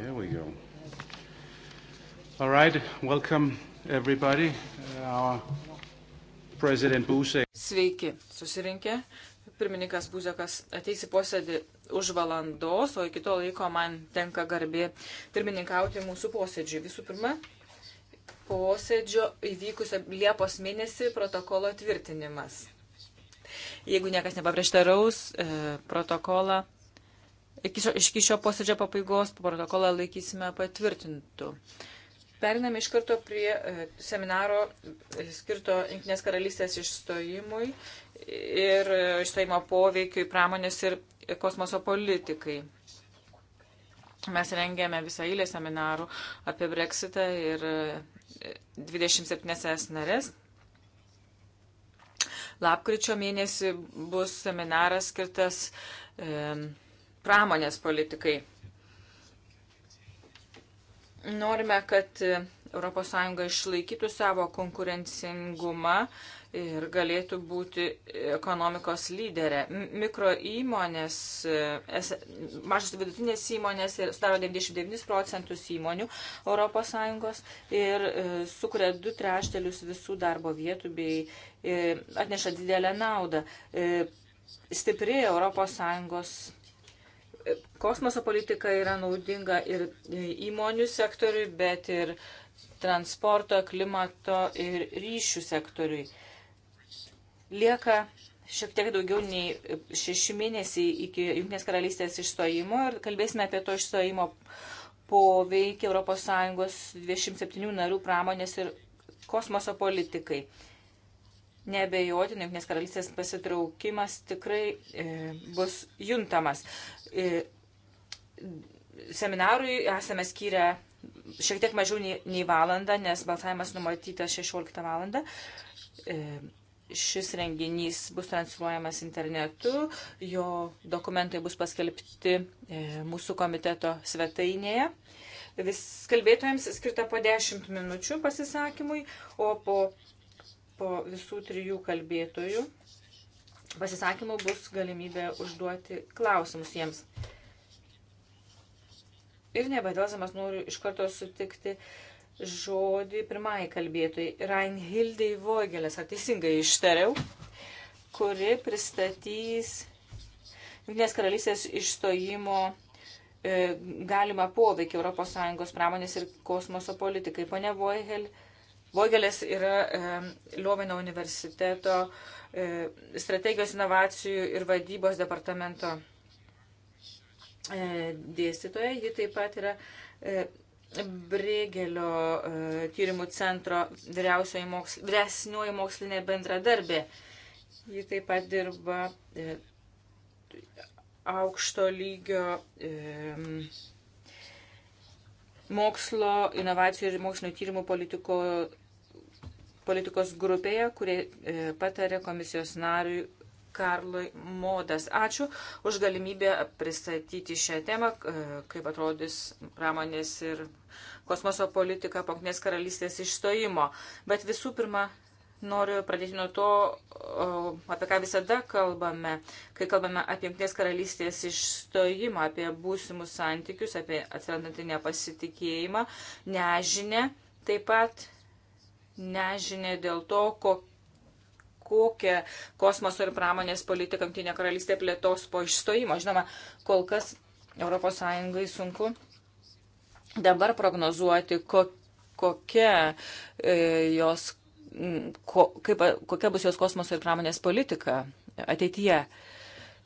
Here we go. All right, welcome everybody. Uh, our President Buzek. Sveiki, susirinkę. Pirmininkas Buzekas ateis į posėdį už valandos, o iki to laiko man tenka garbė pirmininkauti mūsų posėdžiui. Visų pirma, posėdžio įvykusio Liepos mėnesį protokolo tvirtinimas. Jeigu niekas nepaprieštaraus, e, protokolą Iki šio, iki šio posėdžio pabaigos protokolą laikysime patvirtintų. Periname iš karto prie e, seminaro e, skirto Junktinės karalystės išstojimui ir e, išstojimo poveikiui pramonės ir kosmoso politikai. Mes rengėme visą eilę seminarų apie Brexitą ir 27 es narės. Lapkričio mėnesį bus seminaras skirtas e, pramonės politikai. Norime, kad ES išlaikytų savo konkurencingumą ir galėtų būti ekonomikos lyderė. Mikro įmonės, e, mažas vidutinės įmonės sudaro 99 procentus įmonių ES ir e, sukuria du trešdelius visų darbo vietų bei e, atneša didelę naudą. Stipri ES kosmoso politika yra naudinga ir įmonių sektoriui, bet ir transporto, klimato ir ryšių sektoriui. Lieka šiek tiek daugiau nei šeši mėnesiai iki Junktinės karalystės išstojimo ir kalbėsime apie to išstojimo poveikį ES 27 narių pramonės ir kosmoso politikai. Nebejotinai, Junktinės karalystės pasitraukimas tikrai e, bus juntamas. E, seminarui esame skyrę šiek tiek mažiau nei, nei valandą, nes balsavimas numatytas 16 valandą. E, šis renginys bus transliuojamas internetu, jo dokumentai bus paskelbti e, mūsų komiteto svetainėje. Vis kalbėtojams skirta po 10 minučių pasisakymui, o po, po visų trijų kalbėtojų pasisakymų bus galimybė užduoti klausimus jiems. Ir nebedelsamas noriu iš karto sutikti žodį pirmai kalbėtojai Reinhildai Voigelės, ar teisingai ištariau, kuri pristatys Junktinės karalystės išstojimo e, galima poveikį ES pramonės ir kosmoso politikai. Pane Voigel, e, Vogelės yra e, Liovino universiteto e, strategijos inovacijų ir vadybos departamento e, dėstytoja. Ji taip pat yra e, Brėgelio e, tyrimų centro moks, vyresnioji mokslinė bendradarbė. Ji taip pat dirba e, aukšto lygio e, mokslo, inovacijų ir mokslinio tyrimų politiko, politikos grupėje, kurie e, patarė komisijos nariui Karlui Modas. Ačiū už galimybę pristatyti šią temą, e, kaip atrodys pramonės ir kosmoso politika po Knės karalystės išstojimo. Bet visų pirma, noriu pradėti nuo to, apie ką visada kalbame, kai kalbame apie Junktinės karalystės išstojimą, apie būsimus santykius, apie atsirandantį nepasitikėjimą, nežinę, taip pat nežinė dėl to, kokia kokią kosmoso ir pramonės politiką Junktinė karalystė plėtos po išstojimo. Žinoma, kol kas ES sunku dabar prognozuoti, ko, kokia, e, jos, ko, kaip, kokia bus jos kosmoso ir pramonės politika ateityje.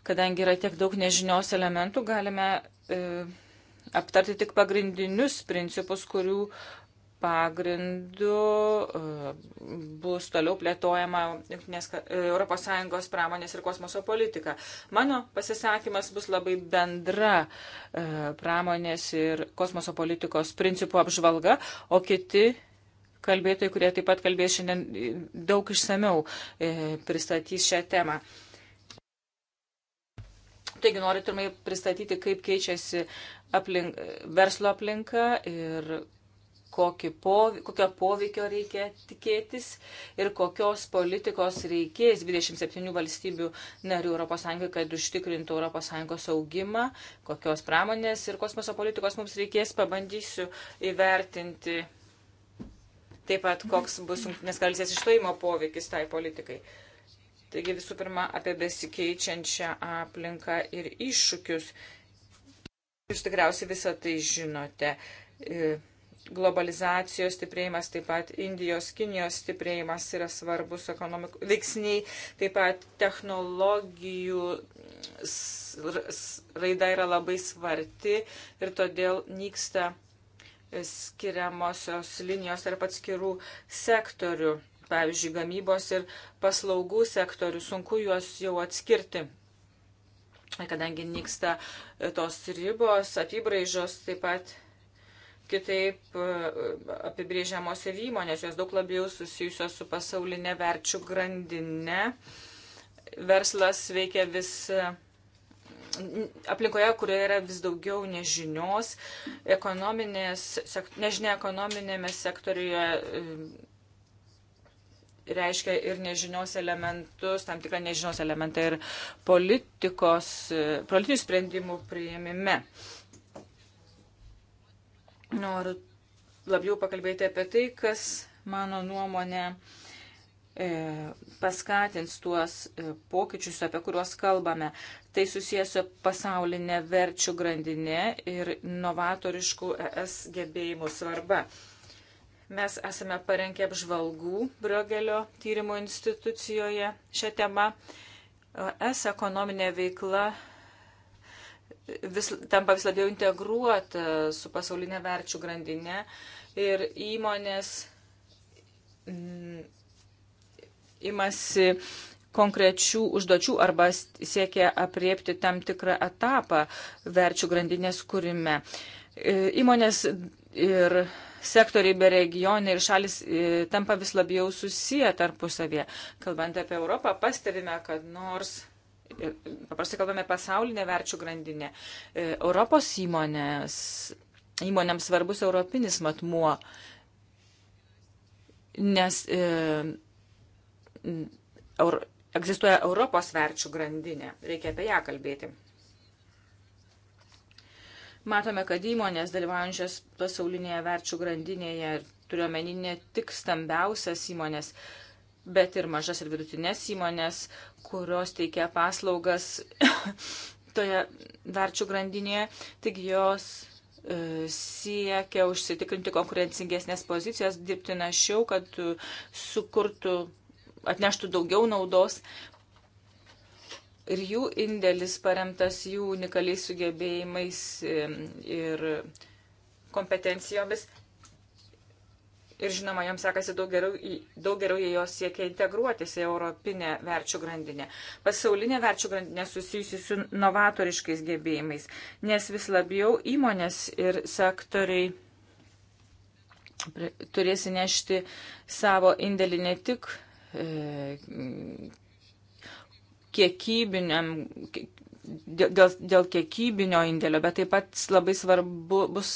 Kadangi yra tiek daug nežinios elementų, galime e, aptarti tik pagrindinius principus, kurių pagrindu e, bus toliau plėtojama ES e, pramonės ir kosmoso politika. Mano pasisakymas bus labai bendra e, pramonės ir kosmoso politikos principų apžvalga, o kiti kalbėtojai, kurie taip pat kalbės šiandien daug išsameu, pristatys šią temą. Taigi noriu pirmai pristatyti, kaip keičiasi aplink, verslo aplinka ir pov, kokio poveikio reikia tikėtis ir kokios politikos reikės 27 valstybių narių ES, kad užtikrintų ES augimą, kokios pramonės ir kosmoso politikos mums reikės, pabandysiu įvertinti taip pat, koks bus jungtinės karalystės išstojimo poveikis tai politikai. Taigi visų pirma, apie besikeičiančią aplinką ir iššūkius. Jūs tikriausiai visą tai žinote. E, globalizacijos stiprėjimas, taip pat Indijos, Kinijos stiprėjimas yra svarbus ekonomikų veiksniai, taip pat technologijų raida yra labai svarti ir todėl nyksta e, skiriamosios linijos tarp atskirų sektorių, pavyzdžiui, gamybos ir paslaugų sektorių, sunku juos jau atskirti kadangi nyksta e, tos ribos, apibraižos, taip pat kitaip e, apibrėžiamos ir įmonės, jos daug labiau susijusios su pasaulinė verčių grandinė. Verslas veikia vis aplinkoje, kurioje yra vis daugiau nežinios, nežinia ekonominėme sektoriuje e, reiškia ir nežinios elementus, tam tikrą nežinios elementą ir politikos, e, politinių sprendimų prieimime. Uh, noriu labiau pakalbėti apie tai, kas mano nuomonė e, paskatins tuos e, pokyčius, apie kuriuos kalbame. Tai susijęs su pasaulinė verčių grandinė ir novatoriškų ES gebėjimų svarba. Mes esame parengę apžvalgų Brogelio tyrimo institucijoje šią temą. ES ekonominė veikla vis, tampa vis labiau integruota su pasaulinė verčių grandinė ir įmonės m, mm, imasi konkrečių užduočių arba siekia apriepti tam tikrą etapą verčių grandinės kūrime. E, įmonės ir sektoriai be regionai ir šalis e, tampa vis labiau susiję tarpusavėje. Kalbant apie Europą, pastebime, kad nors E, paprastai kalbame pasaulinę verčių grandinę. E, Europos įmonės, įmonėms svarbus europinis matmuo, nes e, eur, egzistuoja Europos verčių grandinė, reikia apie ją kalbėti. Matome, kad įmonės dalyvaujančios pasaulinėje verčių grandinėje ir turiuomenį ne tik stambiausias įmonės, e, bet ir mažas ir vidutinės įmonės, kurios teikia paslaugas toje verčių grandinėje. Taigi jos e, siekia užsitikrinti konkurencingesnės pozicijas, dirbti našiau, kad e, sukurtų, atneštų daugiau naudos. Ir jų indėlis paremtas jų unikaliais sugebėjimais e, ir kompetencijomis Ir žinoma, joms sekasi daug geriau, daug geriau, jei jos siekia integruotis į europinę verčių grandinę. Pasaulinė verčių grandinė susijusi su novatoriškais gebėjimais, nes vis labiau įmonės ir sektoriai turės įnešti savo indėlį ne tik e, kiekybiniam, dėl, dėl kiekybinio indėlio, bet taip pat labai svarbu bus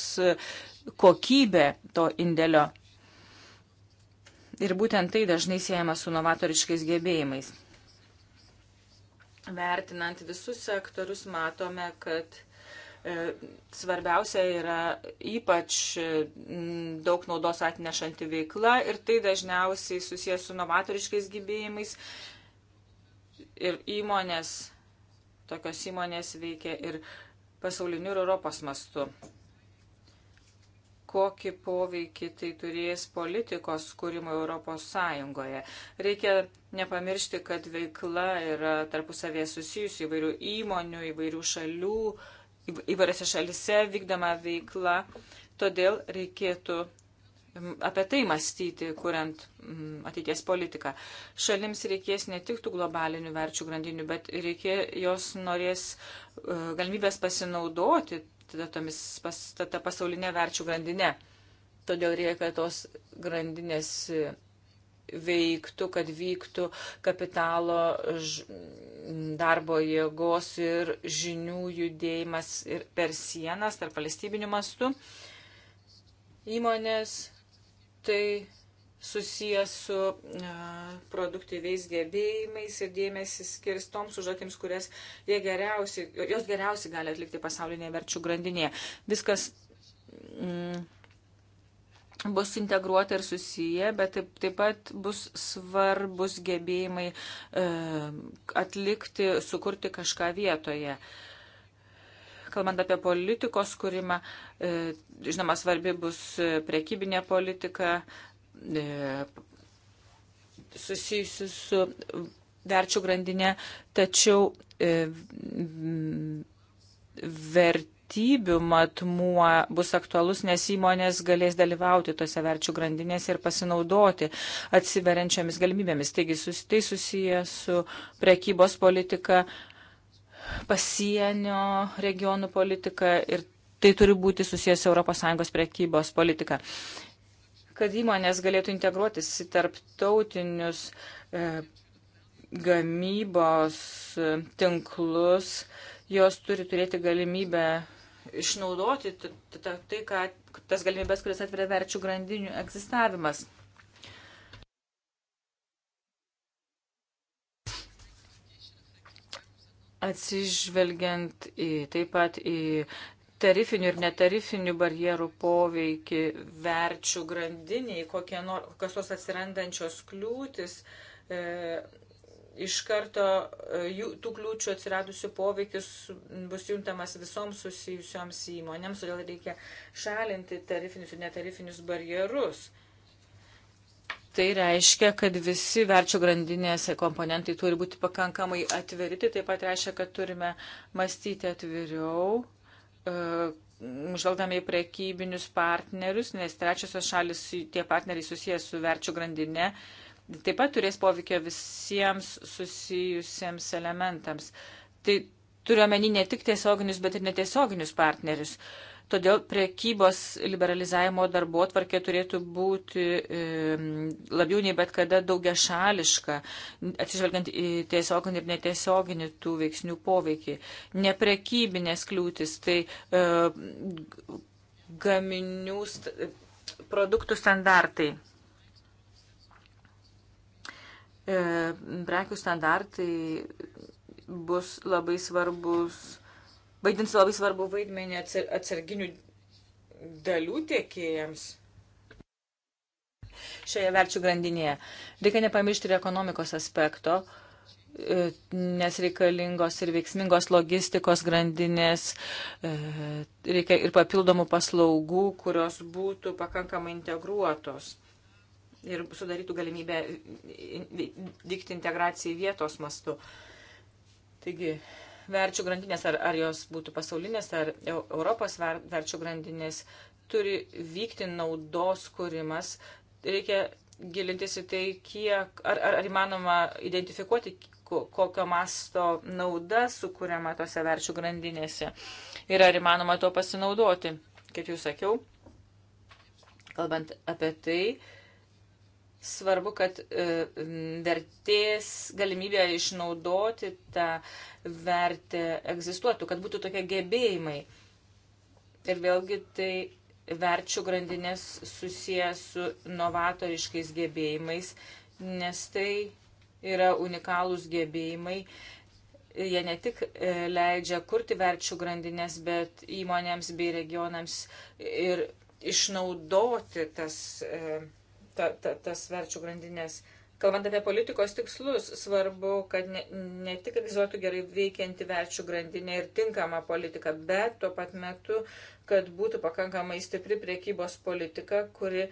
kokybė to indėlio Ir būtent tai dažnai siejama su novatoriškais gebėjimais. Vertinant visus sektorius, matome, kad e, svarbiausia yra ypač m, e, daug naudos atnešanti veikla ir tai dažniausiai susijęs su novatoriškais gebėjimais. Ir įmonės, tokios įmonės veikia ir pasauliniu ir Europos mastu kokį poveikį tai turės politikos skūrimo Europos Sąjungoje. Reikia nepamiršti, kad veikla yra tarpusavėje susijusi įvairių įmonių, įvairių šalių, įvairiose šalise vykdoma veikla. Todėl reikėtų apie tai mąstyti, kuriant ateities politiką. Šalims reikės ne tik tų globalinių verčių grandinių, bet reikės, jos norės e, galimybės pasinaudoti pastatomis, pastata pasaulinė verčių grandinė. Todėl reikia tos grandinės veiktų, kad vyktų kapitalo, darbo jėgos ir žinių judėjimas ir per sienas tarp valstybinių mastų. Įmonės tai susijęs su e, produktyviais gebėjimais ir dėmesį skirs toms užduotims, kurias geriausiai, jos geriausiai gali atlikti pasaulinėje verčių grandinėje. Viskas mm, bus integruota ir susiję, bet taip, taip pat bus svarbus gebėjimai e, atlikti, sukurti kažką vietoje. Kalbant apie politikos kūrimą, e, žinoma, svarbi bus e, prekybinė politika, E, susijusių su verčių grandinė, tačiau e, vertybių matmuo bus aktualus, nes įmonės galės dalyvauti tose verčių grandinėse ir pasinaudoti atsiveriančiamis galimybėmis. Taigi tai susiję su prekybos politika, pasienio regionų politika ir tai turi būti susijęs ES prekybos politika kad įmonės galėtų integruotis į tarptautinius e, gamybos e, tinklus, jos turi turėti galimybę išnaudoti tai, ką, tas galimybės, kuris atveria verčių grandinių egzistavimas. Atsižvelgiant į, taip pat į tarifinių ir netarifinių barjerų poveikį verčių grandiniai, nor, kokios tos atsirandančios kliūtis, e, iš karto e, jų, tų kliūčių atsiradusių poveikis bus juntamas visoms susijusioms įmonėms, todėl reikia šalinti tarifinius ir netarifinius barjerus. Tai reiškia, kad visi verčio grandinės komponentai turi būti pakankamai atviri, tai taip pat reiškia, kad turime mąstyti atviriau E, žvelgdami į prekybinius partnerius, nes trečiosios šalis, tie partneriai susijęs su verčių grandinė, taip pat turės poveikio visiems susijusiems elementams. Tai turiuomenį ne tik tiesioginius, bet ir netiesioginius partnerius. Uh, Todėl priekybos liberalizavimo darbo atvarkė turėtų būti e, labiau nei bet kada daugia šališka, atsižvelgiant į tiesioginį ir netiesioginį tų veiksnių poveikį. Neprekybinės kliūtis, tai e, gaminių st produktų standartai. E, prekių standartai bus labai svarbus vaidins labai svarbu vaidmenį atsarginių dalių tiekėjams šioje verčių grandinėje. Reikia nepamiršti ir ekonomikos aspekto, e, nes reikalingos ir veiksmingos logistikos grandinės, e, reikia ir papildomų paslaugų, kurios būtų pakankamai integruotos ir sudarytų galimybę vykti integracijai vietos mastu. Taigi, verčių grandinės, ar, ar jos būtų pasaulinės, ar Europos ver, verčių grandinės, turi vykti naudos kūrimas. Reikia gilintis į tai, kiek, ar, ar, ar įmanoma identifikuoti, kokio masto nauda sukūriama tose verčių grandinėse ir ar įmanoma tuo pasinaudoti. Kaip jau sakiau, kalbant apie tai, svarbu, kad e, vertės galimybė išnaudoti tą vertę egzistuotų, kad būtų tokie gebėjimai. Ir vėlgi tai verčių grandinės susijęs su novatoriškais gebėjimais, nes tai yra unikalūs gebėjimai. Jie ne tik e, leidžia kurti verčių grandinės, bet įmonėms bei regionams ir išnaudoti tas. E, ta, ta, tas verčių grandinės. Kalbant apie politikos tikslus, svarbu, kad ne, ne tik egzistuotų gerai veikianti verčių grandinė ir tinkama politika, bet tuo pat metu, kad būtų pakankamai stipri priekybos politika, kuri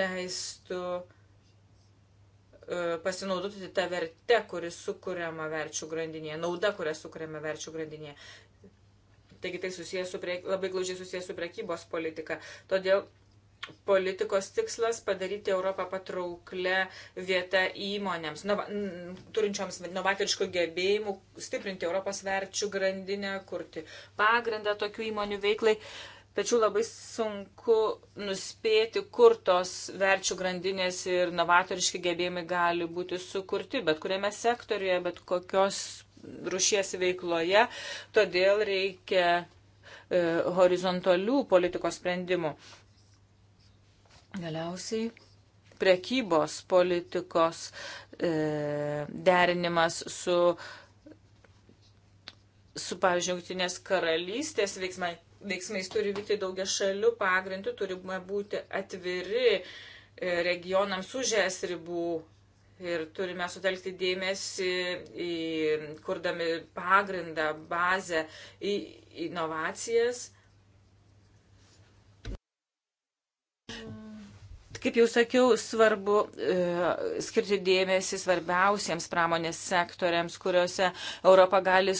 leistų e, pasinaudoti tą vertę, kuri sukūriama verčių grandinėje, nauda, kurią sukūriama verčių grandinėje. Taigi tai susijęs su prie, labai glaudžiai susijęs su priekybos politika. Todėl politikos tikslas padaryti Europą patrauklę vietą įmonėms, nova, turinčioms novatoriškų gebėjimų, stiprinti Europos verčių grandinę, kurti pagrindą tokių įmonių veiklai. Tačiau labai sunku nuspėti, kur tos verčių grandinės ir novatoriški gebėjimai gali būti sukurti, bet kuriame sektoriuje, bet kokios rušies veikloje. Todėl reikia e, horizontalių politikos sprendimų. E, Galiausiai prekybos politikos e, derinimas su, su pavyzdžiui, Junktinės karalystės veiksmai, veiksmais turi vykti daugia šalių pagrindų, turime būti atviri e, regionams už es ribų ir turime sutelkti dėmesį į, kurdami pagrindą, bazę, į inovacijas. Kaip jau sakiau, svarbu e, skirti dėmesį svarbiausiems pramonės sektoriams, kuriuose Europa gali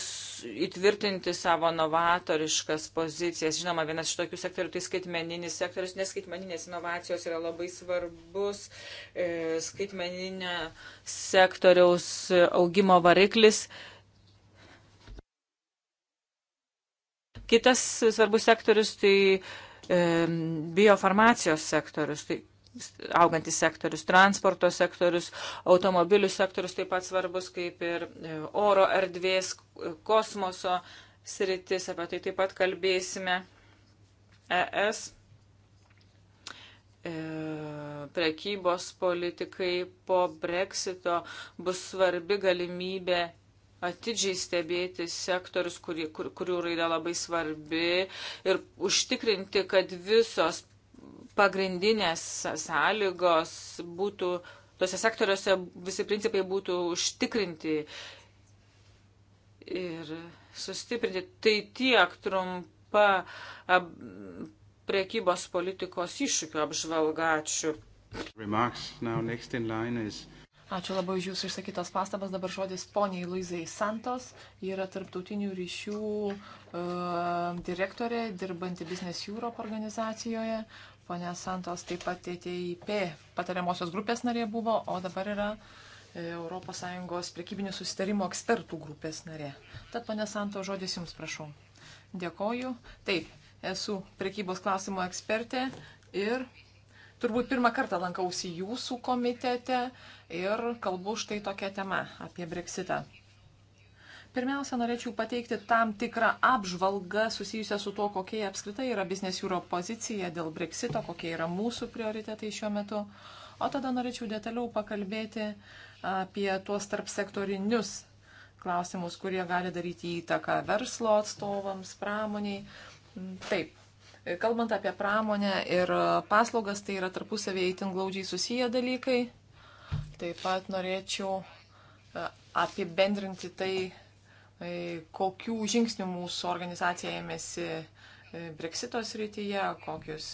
įtvirtinti savo novatoriškas pozicijas. Žinoma, vienas iš tokių sektorių tai skaitmeninis sektorius, nes skaitmeninės inovacijos yra labai svarbus e, skaitmeninio sektoriaus augimo variklis. Kitas svarbus sektorius tai biofarmacijos sektorius. Tai augantis sektorius, transporto sektorius, automobilių sektorius taip pat svarbus kaip ir e, oro erdvės, kosmoso sritis, apie tai taip pat kalbėsime. ES e, prekybos politikai po breksito bus svarbi galimybė atidžiai stebėti sektorius, kuri, kur, kurių raida labai svarbi ir užtikrinti, kad visos pagrindinės sąlygos būtų, tose sektoriuose visi principai būtų užtikrinti ir sustiprinti. Tai tiek trumpa ab, priekybos politikos iššūkių apžvalga. Ačiū. Ačiū labai už Jūsų išsakytas pastabas. Dabar žodis poniai Luizai Santos. Ji yra tarptautinių ryšių uh, direktorė, dirbanti Business Europe organizacijoje. Pone Santos taip pat TTIP patariamosios grupės narė buvo, o dabar yra ES prekybinių susitarimų ekspertų grupės narė. Tad, pone Santos, žodis Jums prašau. Dėkoju. Taip, esu prekybos klausimo ekspertė ir turbūt pirmą kartą lankausi Jūsų komitete ir kalbu štai tokią temą apie Brexitą. Pirmiausia, norėčiau pateikti tam tikrą apžvalgą susijusią su to, kokia apskritai yra Business Europe pozicija dėl Brexito, kokie yra mūsų prioritetai šiuo metu. O tada norėčiau detaliau pakalbėti apie tuos tarpsektorinius klausimus, kurie gali daryti įtaką verslo atstovams, pramoniai. Taip, kalbant apie pramonę ir paslaugas, tai yra tarpusavėje įtin glaudžiai susiję dalykai. Taip pat norėčiau apibendrinti tai, E, kokių žingsnių mūsų organizacija ėmėsi e, Brexito srityje, kokius,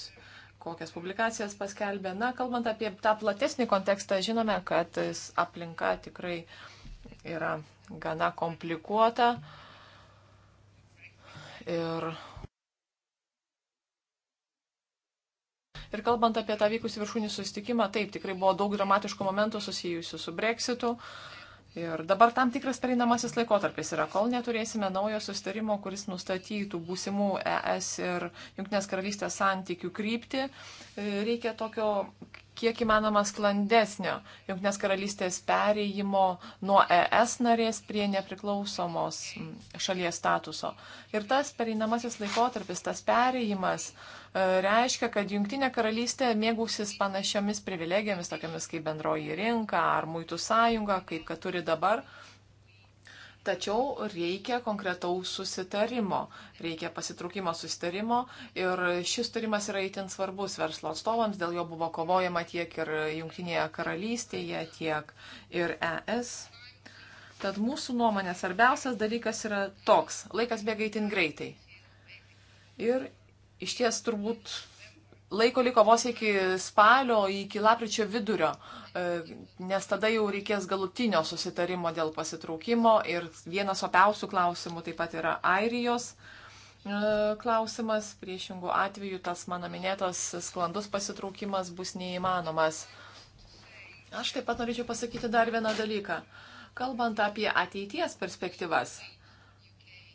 kokias publikacijas paskelbė. Na, kalbant apie tą platesnį kontekstą, žinome, kad aplinka tikrai yra gana komplikuota. Ir Ir kalbant apie tą vykusį viršūnį susitikimą, taip, tikrai buvo daug dramatiškų momentų susijusių su breksitu, Ir dabar tam tikras pereinamasis laikotarpis yra, kol neturėsime naujo sustarimo, kuris nustatytų būsimų ES ir Junktinės karalystės santykių kryptį, e, reikia tokio kiek įmanoma sklandesnio Junktinės karalystės pereimo nuo ES narės prie nepriklausomos mm, šalies statuso. Ir tas pereinamasis laikotarpis, tas pereimas e, reiškia, kad Junktinė karalystė mėgausis panašiomis privilegijomis, tokiamis kaip bendroji rinka ar muitų sąjunga, kaip kad turi dabar. Tačiau reikia konkretaus susitarimo, reikia pasitraukimo susitarimo ir šis turimas yra itin svarbus verslo atstovams, dėl jo buvo kovojama tiek ir Junktinėje karalystėje, tiek ir ES. Tad mūsų nuomonė svarbiausias dalykas yra toks, laikas bėga itin greitai. Ir iš ties turbūt laiko liko vos iki spalio, iki lapkričio vidurio, e, nes tada jau reikės galutinio susitarimo dėl pasitraukimo ir vienas opiausių klausimų taip pat yra Airijos e, klausimas. Priešingų atveju tas mano minėtas sklandus pasitraukimas bus neįmanomas. Aš taip pat norėčiau pasakyti dar vieną dalyką. Kalbant apie ateities perspektyvas,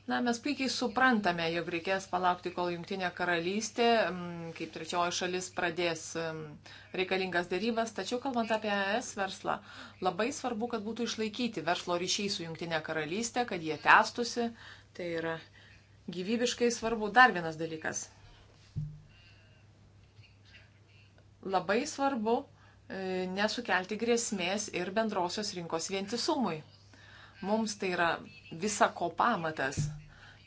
Na, mes puikiai suprantame, jog reikės palaukti, kol Junktinė karalystė, mm, kaip trečioji šalis, pradės mm, reikalingas darybas. Tačiau, kalbant apie ES verslą, labai svarbu, kad būtų išlaikyti verslo ryšiai su Junktinė karalystė, kad jie tęstusi. Tai yra gyvybiškai svarbu. Dar vienas dalykas. Labai svarbu e, nesukelti grėsmės ir bendrosios rinkos vientisumui. Mums tai yra visako pamatas.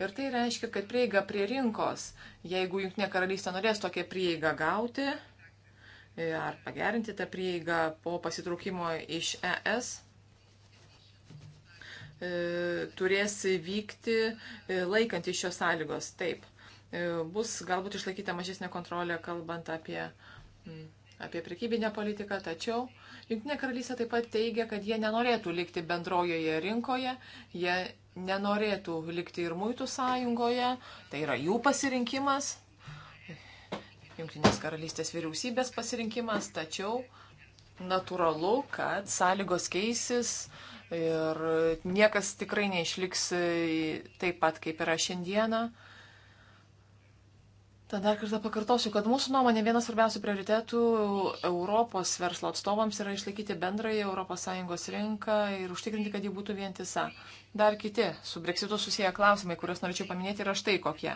Ir tai reiškia, kad prieiga prie rinkos, jeigu Junktinė karalystė norės tokią prieigą gauti e, ar pagerinti tą prieigą po pasitraukimo iš ES, e, turės vykti e, laikant iš šios sąlygos. Taip, bus galbūt išlaikyta mažesnė kontrolė, kalbant apie, apie prekybinę politiką, tačiau Junktinė karalystė taip pat teigia, kad jie nenorėtų likti bendrojoje rinkoje, jie nenorėtų likti ir muitų sąjungoje, tai yra jų pasirinkimas, Junktinės karalystės vyriausybės pasirinkimas, tačiau natūralu, kad sąlygos keisis ir niekas tikrai neišliks taip pat, kaip yra šiandieną. Tad dar kartą pakartosiu, kad mūsų nuomonė vienas svarbiausių prioritetų Europos verslo atstovams yra išlaikyti bendrąją ES rinką ir užtikrinti, kad ji būtų vientisa. Dar kiti su breksitu susiję klausimai, kuriuos norėčiau paminėti, yra štai kokie.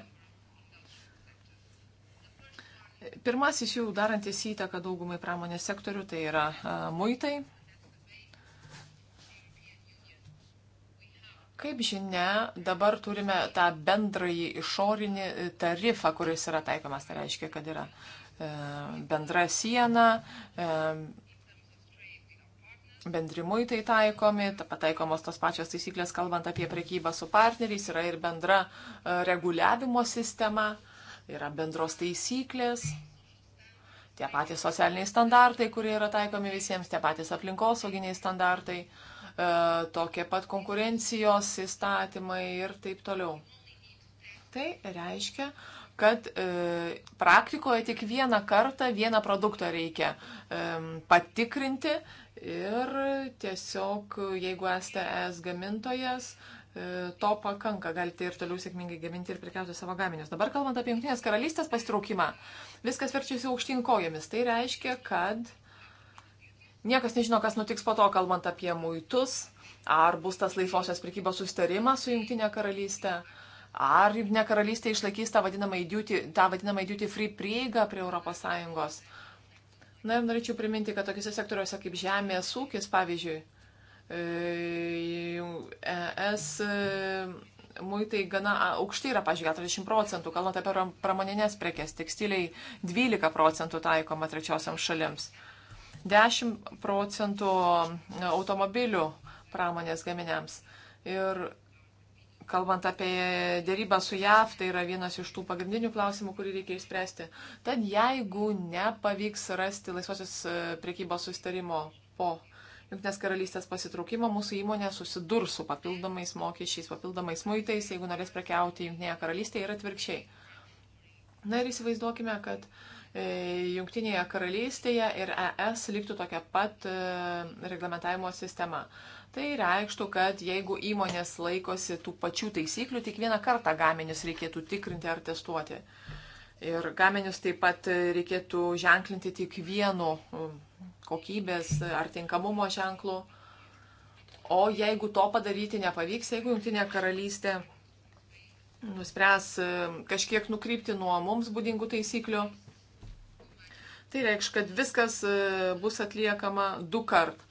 Pirmasis jų darantis įtaką daugumai pramonės sektorių tai yra muitai. Kaip žinia, dabar turime tą bendrąjį išorinį e, tarifą, kuris yra taikomas. Tai reiškia, kad yra e, bendra siena, e, bendrimui tai taikomi, pataikomos tos pačios taisyklės, kalbant apie prekybą su partneriais, yra ir bendra e, reguliavimo sistema, yra bendros taisyklės, tie patys socialiniai standartai, kurie yra taikomi visiems, tie patys aplinkosauginiai standartai. E, tokie pat konkurencijos įstatymai ir taip toliau. Tai reiškia, kad e, praktikoje tik vieną kartą vieną produktą reikia e, patikrinti ir tiesiog, jeigu esate es gamintojas, e, to pakanka, galite ir toliau sėkmingai gaminti ir prikelti savo gaminius. Dabar kalbant apie Junktinės karalystės pasitraukimą, viskas verčiasi aukštyn kojomis. Tai reiškia, kad e, Niekas nežino, kas nutiks po to, kalbant apie muitus, ar bus tas laisvosios prekybos sustarimas su Junktinė karalystė, ar Junktinė karalystė išlaikys tą vadinamą duty, tą vadinamą duty free prieigą prie ES. Na ir norėčiau priminti, kad tokiuose sektoriuose kaip žemės ūkis, pavyzdžiui, e, ES e, muitai gana aukšti yra, pažiūrėjau, 40 procentų, kalbant apie pramoninės prekes, tekstiliai 12 procentų taikoma trečiosiam šalims. 10 procentų automobilių pramonės gaminiams. Ir kalbant apie dėrybą su JAV, tai yra vienas iš tų pagrindinių klausimų, kurį reikia išspręsti. Tad jeigu nepavyks rasti laisvosios e, priekybos sustarimo po Junktinės karalystės pasitraukimo, mūsų įmonė susidurs su papildomais mokesčiais, papildomais muitais, jeigu norės prekiauti Junktinėje karalystėje ir atvirkščiai. Na ir įsivaizduokime, kad uh, E, Junktinėje karalystėje ir ES liktų tokia pat e, reglamentavimo sistema. Tai reikštų, kad jeigu įmonės laikosi tų pačių taisyklių, tik vieną kartą gaminius reikėtų tikrinti ar testuoti. Ir gaminius taip pat e, reikėtų ženklinti tik vienu kokybės ar tinkamumo ženklu. O jeigu to padaryti nepavyks, jeigu Junktinė karalystė nuspręs kažkiek nukrypti nuo mums būdingų taisyklių, Tai reikš, kad viskas e, bus atliekama e, du kart.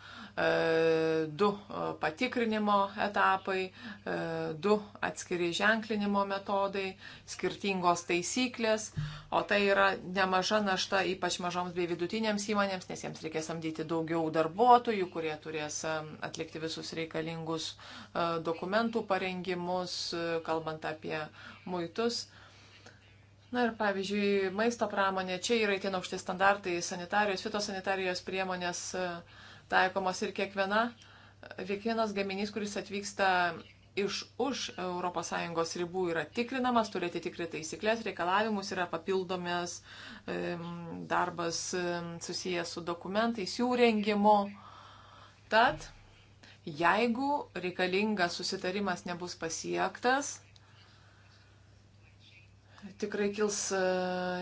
E, du patikrinimo etapai, du atskiri ženklinimo metodai, skirtingos taisyklės, o tai yra nemaža našta ypač mažoms bei vidutinėms įmonėms, nes jiems reikės samdyti daugiau darbuotojų, kurie turės atlikti visus reikalingus dokumentų parengimus, kalbant apie muitus. Na ir pavyzdžiui, maisto pramonė, čia yra itin aukšti standartai, sanitarijos, fitosanitarijos priemonės e, taikomos ir kiekviena, e, kiekvienas gaminys, kuris atvyksta iš už ES ribų, yra tikrinamas, turi atitikti taisyklės, reikalavimus, yra papildomės e, darbas susijęs su dokumentais, jų rengimu. Tad, jeigu reikalingas susitarimas nebus pasiektas, Tikrai kils e,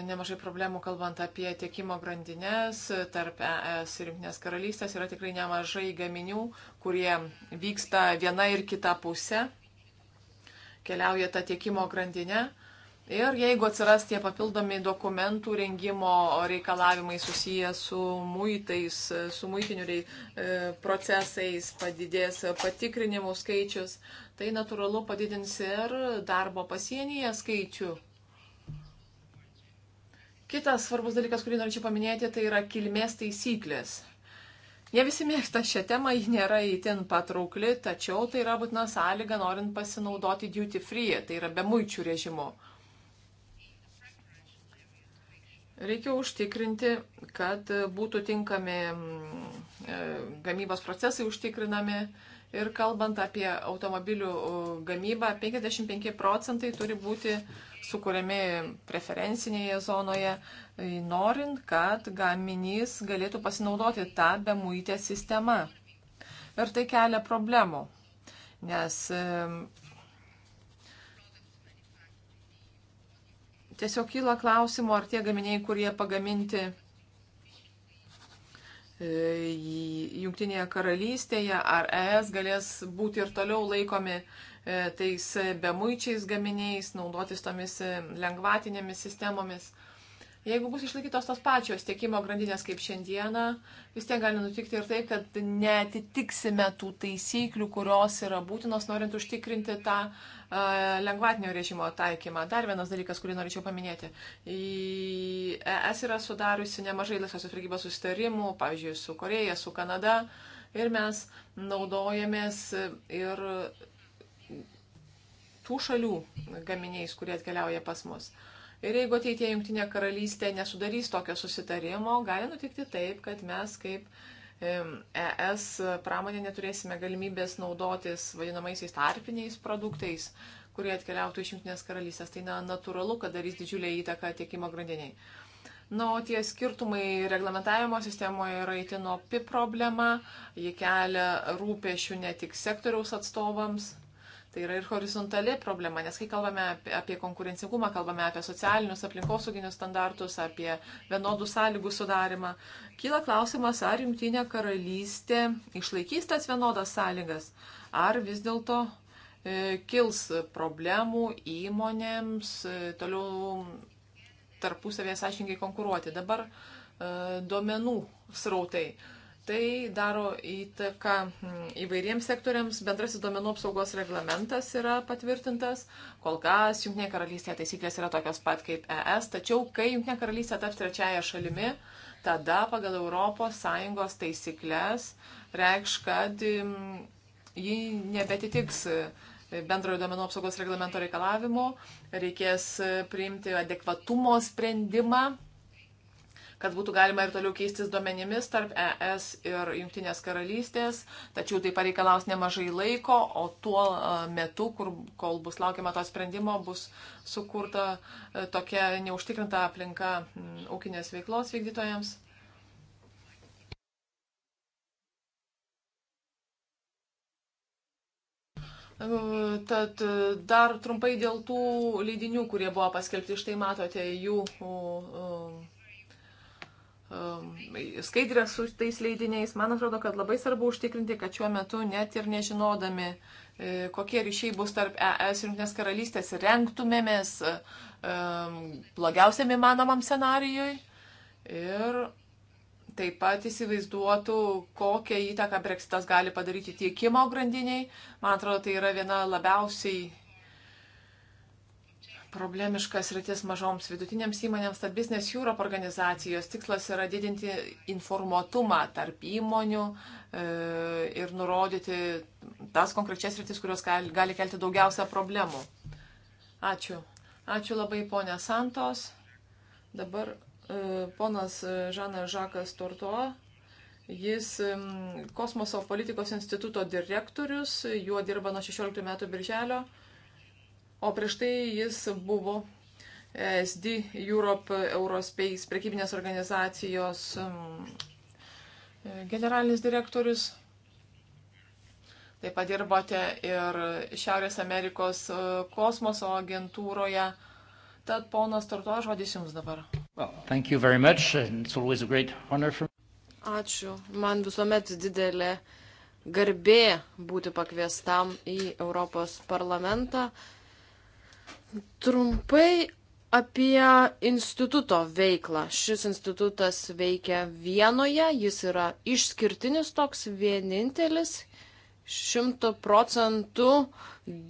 nemažai problemų, kalbant apie tiekimo grandinės e, tarp ES ir Junktinės karalystės. Yra tikrai nemažai gaminių, kurie vyksta viena ir kita pusė, keliauja tą tiekimo grandinę. Ir jeigu atsiras tie papildomi dokumentų rengimo reikalavimai susiję su muitais, e, su muitiniu procesais, padidės patikrinimų skaičius, tai natūralu padidins ir darbo pasienyje skaičių. Kitas svarbus dalykas, kurį norėčiau paminėti, tai yra kilmės taisyklės. Ne visi mėgsta šią temą, ji nėra įtin patraukli, tačiau tai yra būtina sąlyga norint pasinaudoti duty free, tai yra be muičių režimu. Reikia užtikrinti, kad būtų tinkami mm, e, gamybos procesai užtikrinami, Ir kalbant apie automobilių gamybą, 55 procentai turi būti sukūrėmi preferencinėje zonoje, norint, kad gaminys galėtų pasinaudoti tą bemuitę sistemą. Ir tai kelia problemų, nes tiesiog kyla klausimų, ar tie gaminiai, kurie pagaminti E, Junktinėje karalystėje ar ES galės būti ir toliau laikomi e, tais e, bemuičiais gaminiais, naudotis tomis lengvatinėmis sistemomis. Jeigu bus išlaikytos tos pačios tiekimo grandinės kaip šiandieną, vis tiek gali nutikti ir taip, kad netitiksime tų taisyklių, kurios yra būtinos, norint užtikrinti tą uh, lengvatinio režimo taikymą. Dar vienas dalykas, kurį norėčiau paminėti. Į ES yra sudariusi nemažai laisvosios prekybos sustarimų, pavyzdžiui, su Koreja, su Kanada. Ir mes naudojamės ir tų šalių gaminiais, kurie atkeliauja pas mus. Uh, Ir jeigu ateitie Junktinė karalystė nesudarys tokio susitarimo, gali nutikti taip, kad mes kaip ES e pramonė neturėsime galimybės naudotis vadinamaisiais tarpiniais produktais, kurie atkeliautų iš Junktinės karalystės. Tai na, natūralu, kad darys didžiulę įtaką tiekimo grandiniai. Na, o tie skirtumai reglamentavimo sistemoje yra įtinopi problema, ji kelia rūpešių ne tik sektoriaus atstovams, Tai yra ir horizontali problema, nes kai kalbame apie konkurencingumą, kalbame apie socialinius aplinkosauginius standartus, apie vienodų sąlygų sudarimą, kyla klausimas, ar Junktinė karalystė išlaikys tas vienodas sąlygas, ar vis dėlto e, kils problemų įmonėms e, toliau tarpusavėje sąžininkai konkuruoti. Dabar e, duomenų srautai. E, Tai daro įtaką mm, įvairiems sektoriams. Bendrasis duomenų apsaugos reglamentas yra patvirtintas. Kol kas Junktinė karalystė taisyklės yra tokios pat kaip ES, tačiau kai Junktinė karalystė taps trečiaja šalimi, tada pagal ES taisyklės reikš, kad mm, ji nebetitiks bendrojo duomenų apsaugos reglamento reikalavimų, reikės priimti adekvatumo sprendimą kad būtų galima ir toliau keistis duomenimis tarp ES ir Junktinės karalystės, tačiau tai pareikalaus nemažai laiko, o tuo e, metu, kur, kol bus laukiama to sprendimo, bus sukurta e, tokia neužtikrinta aplinka ūkinės veiklos vykdytojams. E, tad dar trumpai dėl tų leidinių, kurie buvo paskelbti, štai matote jų Um, skaidrės su tais leidiniais. Man atrodo, kad labai svarbu užtikrinti, kad šiuo metu net ir nežinodami, e, kokie ryšiai bus tarp ES ir Junktinės karalystės, renktumėmės e, um, blogiausiam įmanomam scenarijui ir taip pat įsivaizduotų, kokią įtaką breksitas gali padaryti tiekimo grandiniai. Man atrodo, tai yra viena labiausiai problemiškas rytis mažoms vidutinėms įmonėms, tad Business Europe organizacijos tikslas yra didinti informuotumą tarp įmonių e, ir nurodyti tas konkrečias rytis, kurios gali kelti daugiausia problemų. Ačiū. Ačiū labai, ponė Santos. Dabar e, ponas e, Žanas Žakas Tortuo. Jis Kosmoso politikos instituto direktorius, juo dirba nuo 16 metų birželio o prieš tai jis buvo e, SD Europe Eurospace prekybinės organizacijos mm, e, generalinis direktorius. Taip pat dirbote ir Šiaurės Amerikos e, kosmoso agentūroje. Tad ponas Tartuo, žodis jums dabar. Well, for... Ačiū. Man visuomet didelė garbė būti pakviestam į Europos parlamentą. Uh, Trumpai apie instituto veiklą. Šis institutas veikia vienoje, jis yra išskirtinis toks vienintelis, šimtų procentų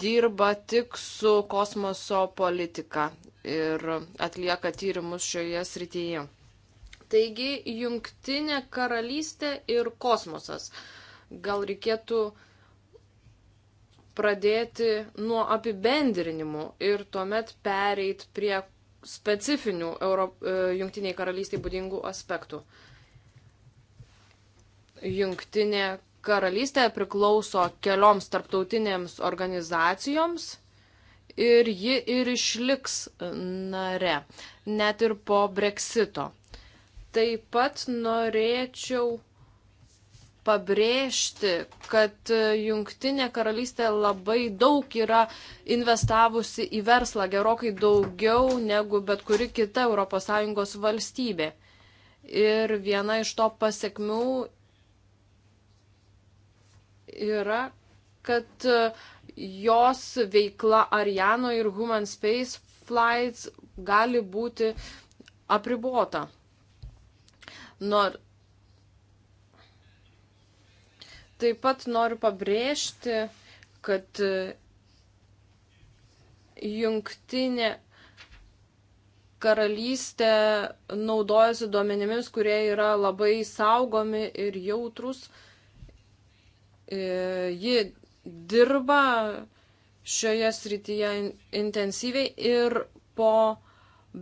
dirba tik su kosmoso politika ir atlieka tyrimus šioje srityje. Taigi, jungtinė karalystė ir kosmosas. Gal reikėtų uh, pradėti nuo apibendrinimų ir tuomet pereit prie specifinių Euro, e, jungtiniai karalystiai būdingų aspektų. Jungtinė karalystė priklauso kelioms tarptautinėms organizacijoms ir ji ir išliks nare, net ir po breksito. Taip pat norėčiau pabrėžti, kad e, Junktinė karalystė labai daug yra investavusi į verslą, gerokai daugiau negu bet kuri kita ES valstybė. Ir viena iš to pasiekmių yra, kad e, jos veikla Ariano ir Human Space Flights gali būti apribota. Nors Taip pat noriu pabrėžti, kad e, jungtinė karalystė naudojasi duomenimis, kurie yra labai saugomi ir jautrus. E, ji dirba šioje srityje intensyviai ir po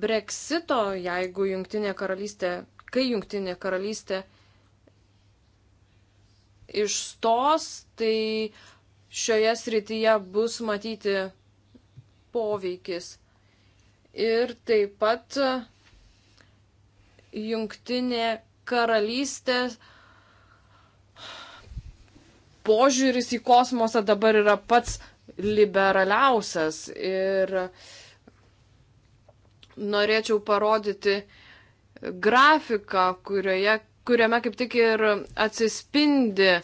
Brexito, jeigu jungtinė karalystė, kai jungtinė karalystė išstos, tai šioje srityje bus matyti poveikis. Ir taip pat jungtinė karalystė požiūris į kosmosą dabar yra pats liberaliausias. Ir norėčiau parodyti grafiką, kurioje kuriame kaip tik ir atsispindi e,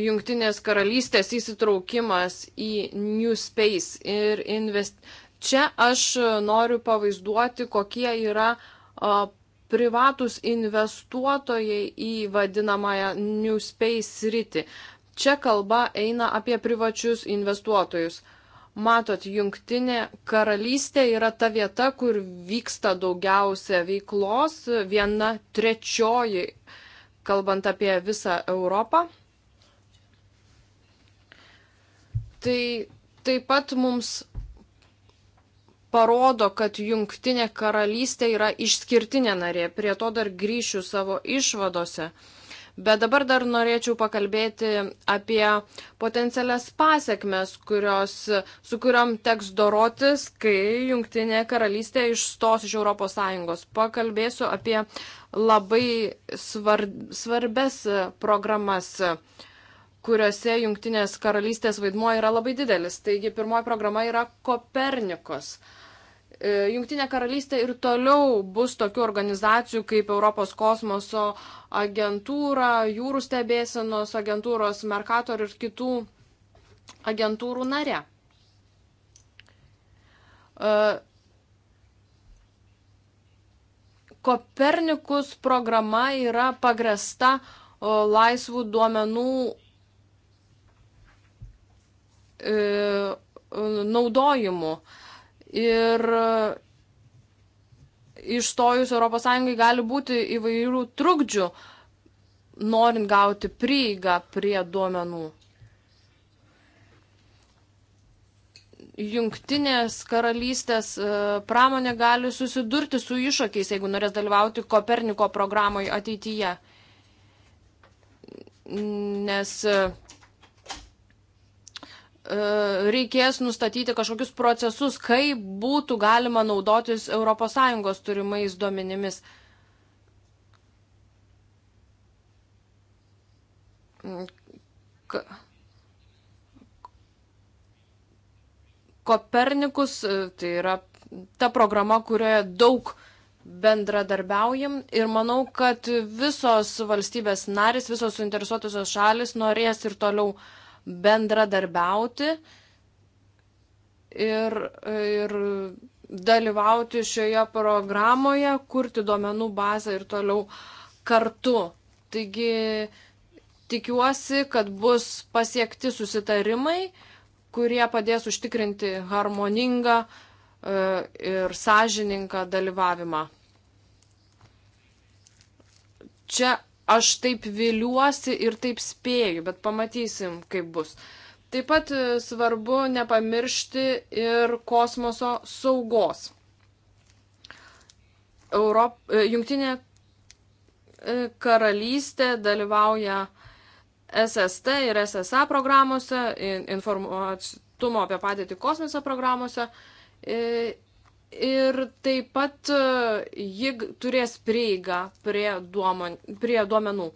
Junktinės karalystės įsitraukimas į New Space ir invest. Čia aš noriu pavaizduoti, kokie yra a, privatus investuotojai į vadinamąją New Space sritį. Čia kalba eina apie privačius investuotojus. A, Matot, jungtinė karalystė yra ta vieta, kur vyksta daugiausia veiklos, viena trečioji, kalbant apie visą Europą. Tai taip pat mums parodo, kad jungtinė karalystė yra išskirtinė narė. Prie to dar grįšiu savo išvadose. Uh, Bet dabar dar norėčiau pakalbėti apie potencialias pasiekmes, kurios, su kuriuom teks dorotis, kai Junktinė karalystė išstos iš ES. Pakalbėsiu apie labai svar, svarbes programas kuriuose Junktinės karalystės vaidmuo yra labai didelis. Taigi pirmoji programa yra Kopernikos. Uh, E, Jungtinė karalystė ir toliau bus tokių organizacijų kaip Europos kosmoso agentūra, jūrų stebėsenos agentūros, Merkator ir kitų agentūrų nare. E, Kopernikus programa yra pagresta laisvų duomenų e, naudojimu. E, Ir e, išstojus ES gali būti įvairių trukdžių, norint gauti prieigą prie duomenų. Jungtinės karalystės e, pramonė gali susidurti su iššūkiais, jeigu norės dalyvauti Koperniko programoje ateityje. Nes e, E, reikės nustatyti kažkokius procesus, kaip būtų galima naudotis ES turimais duomenimis. K Kopernikus, e, tai yra ta programa, kurioje daug bendradarbiaujam ir manau, kad visos valstybės narys, visos suinteresuotusios šalis norės ir toliau uh, bendradarbiauti ir, ir dalyvauti šioje programoje, kurti duomenų bazę ir toliau kartu. Taigi tikiuosi, kad bus pasiekti susitarimai, kurie padės užtikrinti harmoningą e, ir sąžininką dalyvavimą. Čia aš taip viliuosi ir taip spėju, bet pamatysim, kaip bus. Taip pat e, svarbu nepamiršti ir kosmoso saugos. Europ... E, Jungtinė e, karalystė dalyvauja SST ir SSA programuose, informatumo apie padėtį kosmose programuose ir taip pat e, ji turės prieigą prie, duomen, prie duomenų.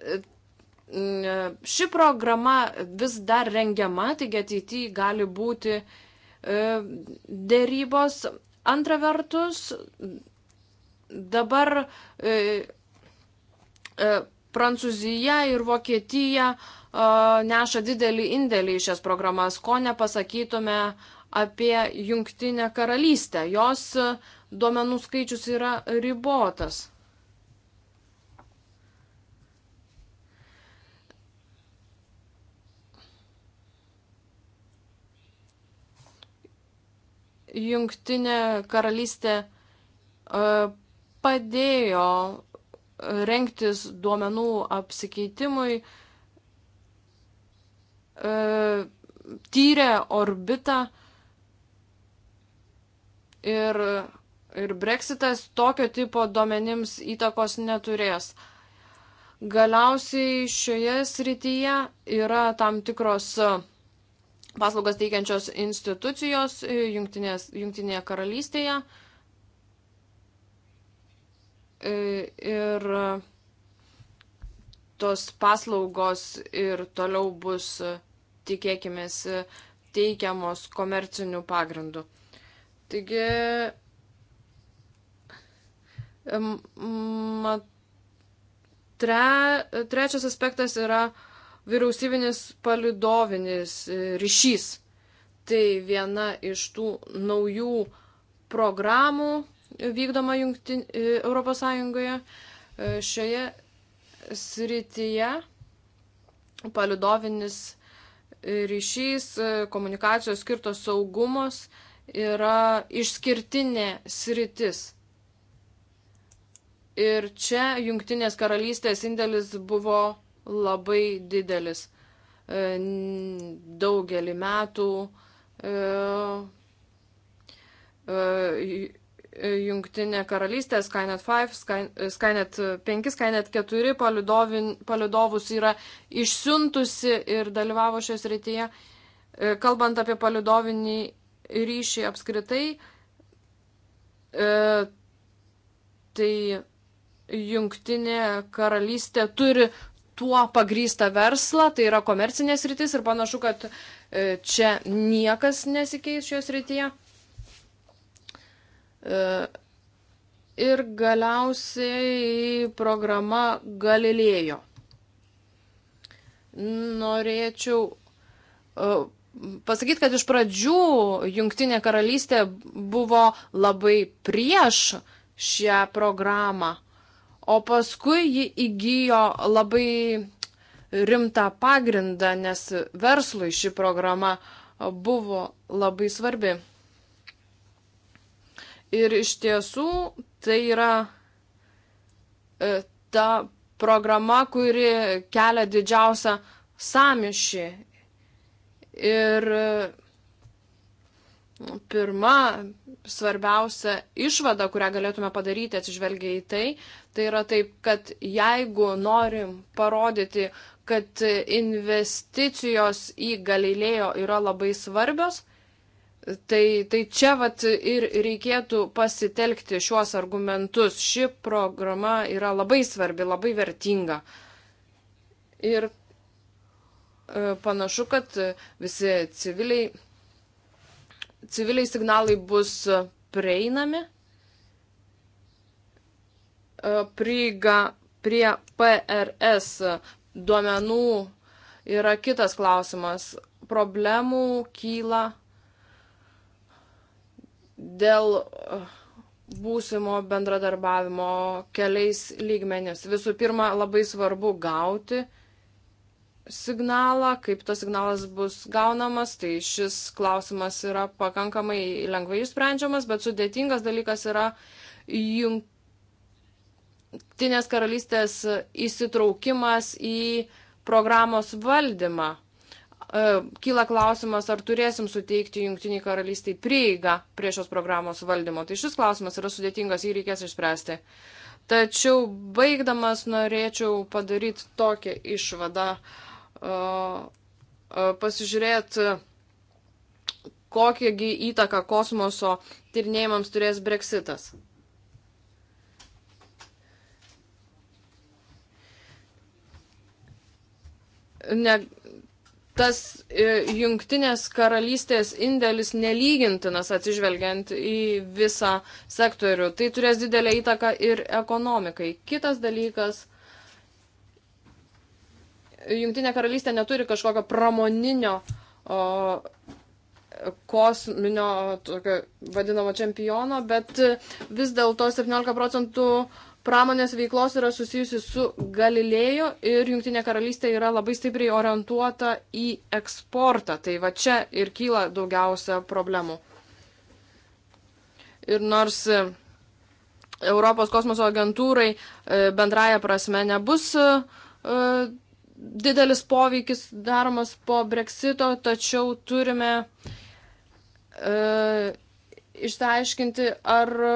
E, e, ši programa vis dar rengiama, taigi ateityje gali būti dėrybos. Antra vertus, dabar Prancūzija ir Vokietija neša didelį indėlį į šias programas, ko nepasakytume apie Jungtinę karalystę. Jos e, duomenų skaičius yra ribotas. Jungtinė karalystė e, padėjo renktis duomenų apsikeitimui, e, tyrė orbitą ir, ir breksitas tokio tipo duomenims įtakos neturės. Galiausiai šioje srityje yra tam tikros e, paslaugas teikiančios institucijos e, jungtinės, Jungtinėje karalystėje. E, ir tos paslaugos ir toliau bus, tikėkime, teikiamos komerciniu pagrindu. Taigi, mat, tre, trečias aspektas yra vyriausybinis palidovinis e, ryšys. Tai viena iš tų naujų programų vykdoma jungtin, e, Europos Sąjungoje e, šioje srityje palidovinis ryšys, komunikacijos skirtos saugumos yra išskirtinė sritis. Ir čia Junktinės karalystės indėlis buvo labai didelis. E, daugelį metų e, e, Junktinė karalystė, Skynet 5, Skynet 5, Skynet 4 palidovus yra išsiuntusi ir dalyvavo šios rytyje. Kalbant apie palidovinį ryšį apskritai, e, tai jungtinė karalystė turi tuo pagrįstą verslą, tai yra komercinės rytis ir panašu, kad e, čia niekas nesikeis šios rytyje. E, ir galiausiai programa Galilėjo. Norėčiau e, pasakyti, kad iš pradžių Junktinė karalystė buvo labai prieš šią programą, o paskui ji įgyjo labai rimtą pagrindą, nes verslui ši programa buvo labai svarbi. Ir iš tiesų tai yra e, ta programa, kuri kelia didžiausią samišį Ir nu, pirma, svarbiausia išvada, kurią galėtume padaryti atsižvelgiai į tai, tai yra taip, kad jeigu norim parodyti, kad investicijos į Galilėjo yra labai svarbios, tai, tai čia vat ir reikėtų pasitelkti šiuos argumentus. Ši programa yra labai svarbi, labai vertinga. Ir E, panašu, kad visi civiliai, civiliai signalai bus prieinami e, prieiga prie PRS duomenų yra kitas klausimas. Problemų kyla dėl e, būsimo bendradarbiavimo keliais lygmenis. Visų pirma, labai svarbu gauti uh, signalą, kaip tas signalas bus gaunamas, tai šis klausimas yra pakankamai lengvai išsprendžiamas, bet sudėtingas dalykas yra jungtinės karalystės įsitraukimas į programos valdymą. E, kyla klausimas, ar turėsim suteikti jungtiniai karalystiai prieigą prie šios programos valdymo. Tai šis klausimas yra sudėtingas, jį reikės išspręsti. Tačiau baigdamas norėčiau padaryti tokią išvadą. Uh, pasižiūrėti, kokiagi įtaka kosmoso tyrinėjimams turės breksitas. Ne, tas e, jungtinės karalystės indėlis nelygintinas atsižvelgiant į visą sektorių. Tai turės didelę įtaką ir ekonomikai. Kitas dalykas Jungtinė karalystė neturi kažkokio pramoninio o, kosminio, tokio vadinamo čempiono, bet vis dėlto 17 procentų pramonės veiklos yra susijusi su Galilėjo ir Junktinė karalystė yra labai stipriai orientuota į eksportą. Tai va čia ir kyla daugiausia problemų. Ir nors e, Europos kosmoso agentūrai e, bendraja prasme nebus e, didelis poveikis daromas po breksito, tačiau turime e, išsiaiškinti, ar e,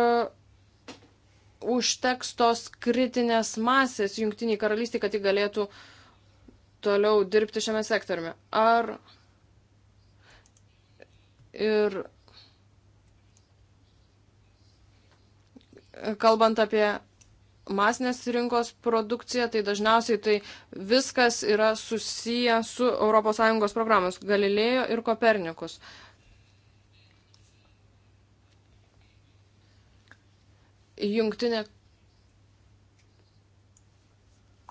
užteks tos kritinės masės jungtiniai karalystiai, kad ji galėtų toliau dirbti šiame sektoriume. Ar ir kalbant apie masinės rinkos produkcija, tai dažniausiai tai viskas yra susiję su ES programos Galilėjo ir Kopernikus. Jungtinė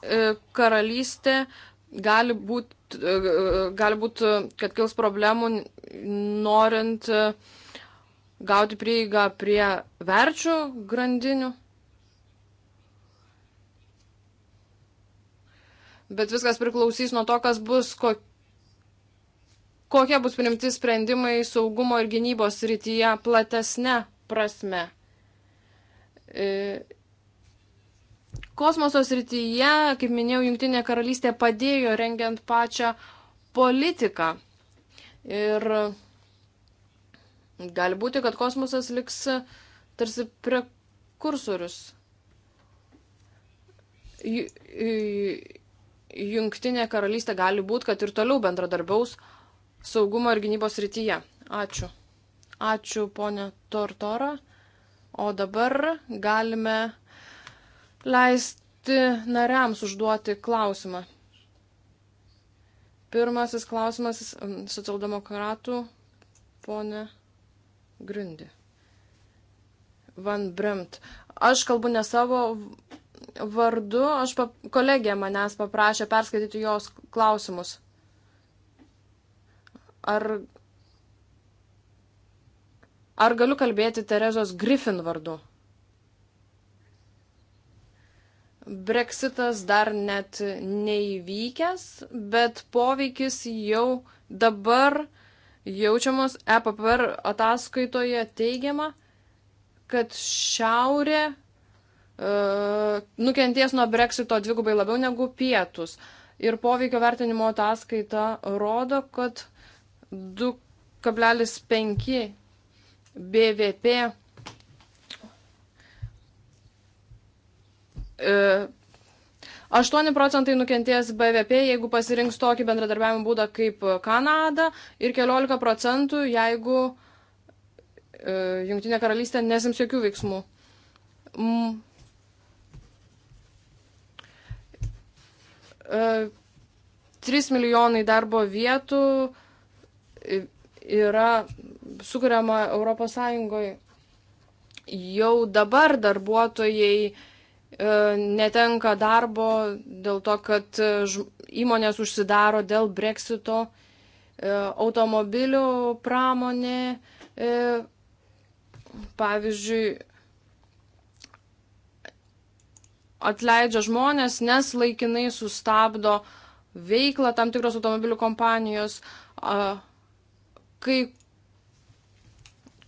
e, karalystė gali būti, e, e, gali būt, kad kils problemų norint gauti prieigą prie verčių grandinių. bet viskas priklausys nuo to, kas bus, ko, kokie bus priimti sprendimai saugumo ir gynybos rytyje platesne prasme. E, kosmoso srityje, kaip minėjau, Junktinė karalystė padėjo rengiant pačią politiką. Ir gali būti, kad kosmosas liks tarsi prekursorius. Jungtinė karalystė gali būti, kad ir toliau bendradarbiaus saugumo ir gynybos rytyje. Ačiū. Ačiū, ponė Tortora. O dabar galime leisti nariams užduoti klausimą. Pirmasis klausimas socialdemokratų, ponė Grindi. Van Bremt. Aš kalbu ne savo vardu, aš pa, kolegė manęs paprašė perskaityti jos klausimus. Ar, ar galiu kalbėti Terezos Griffin vardu? Brexitas dar net neįvykęs, bet poveikis jau dabar jaučiamas EPPR ataskaitoje teigiama, kad šiaurė E, nukenties nuo breksito dvigubai labiau negu pietus. Ir poveikio vertinimo ataskaita rodo, kad 2,5 BVP e, 8 procentai nukentės BVP, jeigu pasirinks tokį bendradarbiavimo būdą kaip Kanada ir 14 procentų, jeigu e, Junktinė karalystė nesims jokių veiksmų. M 3 e, milijonai darbo vietų yra sukuriama ES. Jau dabar darbuotojai e, netenka darbo dėl to, kad e, įmonės užsidaro dėl breksito, automobilių pramonė, pavyzdžiui, atleidžia žmonės, nes laikinai sustabdo veiklą tam tikros automobilių kompanijos. Kai,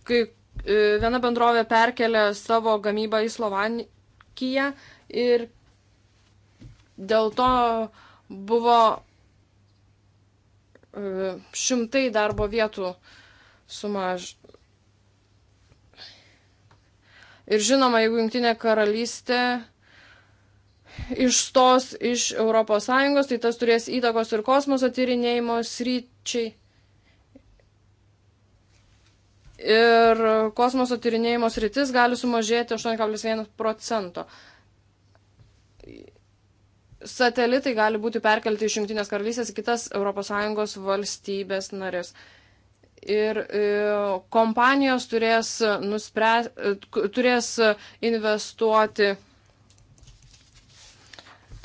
kai e, viena bendrovė perkelė savo gamybą į Slovakiją ir dėl to buvo e, šimtai darbo vietų sumaž. Ir žinoma, jeigu Junktinė karalystė išstos iš ES, tai tas turės įtakos ir kosmoso tyrinėjimo sryčiai. Ir kosmoso tyrinėjimo sritis gali sumažėti 8,1 procento. Satelitai gali būti perkelti iš Junktinės karalystės į kitas ES valstybės narės ir e, kompanijos turės, nuspręs, turės investuoti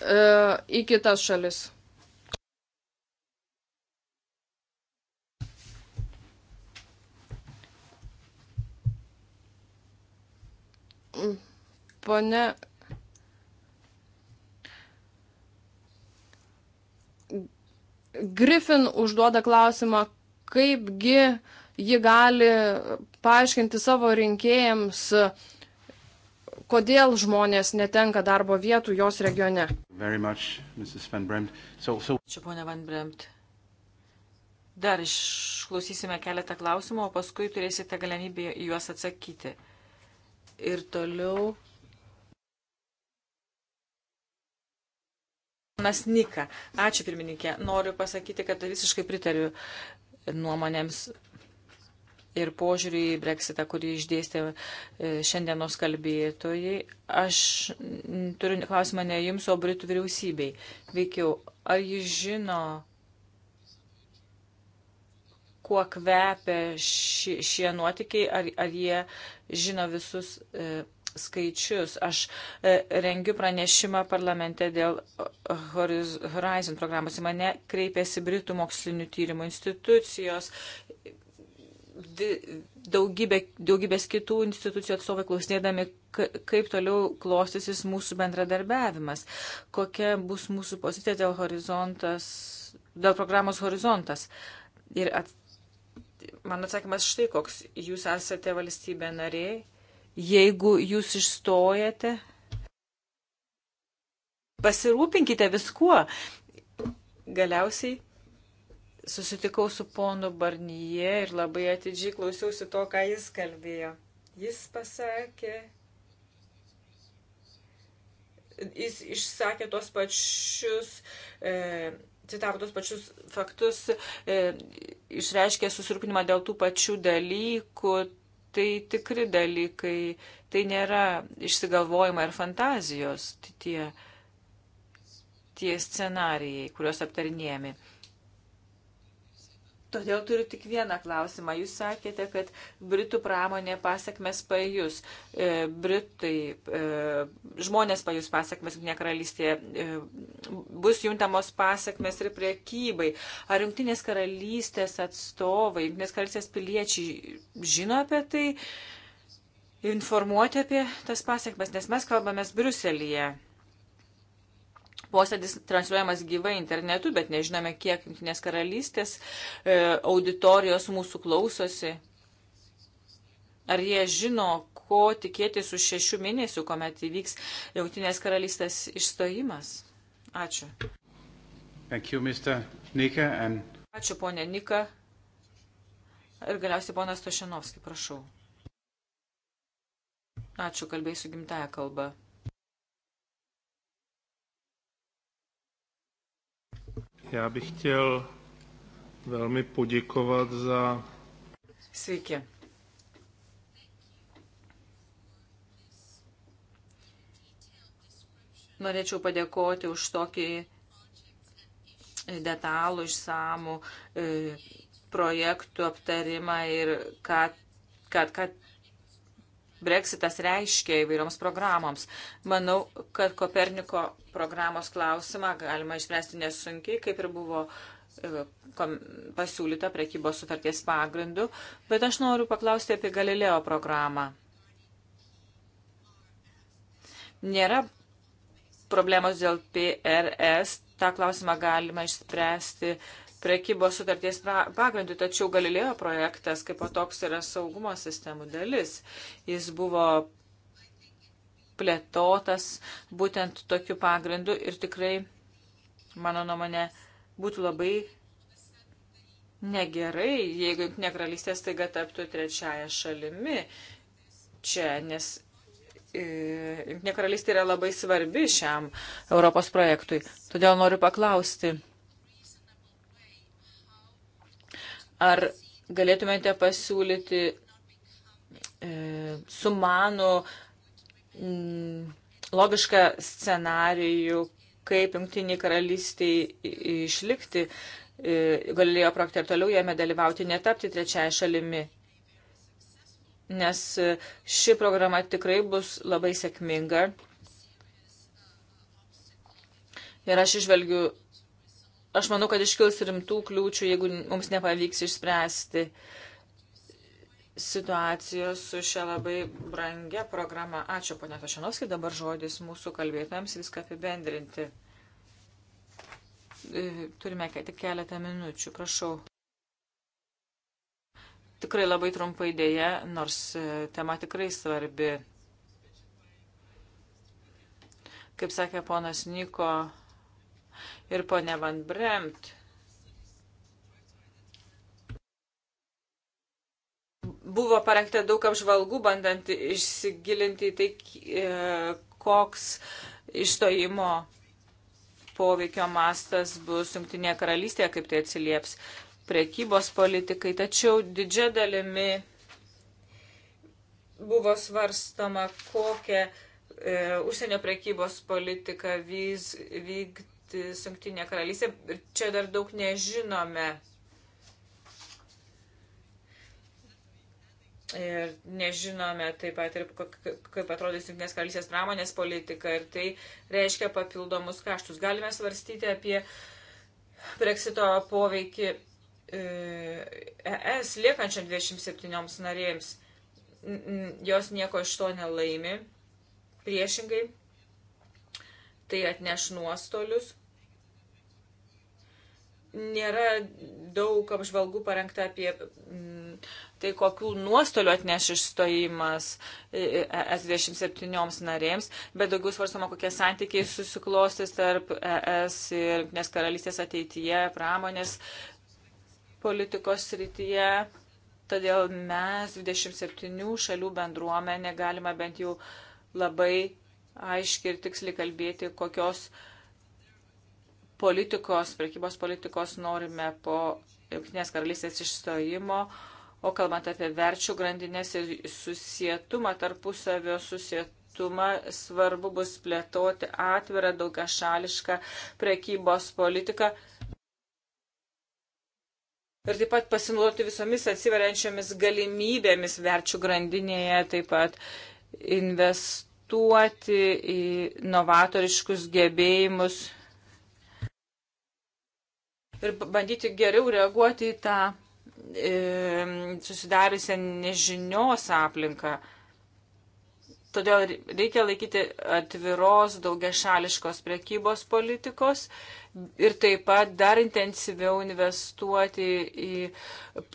E, į kitas šalis. Pone Griffin užduoda klausimą, kaipgi ji gali paaiškinti savo rinkėjams, uh, kodėl žmonės netenka darbo vietų jos regione. Much, so, so... Čia ponia Van Bremt. Dar išklausysime keletą klausimų, o paskui turėsite galimybę į juos atsakyti. Ir toliau. Nasnika. Ačiū pirmininkė. Noriu pasakyti, kad visiškai pritariu nuomonėms ir požiūrį į breksitą, kurį išdėstė e, šiandienos kalbėtojai. Aš turiu klausimą ne jums, o Britų vyriausybei. Veikiau, ar jis žino, kuo kvepia ši, šie nuotikiai, ar, ar jie žino visus e, skaičius. Aš e, rengiu pranešimą parlamente dėl Horizon programos. Į mane kreipėsi Britų mokslinių tyrimų institucijos daugybė, daugybės kitų institucijų atstovai klausinėdami, kaip toliau klostysis mūsų bendradarbiavimas, kokia bus mūsų pozicija dėl horizontas, dėl programos horizontas. Ir at, mano atsakymas štai koks, jūs esate valstybė nariai, jeigu jūs išstojate, pasirūpinkite viskuo. Galiausiai susitikau su ponu Barnyje ir labai atidžiai klausiausi to, ką jis kalbėjo. Jis pasakė, jis išsakė tos pačius, e, citavo tos pačius faktus, e, išreiškė susirūpinimą dėl tų pačių dalykų. Tai tikri dalykai, tai nėra išsigalvojimai ar fantazijos, tai tie, tie scenarijai, kuriuos aptarnėjami. E, Todėl turiu tik vieną klausimą. Jūs sakėte, kad Britų pramonė pasiekmes pajus. E, Britai, e, žmonės pajus pasiekmes Junktinė karalystėje. E, bus juntamos pasiekmes ir priekybai. Ar Junktinės karalystės atstovai, Junktinės karalystės piliečiai žino apie tai, informuoti apie tas pasiekmes, nes mes kalbame Briuselėje. Posėdis transliuojamas gyvai internetu, bet nežinome, kiek Junktinės karalystės e, auditorijos mūsų klausosi. Ar jie žino, ko tikėtis už šešių mėnesių, kuomet įvyks Junktinės karalystės išstojimas? Ačiū. Thank you, Mr. Nika. And... Ačiū, ponė Nika. Ir galiausiai ponas Tošinovski, prašau. Ačiū, kalbėsiu gimtają kalbą. Já bych chtěl velmi poděkovat za. Sveiki. Norėčiau padėkoti už tokį detalų išsamų e, projektų aptarimą ir kad, kad, kad Brexitas reiškia įvairioms programoms. Manau, kad Koperniko programos klausimą galima išspręsti nesunkiai, kaip ir buvo e, pasiūlyta prekybos sutarties pagrindu, bet aš noriu paklausti apie Galileo programą. Nėra problemos dėl PRS, tą klausimą galima išspręsti prekybos sutarties pagrindų, tačiau Galilėjo projektas kaip po toks yra saugumo sistemų dalis. Jis buvo plėtotas būtent tokiu pagrindu ir tikrai, mano nuomonė, būtų labai negerai, jeigu Junktinė karalystė staiga taptų trečiaja šalimi čia, nes e, Junktinė karalystė yra labai svarbi šiam Europos projektui. Todėl noriu paklausti, Ar galėtumėte pasiūlyti e, sumanų m, mm, logišką scenarijų, kaip jungtiniai karalystiai išlikti, e, galėjo projekte ir toliau jame dalyvauti, netapti trečiaja šalimi. Nes e, ši programa tikrai bus labai sėkminga. Ir aš išvelgiu Aš manau, kad iškils rimtų kliūčių, jeigu mums nepavyks išspręsti situacijos su šia labai brangia programa. Ačiū, ponia Tašanovskai, dabar žodis mūsų kalbėtojams viską apibendrinti. E, turime tik keletą minučių, prašau. Tikrai labai trumpai dėja, nors e, tema tikrai svarbi. Kaip sakė ponas Niko, ir ponė Van Bremt. Buvo parengta daug apžvalgų, bandant išsigilinti į tai, e, koks išstojimo poveikio mastas bus Junktinėje karalystėje, kaip tai atsilieps prekybos politikai. Tačiau didžia dalimi buvo svarstama, kokią e, užsienio prekybos politiką vyz, vyg, patirtis Junktinė karalystė ir čia dar daug nežinome. Ir nežinome taip pat ir kaip atrodys Junktinės karalystės pramonės politika ir tai reiškia papildomus kaštus. Galime svarstyti apie Brexito poveikį e, ES liekančiam 27 narėms. Jos nieko iš to nelaimi. Priešingai, tai atneš nuostolius nėra daug apžvalgų parengta apie mm, tai, kokių nuostolių atneš išstojimas e, e, S27 narėms, bet daugiau svarstama, kokie santykiai susiklostys tarp ES ir Junktinės karalystės ateityje, pramonės politikos srityje. Todėl mes 27 šalių bendruomenė galime bent jau labai aiškiai ir tiksliai kalbėti, kokios uh, politikos, prekybos politikos norime po Junktinės karalystės išstojimo, o kalbant apie verčių grandinės ir susietumą, tarpusavio susietumą, svarbu bus plėtoti atvirą daugiašališką prekybos politiką. Ir taip pat pasinaudoti visomis atsiveriančiomis galimybėmis verčių grandinėje, taip pat investuoti į novatoriškus gebėjimus ir bandyti geriau reaguoti į tą e, susidariusią nežinios aplinką. Todėl reikia laikyti atviros daugiašališkos prekybos politikos ir taip pat dar intensyviau investuoti į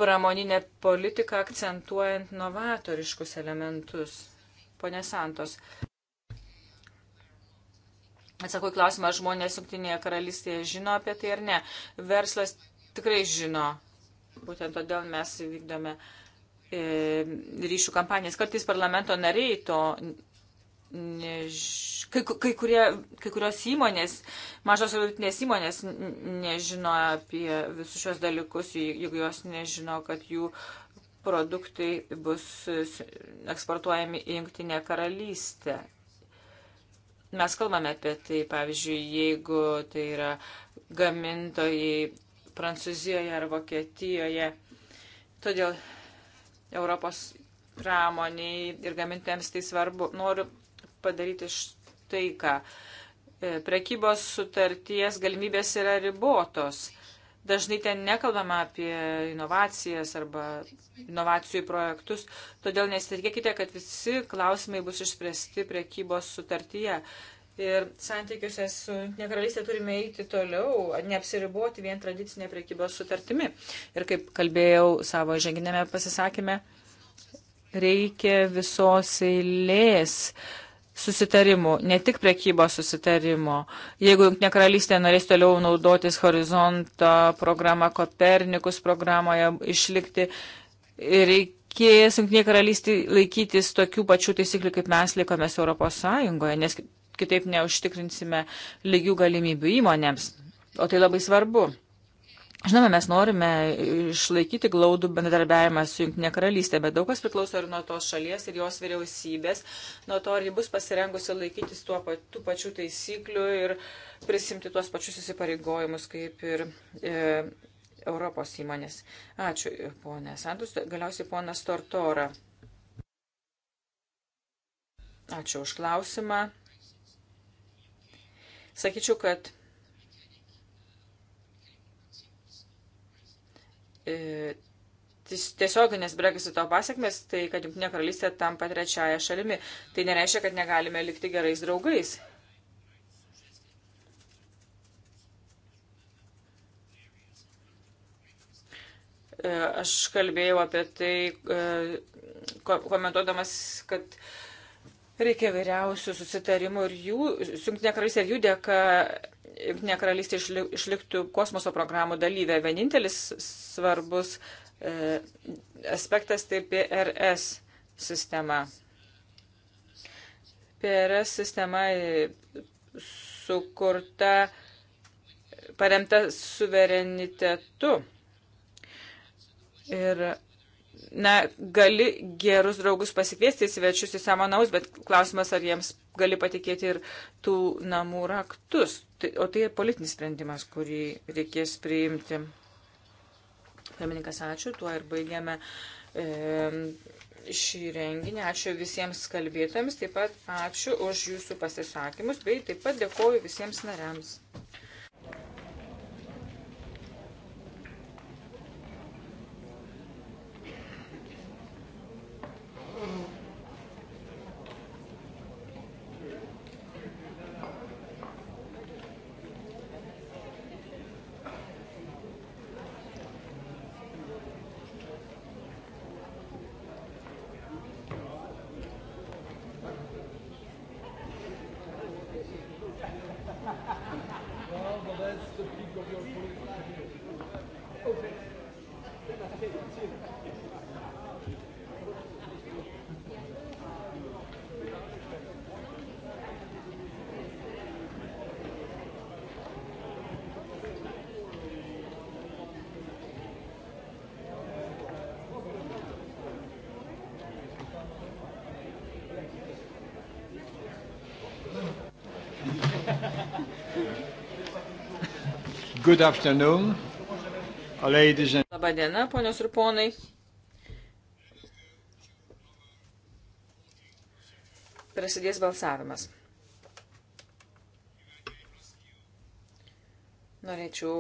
pramoninę politiką, akcentuojant novatoriškus elementus. Pone Santos. Atsakau į klausimą, ar žmonės Junktinėje karalystėje žino apie tai ar ne. Verslas tikrai žino. Būtent todėl mes vykdome e, ryšių kampanijas. Kartais parlamento nariai to. Než... Kai, kai, kurie, kai kurios įmonės, mažos ir vidutinės įmonės nežino apie visus šios dalykus, jeigu jos nežino, kad jų produktai bus eksportuojami į Junktinę karalystę. Mes kalbame apie tai, pavyzdžiui, jeigu tai yra gamintojai Prancūzijoje ar Vokietijoje. Todėl Europos pramoniai ir gamintėms tai svarbu. Noriu padaryti štai ką. E, prekybos sutarties galimybės yra ribotos. Dažnai ten nekalbama apie inovacijas arba inovacijų projektus, todėl nesitikėkite, kad visi klausimai bus išspręsti priekybos sutartyje. Ir santykiuose su nekaralystė turime eiti toliau, neapsiriboti vien tradicinė priekybos sutartimi. Ir kaip kalbėjau savo žanginėme pasisakymė, reikia visos eilės uh, susitarimų, ne tik prekybos susitarimo. Jeigu Junktinė karalystė norės toliau naudotis horizonto programą, Kopernikus programoje išlikti, reikės Junktinė karalystė laikytis tokių pačių taisyklių, kaip mes laikomės Europos Sąjungoje, nes kitaip neužtikrinsime lygių galimybių įmonėms. O tai labai svarbu. Žinoma, mes norime išlaikyti glaudų bendradarbiavimą su Junktinė karalystė, bet daug kas priklauso ir nuo tos šalies ir jos vyriausybės, nuo to, ar ji bus pasirengusi laikytis tuo, tų pačių taisyklių ir prisimti tuos pačius įsipareigojimus kaip ir e, Europos įmonės. Ačiū, ponė Santus. Galiausiai ponas Tortora. Ačiū už klausimą. Sakyčiau, kad E, tiesioginės breksito pasiekmes, tai kad Junktinė karalystė tampa trečiaja šalimi. Tai nereiškia, kad negalime likti gerais draugais. E, aš kalbėjau apie tai, e, komentuodamas, kad reikia vairiausių susitarimų ir jų, Junktinė karalystė ir jų dėka Junktinė karalystė išliktų kosmoso programų dalyvė. Vienintelis svarbus e, aspektas tai PRS sistema. PRS sistema e, sukurta, paremta suverenitetu. Ir na, gali gerus draugus pasikviesti į svečius į savo namus, bet klausimas, ar jiems gali patikėti ir tų namų raktus. Tai, o tai politinis sprendimas, kurį reikės priimti. Pirmininkas, ačiū, tuo ir baigiame. E, šį renginį. Ačiū visiems kalbėtojams, taip pat ačiū už jūsų pasisakymus, bei taip pat dėkoju visiems nariams. Good afternoon, ladies and... Labą dieną, ponios ir ponai. Prasidės balsavimas. Norėčiau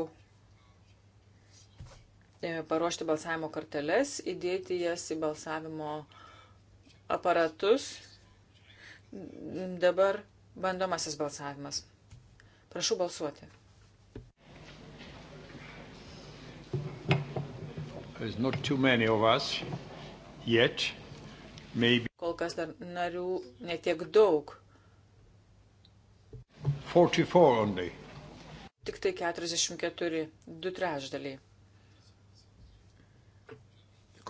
e, paruošti balsavimo korteles, įdėti jas į balsavimo aparatus. Dabar bandomasis balsavimas. Prašau balsuoti. There's not too many of us yet. Maybe. Kol kas dar narių netiek daug. 44 only. Tik tai 44, du trešdaliai.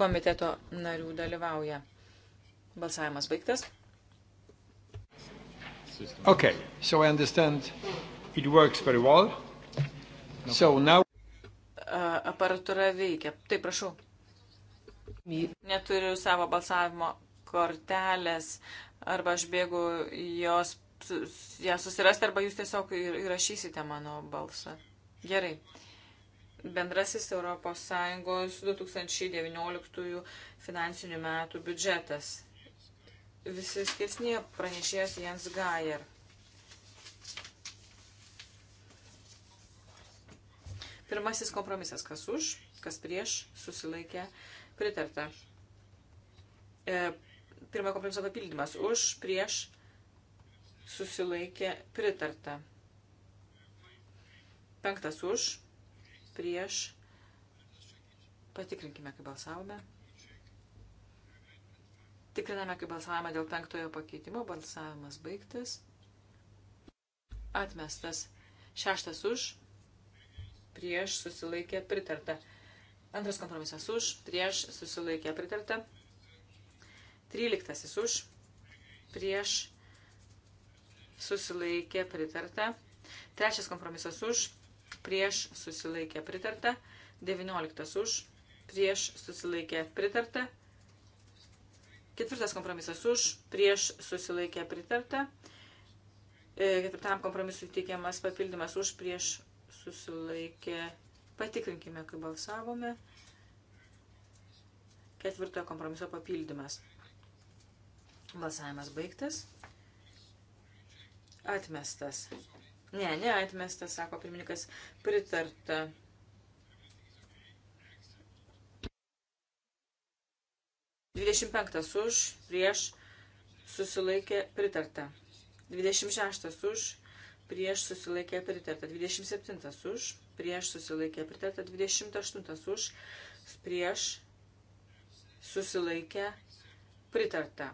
Komiteto narių dalyvauja. Balsavimas baigtas. Okay, so I understand it works very well. So now aparatūra veikia. Taip, prašau. Neturiu savo balsavimo kortelės, arba aš bėgu jos, ją susirasti, arba jūs tiesiog įrašysite mano balsą. Gerai. Bendrasis ES 2019 finansinių metų biudžetas. Visi skirsnė pranešėjas Jens Gajer. Pirmasis kompromisas, kas už, kas prieš, susilaikė, pritarta. E, pirmojo kompromiso papildymas, už, prieš, susilaikė, pritarta. Penktas už, prieš, patikrinkime, kaip balsavome. Tikriname, kaip balsavome dėl penktojo pakeitimo, balsavimas baigtas. Atmestas. Šeštas už, prieš susilaikė pritarta. Antras kompromisas už, prieš susilaikė pritarta. Tryliktasis už, prieš susilaikė pritarta. Trečias kompromisas už, prieš susilaikė pritarta. Devynioliktas už, prieš susilaikė pritarta. Ketvirtas kompromisas už, prieš susilaikė pritarta. E, ketvirtam kompromisui teikiamas papildymas už prieš susilaikė. Patikrinkime, kai balsavome. Ketvirtojo kompromiso papildymas. Balsavimas baigtas. Atmestas. Ne, ne atmestas, sako pirmininkas, pritarta. Dvidešimt penktas už, prieš, susilaikė, pritarta. Dvidešimt šeštas už, prieš prieš susilaikė pritarta 27 už, prieš susilaikė pritarta 28 už, prieš susilaikė pritarta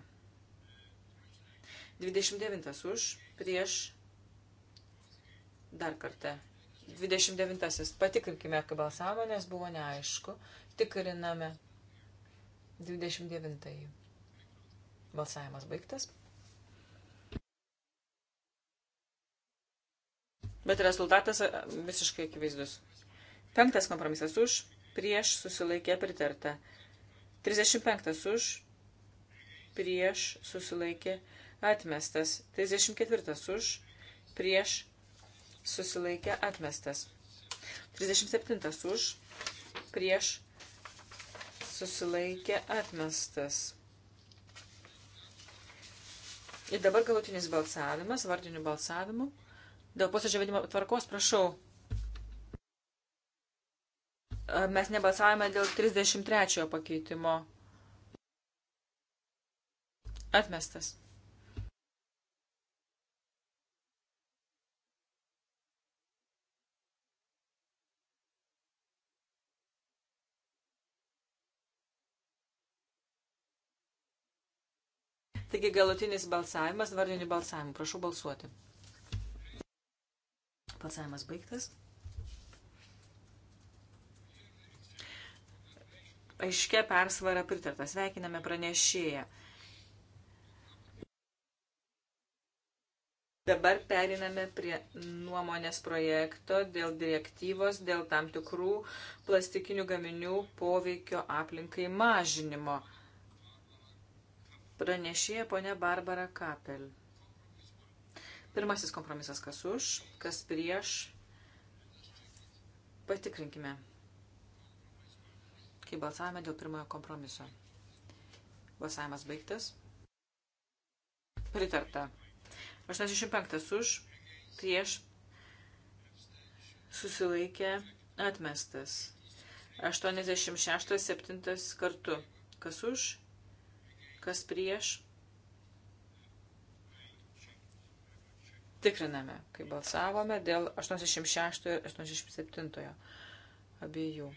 29 už, prieš dar kartą 29. Patikrinkime, kaip balsavo, nes buvo neaišku. Tikriname 29. Balsavimas baigtas. Bet rezultatas e, visiškai akivaizdus. Penktas kompromisas už, prieš susilaikė pritarta. 35 už, prieš susilaikė atmestas. 34 už, prieš susilaikė atmestas. 37 už, prieš susilaikė atmestas. Ir dabar galutinis balsavimas, vardiniu balsavimu. Dėl posėdžio vedimo tvarkos, prašau. Mes nebalsavome dėl 33 pakeitimo. Atmestas. Taigi galutinis balsavimas, vardinių balsavimų. Prašau balsuoti. Balsavimas baigtas. Aiškia persvara pritarta. Sveikiname pranešėją. Dabar periname prie nuomonės projekto dėl direktyvos, dėl tam tikrų plastikinių gaminių poveikio aplinkai mažinimo. Pranešėja ponia Barbara Kapel. Pirmasis kompromisas kas už, kas prieš. Patikrinkime, kai balsavome dėl pirmojo kompromiso. Balsavimas baigtas. Pritarta. 85 už, prieš susilaikė atmestas. 86-7 kartu. Kas už, kas prieš Tikriname, kai balsavome dėl 86 ir 87 abiejų.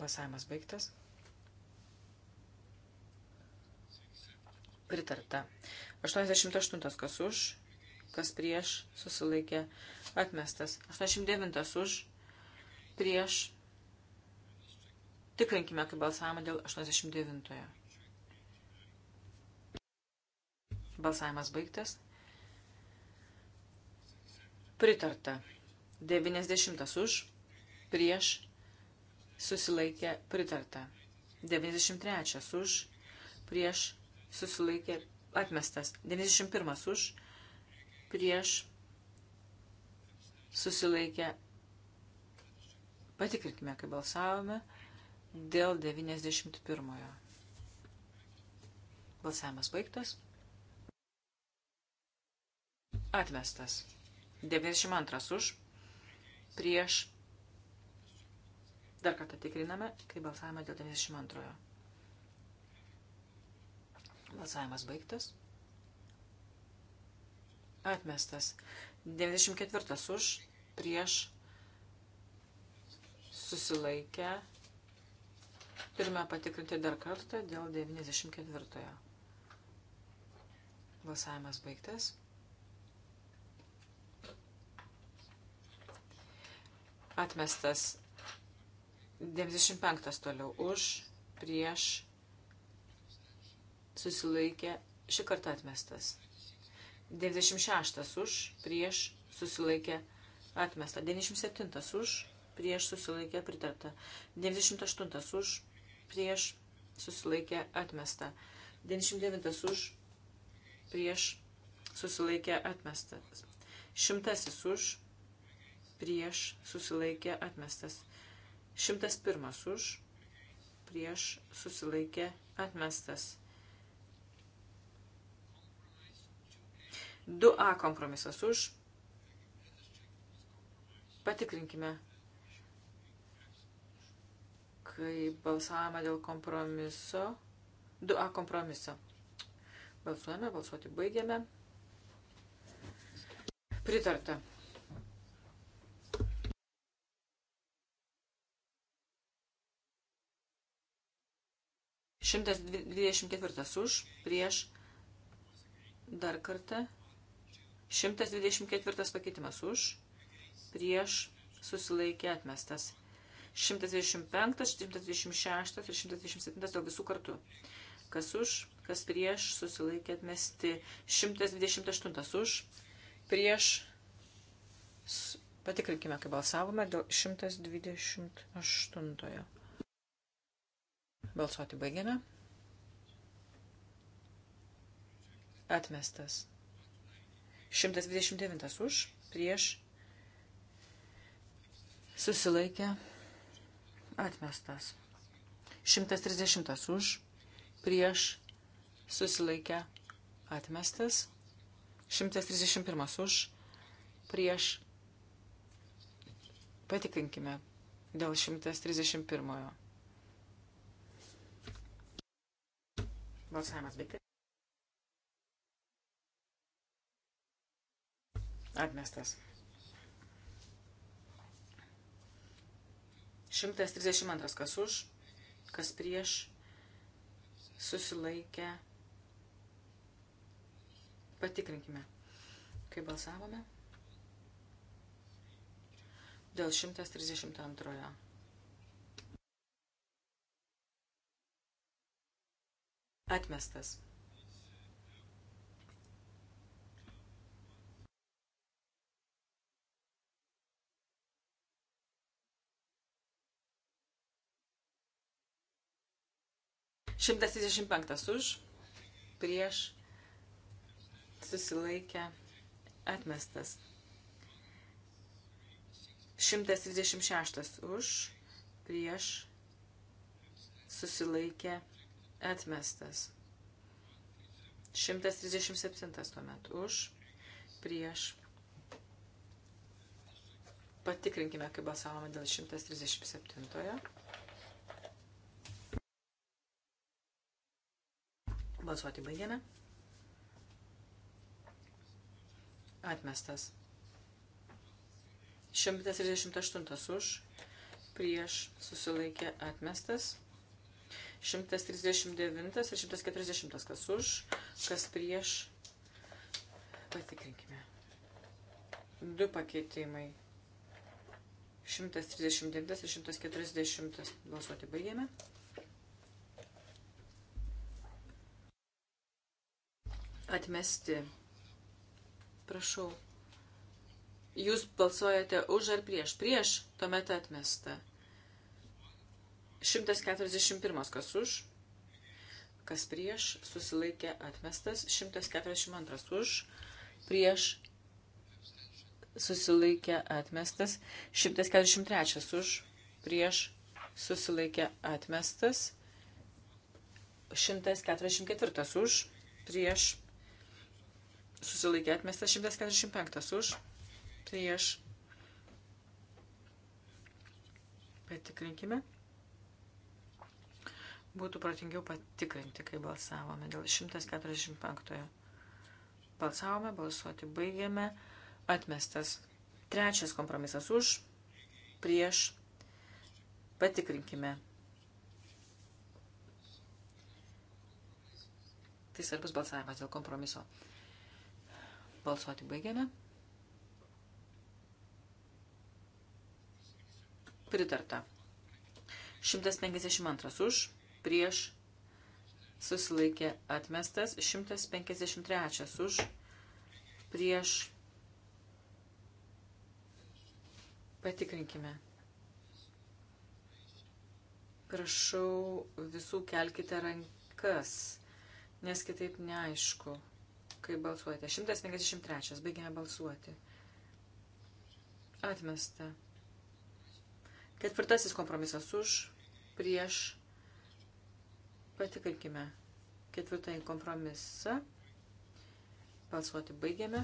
Balsavimas baigtas. Pritarta. 88 kas už, kas prieš, susilaikė, atmestas. 89 už, prieš. Tikrinkime, kaip balsavimą dėl 89. Balsavimas baigtas. Pritarta. 90 už, prieš, susilaikė, pritarta. 93 už, prieš, susilaikė, atmestas. 91 už, prieš, susilaikė, patikrinkime, kai balsavome, dėl 91-ojo. Balsavimas baigtas. Atmestas. 92 už, prieš, dar kartą tikriname, kai balsavimą dėl 92. Balsavimas baigtas. Atmestas. 94 už, prieš, susilaikę. Turime patikrinti dar kartą dėl 94. Balsavimas baigtas. Atmestas 95 toliau už, prieš, susilaikė, šį kartą atmestas. 96 už, prieš, susilaikė, atmesta. 97 už, prieš, susilaikė, pritarta. 98 už, prieš, susilaikė, atmesta. 99 už, prieš, susilaikė, atmestas. Šimtasis už, prieš susilaikė atmestas. 101 už, prieš susilaikė atmestas. 2A kompromisas už. Patikrinkime, kai balsavome dėl kompromiso. 2A kompromiso. Balsuojame, balsuoti baigiame. Pritarta. 124 už, prieš, dar kartą. 124 pakeitimas už, prieš, susilaikė atmestas. 125, 126 ir 127 dėl visų kartų. Kas už, kas prieš, susilaikė atmesti. 128 už, prieš, patikrinkime, kaip balsavome, dėl 128. Balsuoti baigiame. Atmestas. 129 už, prieš, susilaikė, atmestas. 130 už, prieš, susilaikė, atmestas. 131 už, prieš, patikrinkime dėl 131. Balsavimas baigtas. Atmestas. 132 kas už, kas prieš, susilaikę. Patikrinkime, kai balsavome dėl 132. Atmestas. Šimtas trisdešimt penktas už, prieš, susilaikę, atmestas. Šimtas trisdešimt šeštas už, prieš, susilaikę, atmestas Atmestas. 137 tuomet už, prieš. Patikrinkime, kaip balsavome dėl 137. -ojo. Balsuoti baigėme. Atmestas. 138 už, prieš susilaikė atmestas. 139 ir 140, kas už, kas prieš. Patikrinkime. Du pakeitimai. 139 ir 140. Balsuoti baigėme. Atmesti. Prašau. Jūs balsuojate už ar prieš. Prieš, tuomet atmesta. 141 kas už, kas prieš, susilaikė atmestas, 142 už, prieš, susilaikė atmestas, 143 už, prieš, susilaikė atmestas, 144 už, prieš, susilaikė atmestas, 145 už, prieš, patikrinkime. Būtų protingiau patikrinti, kai balsavome dėl 145. Balsavome, balsuoti baigėme, atmestas. Trečias kompromisas už, prieš, patikrinkime. Tai svarbus balsavimas dėl kompromiso. Balsuoti baigėme. Pritarta. 152 už, prieš susilaikė atmestas, 153 už prieš patikrinkime. Prašau visų kelkite rankas, nes kitaip neaišku, kaip balsuojate. 153. Baigėme balsuoti. Atmesta. Ketvirtasis kompromisas už, prieš, Patikrinkime ketvirtąjį kompromisą. Balsuoti baigiame.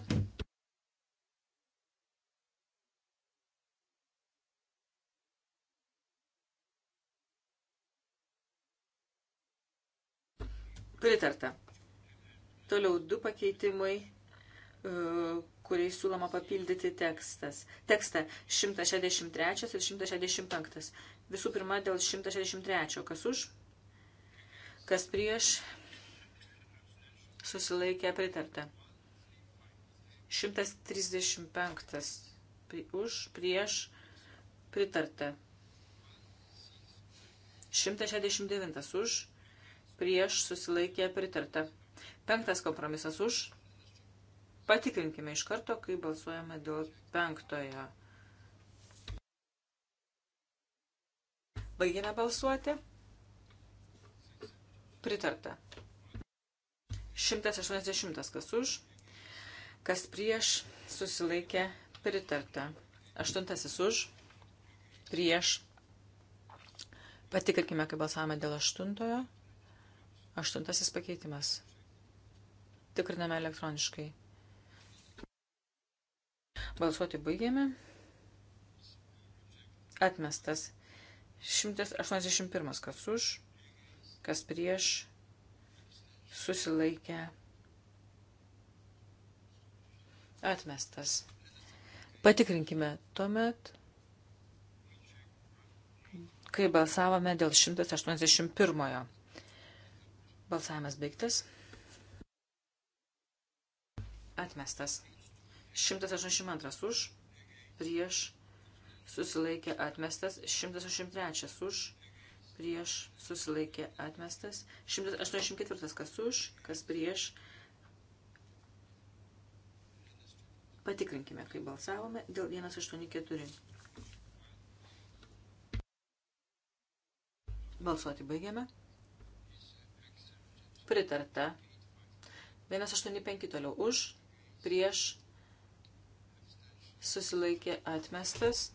Pritarta. Toliau du pakeitimai, e, kuriais siūloma papildyti tekstas. Tekstą 163 ir 165. Visų pirma, dėl 163. Kas už? Kas prieš? Susilaikė pritarta. 135. Už, prieš, pritarta. 169. Už, prieš, susilaikė pritarta. Penktas kompromisas už. Patikrinkime iš karto, kai balsuojame dėl penktojo. Baigėme balsuoti. Pritarta. 180 kas už, kas prieš, susilaikė, pritarta. Aštuntasis už, prieš. Patikrinkime, kaip balsavome dėl aštuntojo. Aštuntasis pakeitimas. Tikriname elektroniškai. Balsuoti baigėme. Atmestas. 181 kas už, kas prieš susilaikė atmestas. Patikrinkime tuomet, kai balsavome dėl 181. Balsavimas baigtas. Atmestas. 182 už, prieš susilaikė atmestas, 183 už, prieš susilaikė atmestas. 184 kas už, kas prieš. Patikrinkime, kai balsavome dėl 184. Balsuoti baigiame. Pritarta. 185 toliau už, prieš susilaikė atmestas.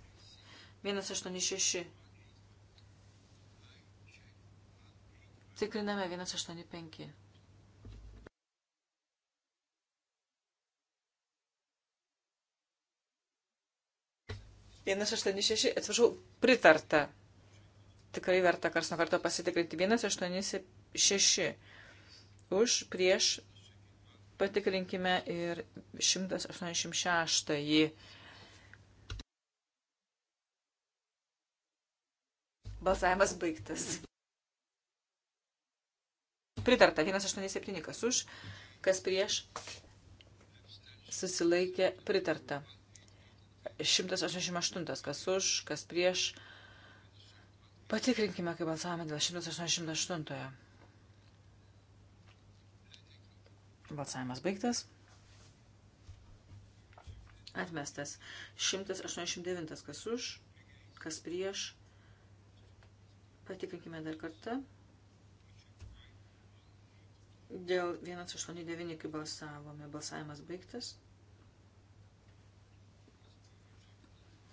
186 Tikriname 185. Vienas aštuoni šeši, atsiprašau, pritarta. Tikrai verta kars nuo karto pasitikrinti. Vienas aštuoni šeši. Už, prieš, patikrinkime ir 186. Balsavimas baigtas pritarta. 187 kas už, kas prieš susilaikė pritarta. 188 kas už, kas prieš. Patikrinkime, kaip balsavome dėl 188. Balsavimas baigtas. Atmestas. 189 kas už, kas prieš. Patikrinkime dar kartą. Dėl 189, kai balsavome, balsavimas baigtas.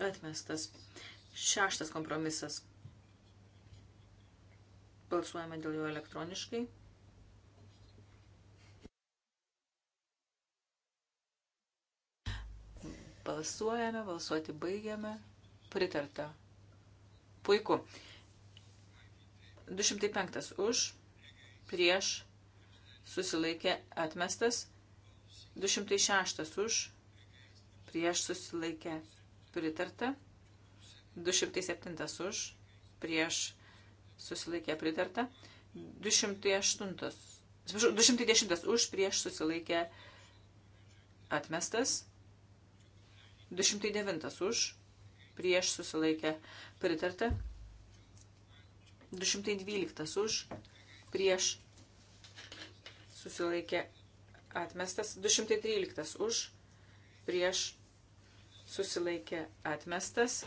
Atmestas. Šeštas kompromisas. Balsuojame dėl jo elektroniškai. Balsuojame, balsuoti baigiame. Pritarta. Puiku. 205 už, prieš, susilaikė atmestas, 206 už, prieš susilaikė pritarta, 207 už, prieš susilaikė pritarta, 208, 210 už, prieš susilaikė atmestas, 209 už, prieš susilaikė pritarta, 212 už, prieš susilaikė atmestas. 213 už, prieš susilaikė atmestas.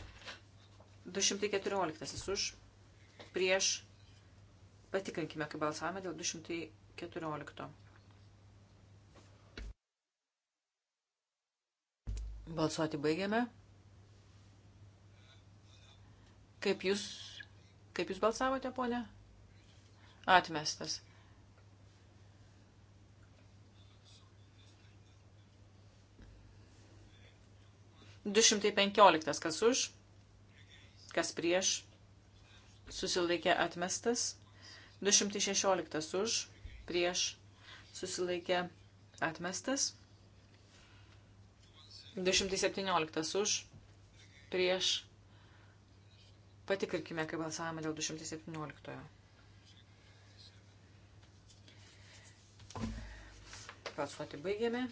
214 už, prieš patikrinkime, kaip balsavome dėl 214. Balsuoti baigiame. Kaip jūs, kaip jūs balsavote, ponė? Atmestas. 215. Kas už? Kas prieš? Susilaikė atmestas. 216. Už? Prieš? Susilaikė atmestas. 217. Už? Prieš? Patikrinkime, kaip balsavome dėl 217. Balsuoti baigėme.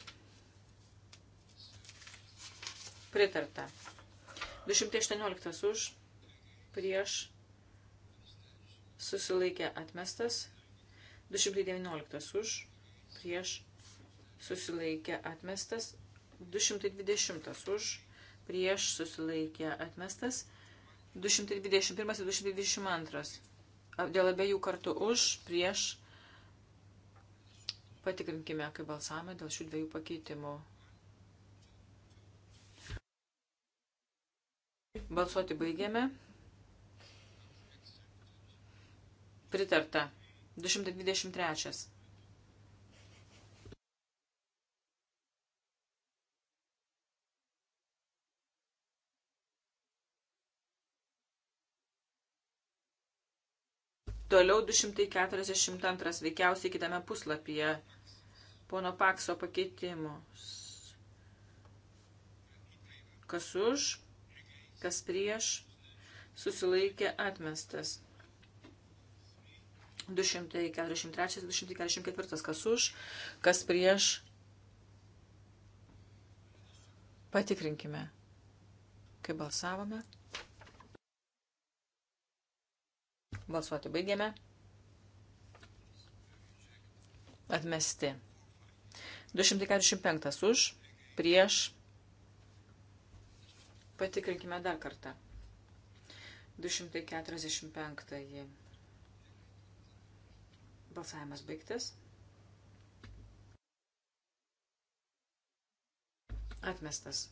Pritarta. 218 už, prieš, susilaikė atmestas. 219 už, prieš, susilaikė atmestas. 220 už, prieš, susilaikė atmestas. 221 ir 222. Dėl abiejų kartų už, prieš. Patikrinkime, kaip balsavome dėl šių dviejų pakeitimų. Balsuoti baigėme. Pritarta. 223. Toliau 242, veikiausiai kitame puslapyje, pono Pakso pakeitimus. Kas už? kas prieš, susilaikė atmestas. 243-244, kas už, kas prieš. Patikrinkime, kaip balsavome. Balsuoti baigėme. Atmesti. 245 už, prieš Patikrinkime dar kartą. 245. Balsavimas baigtas. Atmestas.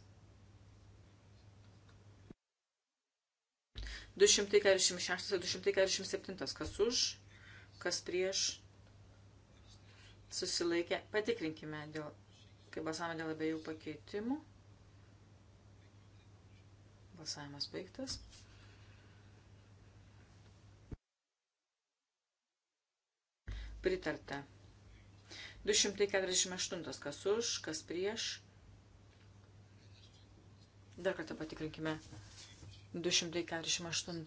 246-247. Kas už, kas prieš susilaikė. Patikrinkime dėl, kai balsavome dėl abiejų pakeitimų. 246-247. Balsavimas baigtas. Pritarta. 248. Kas už, kas prieš. Dar kartą patikrinkime. 248.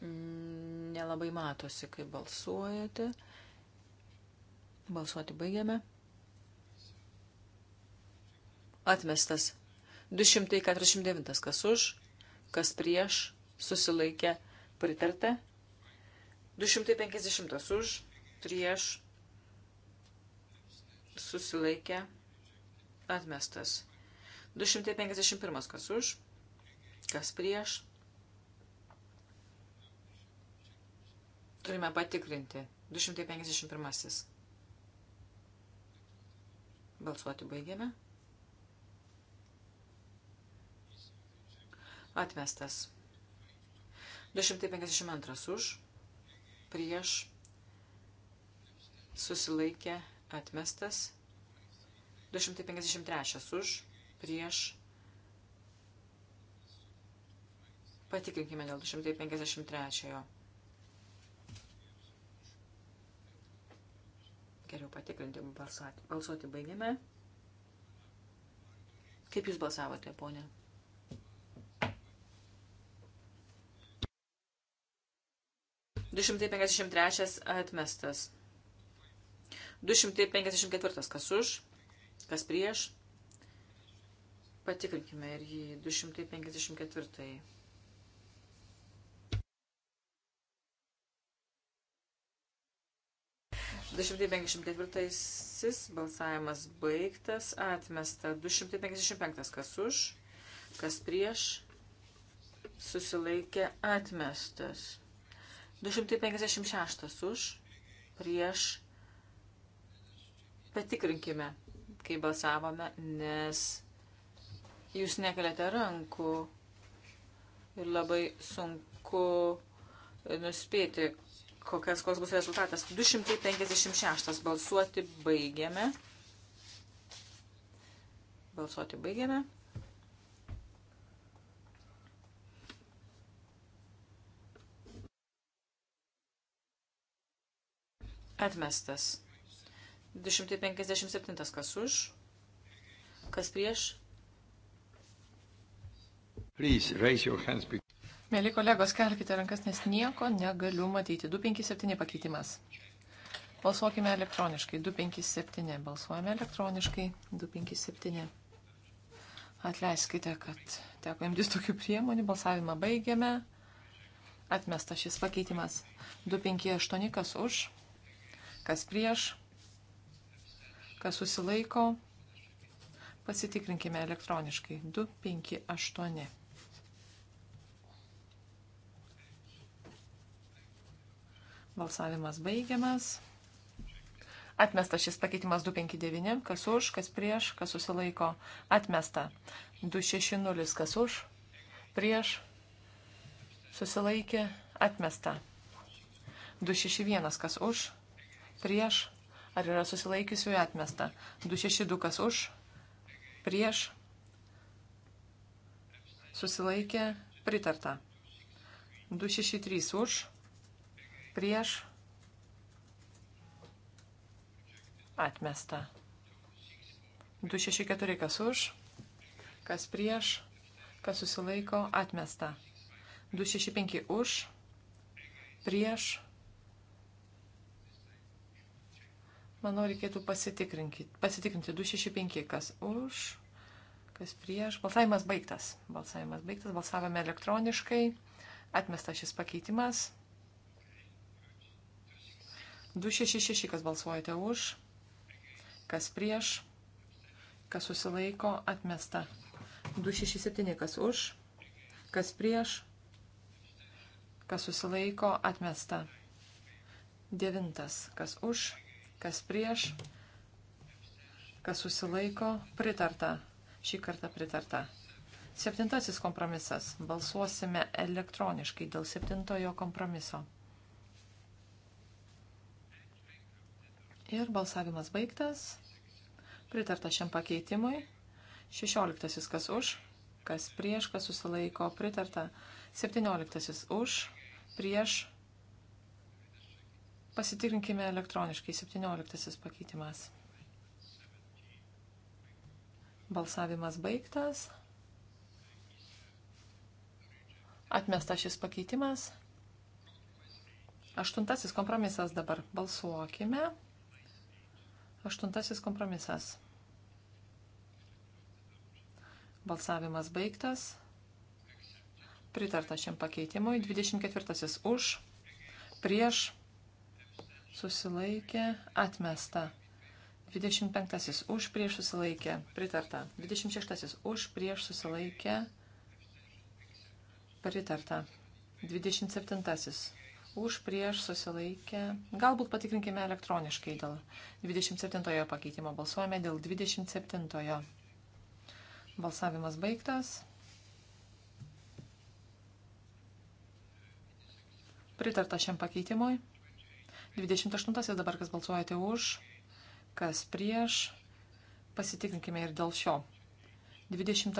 Mm, nelabai matosi, kai balsuojate. Balsuoti baigiame. Atmestas. 249. Kas už, kas prieš, susilaikė, pritarta. 250. Už, prieš, susilaikė, atmestas. 251. Kas už, kas prieš. Turime patikrinti. 251. Balsuoti baigėme. Atmestas. 252 už. Prieš. Susilaikė. Atmestas. 253 už. Prieš. Patikrinkime dėl 253. -ojo. Geriau patikrinti balsuoti. Balsuoti baigėme. Kaip jūs balsavote, ponė? 253 atmestas. 254 kas už, kas prieš. Patikrinkime ir jį 254. Du šimtai penkiasdešimt ketvirtasis balsavimas baigtas, atmesta. Du šimtai penkiasdešimt penktas kas už, kas prieš, susilaikė atmestas. 256 už, prieš. Patikrinkime, kai balsavome, nes jūs nekeliate rankų ir labai sunku nuspėti, kokias, koks bus rezultatas. 256 balsuoti baigiame. Balsuoti baigiame. Atmestas. 257 kas už, kas prieš. Mėly kolegos, kelkite rankas, nes nieko negaliu matyti. 257 pakeitimas. Balsuokime elektroniškai. 257. Balsuojame elektroniškai. 257. Atleiskite, kad teko imtis tokių priemonių. Balsavimą baigiame. Atmestas šis pakeitimas. 258 kas už Kas prieš? Kas susilaiko? Pasitikrinkime elektroniškai. 258. Balsavimas baigiamas. Atmesta šis pakeitimas 259, kas už, kas prieš, kas susilaiko. Atmesta 260, kas už, prieš, susilaikė, atmesta 261, kas už, prieš, ar yra susilaikiusių atmesta. 262 kas už, prieš, susilaikė, pritarta. 263 už, prieš, atmesta. 264 kas už, kas prieš, kas susilaiko, atmesta. 265 už, prieš, Manau, reikėtų pasitikrinti. Pasitikrinti 265, kas už, kas prieš. Balsavimas baigtas. Balsavimas baigtas. Balsavome elektroniškai. Atmestas šis pakeitimas. 266, kas balsuojate už, kas prieš, kas susilaiko, atmesta. 267, kas už, kas prieš, kas susilaiko, atmesta. 9, kas už kas prieš, kas susilaiko, pritarta. Šį kartą pritarta. Septintasis kompromisas. Balsuosime elektroniškai dėl septintojo kompromiso. Ir balsavimas baigtas. Pritarta šiam pakeitimui. Šešioliktasis kas už, kas prieš, kas susilaiko, pritarta. Septynioliktasis už, prieš, Pasitikrinkime elektroniškai 17 pakeitimas. Balsavimas baigtas. Atmesta šis pakeitimas. Aštuntasis kompromisas dabar. Balsuokime. Aštuntasis kompromisas. Balsavimas baigtas. Pritarta šiam pakeitimui. 24 už. Prieš susilaikė, atmesta. 25 už prieš susilaikė, pritarta. 26 už prieš susilaikė, pritarta. 27 už prieš susilaikė. Galbūt patikrinkime elektroniškai dėl 27 pakeitimo. Balsuojame dėl 27. -ojo. Balsavimas baigtas. Pritarta šiam pakeitimui. 28 dabar kas balsuojate už, kas prieš. Pasitikrinkime ir dėl šio. 28.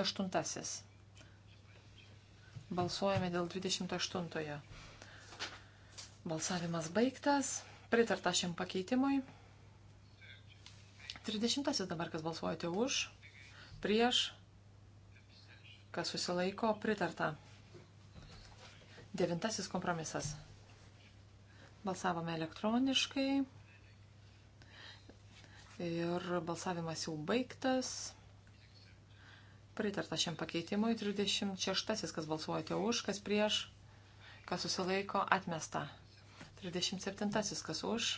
Balsuojame dėl 28. Balsavimas baigtas. Pritarta šiam pakeitimui. 30 dabar kas balsuojate už, prieš, kas susilaiko, pritarta. Devintasis kompromisas. Balsavome elektroniškai. Ir balsavimas jau baigtas. Pritarta šiam pakeitimui 36, kas balsuojate už, kas prieš, kas susilaiko, atmesta. 37, kas už,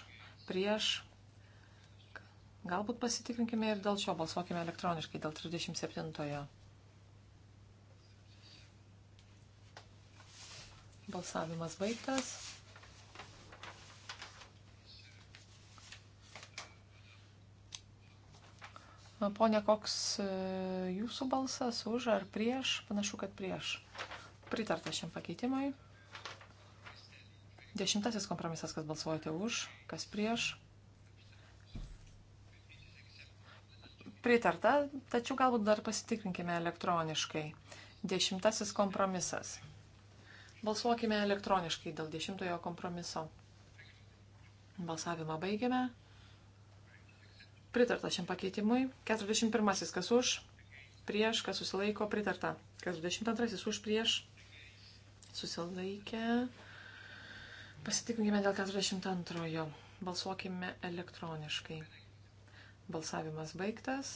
prieš. Galbūt pasitikrinkime ir dėl šio balsuokime elektroniškai, dėl 37. -ojo. Balsavimas baigtas. Pone, koks e, jūsų balsas už ar prieš? Panašu, kad prieš. Pritarta šiam pakeitimui. Dešimtasis kompromisas, kas balsuojate už, kas prieš. Pritarta, tačiau galbūt dar pasitikrinkime elektroniškai. Dešimtasis kompromisas. Balsuokime elektroniškai dėl dešimtojo kompromiso. Balsavimą baigiame. Pritarta šiam pakeitimui. 41. Kas už? Prieš, kas susilaiko, pritarta. 42. Už prieš, susilaikė. Pasitikinkime dėl 42. Balsuokime elektroniškai. Balsavimas baigtas.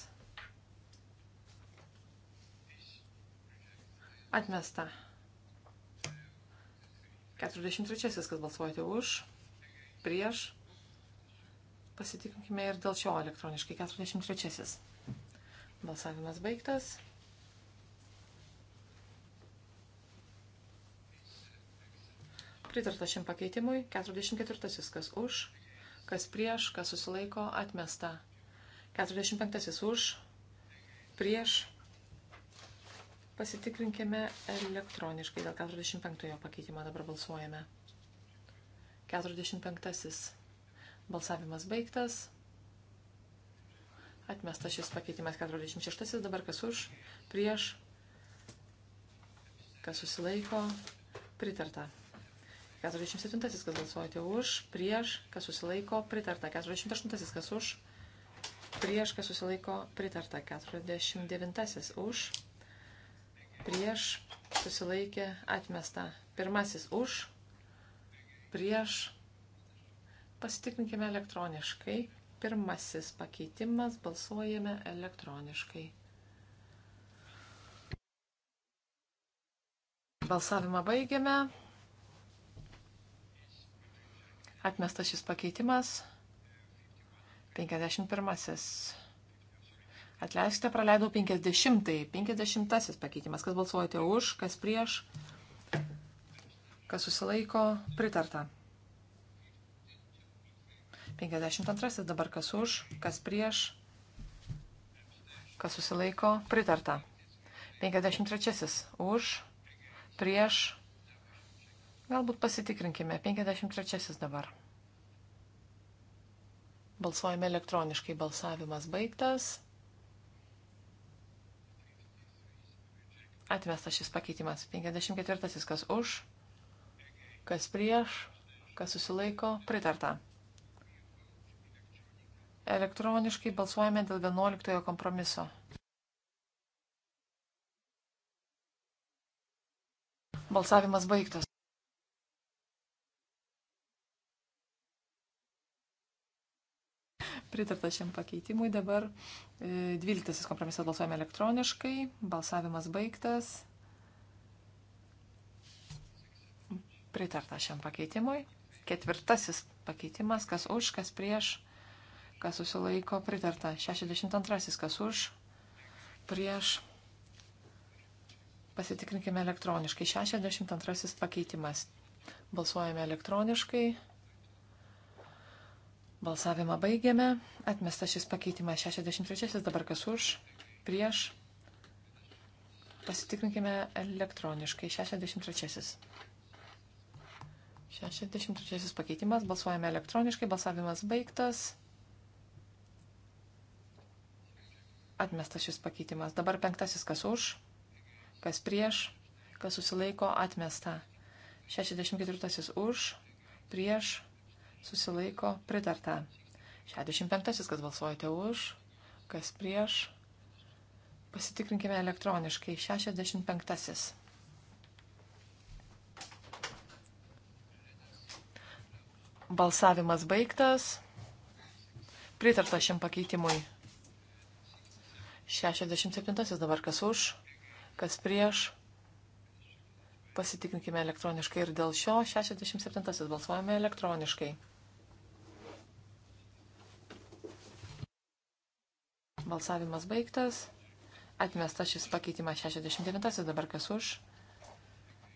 Atmesta. 43. Kas balsuojate už? Prieš Pasitikinkime ir dėl šio elektroniškai. 43. Balsavimas baigtas. Pritarta šiam pakeitimui. 44. Kas už, kas prieš, kas susilaiko, atmesta. 45. Už, prieš. Pasitikrinkime elektroniškai. Dėl 45. pakeitimo dabar balsuojame. 45. Balsavimas baigtas. Atmestas šis pakeitimas 46. Dabar kas už, prieš, kas susilaiko, pritarta. 47. kas balsuojate už, prieš, kas susilaiko, pritarta. 48. kas už, prieš, kas susilaiko, pritarta. 49. už, prieš, susilaikė, atmesta. Pirmasis už, prieš, Pasitikrinkime elektroniškai. Pirmasis pakeitimas balsuojame elektroniškai. Balsavimą baigiame. Atmestas šis pakeitimas. 51. Atleiskite, praleidau 50. 50 pakeitimas. Kas balsuojate už, kas prieš, kas susilaiko, pritarta. 52 dabar kas už, kas prieš, kas susilaiko, pritarta. 53 už, prieš, galbūt pasitikrinkime. 53 dabar. Balsuojame elektroniškai, balsavimas baigtas. Atmestas šis pakeitimas. 54 kas už, kas prieš, kas susilaiko, pritarta. Elektroniškai balsuojame dėl 11 kompromiso. Balsavimas baigtas. Pritarta šiam pakeitimui dabar. 12 e, kompromisas balsuojame elektroniškai. Balsavimas baigtas. Pritarta šiam pakeitimui. Ketvirtasis pakeitimas, kas už, kas prieš kas susilaiko pritarta. 62 kas už, prieš. Pasitikrinkime elektroniškai. 62 pakeitimas. Balsuojame elektroniškai. Balsavimą baigėme. Atmestas šis pakeitimas 63. Dabar kas už, prieš. Pasitikrinkime elektroniškai. 63. 63 pakeitimas. Balsuojame elektroniškai. Balsavimas baigtas. Atmestas šis pakeitimas. Dabar penktasis, kas už, kas prieš, kas susilaiko, atmesta. 64 už, prieš, susilaiko, pritarta. 65 kas balsuojate už, kas prieš. Pasitikrinkime elektroniškai. 65. Balsavimas baigtas. Pritarta šiam pakeitimui. 67 dabar kas už, kas prieš. Pasitikrinkime elektroniškai ir dėl šio 67 balsuojame elektroniškai. Balsavimas baigtas. Atmestas šis pakeitimas 69 dabar kas už,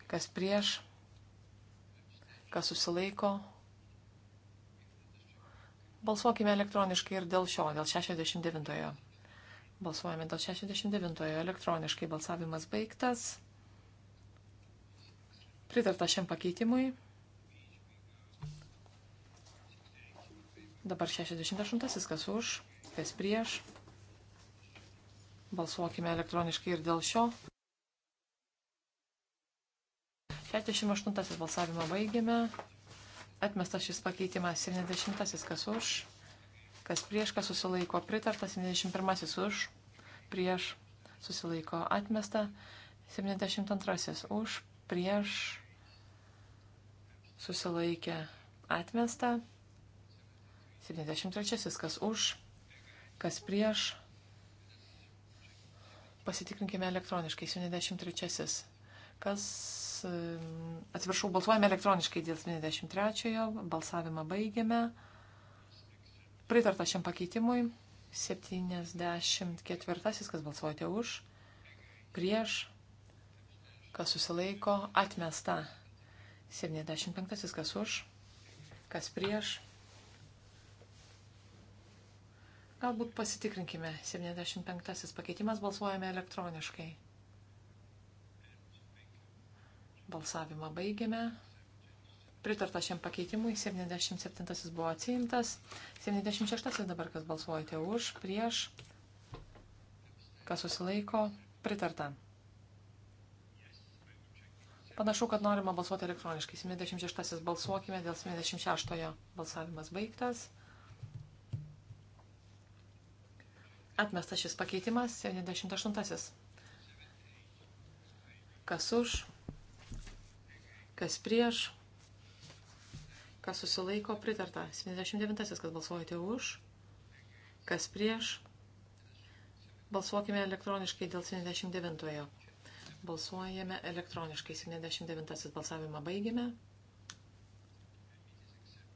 kas prieš, kas susilaiko. Balsuokime elektroniškai ir dėl šio, dėl 69. -ojo. Balsuojame dėl 69-ojo elektroniškai. Balsavimas baigtas. Pritarta šiam pakeitimui. Dabar 68-asis kas už, kas prieš. Balsuokime elektroniškai ir dėl šio. 68-asis balsavimą baigėme. Atmestas šis pakeitimas 70-asis kas už kas prieš, kas susilaiko pritarta, 71 už, prieš susilaiko atmesta, 72 už, prieš susilaikė atmesta, 73 kas už, kas prieš. Pasitikrinkime elektroniškai, 73. Kas, atsiprašau, balsuojame elektroniškai dėl 73. Balsavimą baigiame. Pritarta šiam pakeitimui. 74. Kas balsuojate už? Prieš. Kas susilaiko? Atmesta. 75. Kas už? Kas prieš? Galbūt pasitikrinkime. 75. pakeitimas balsuojame elektroniškai. Balsavimą baigiame pritarta šiam pakeitimui, 77 buvo atsiimtas, 76 dabar kas balsuojate už, prieš, kas susilaiko, pritarta. Panašu, kad norima balsuoti elektroniškai. 76 balsuokime, dėl 76 balsavimas baigtas. Atmestas šis pakeitimas, 78. Kas už, kas prieš, kas susilaiko, pritarta. 79-asis, kas balsuojate už, kas prieš. Balsuokime elektroniškai dėl 79-ojo. Balsuojame elektroniškai. 79-asis balsavimą baigime.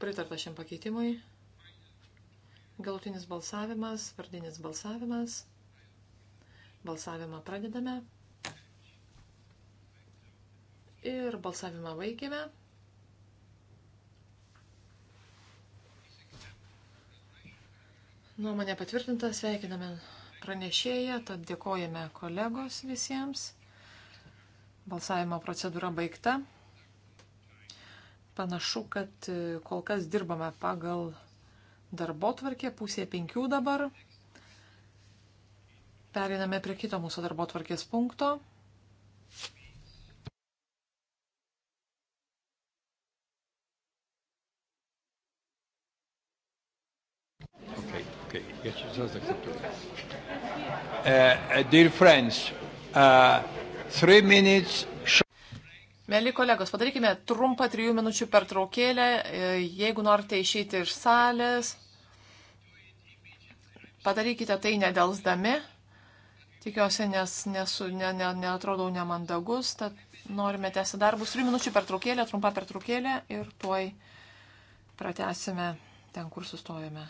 Pritarta šiam pakeitimui. Galutinis balsavimas, vardinis balsavimas. Balsavimą pradedame. Ir balsavimą baigėme. Nuomonė patvirtinta, sveikiname pranešėją, tad dėkojame kolegos visiems. Balsavimo procedūra baigta. Panašu, kad e, kol kas dirbame pagal darbo tvarkę, pusė penkių dabar. Periname prie kito mūsų darbo tvarkės punkto. Uh, uh, dear friends, uh, three minutes Mėly kolegos, padarykime trumpą trijų minučių pertraukėlę, uh, jeigu norite išeiti iš salės, padarykite tai nedelsdami. Tikiuosi, nes nesu, ne, ne, neatrodau nemandagus, tad norime tęsti darbus. Trijų minučių pertraukėlė, trumpa pertraukėlė ir tuoj pratęsime ten, kur sustojame.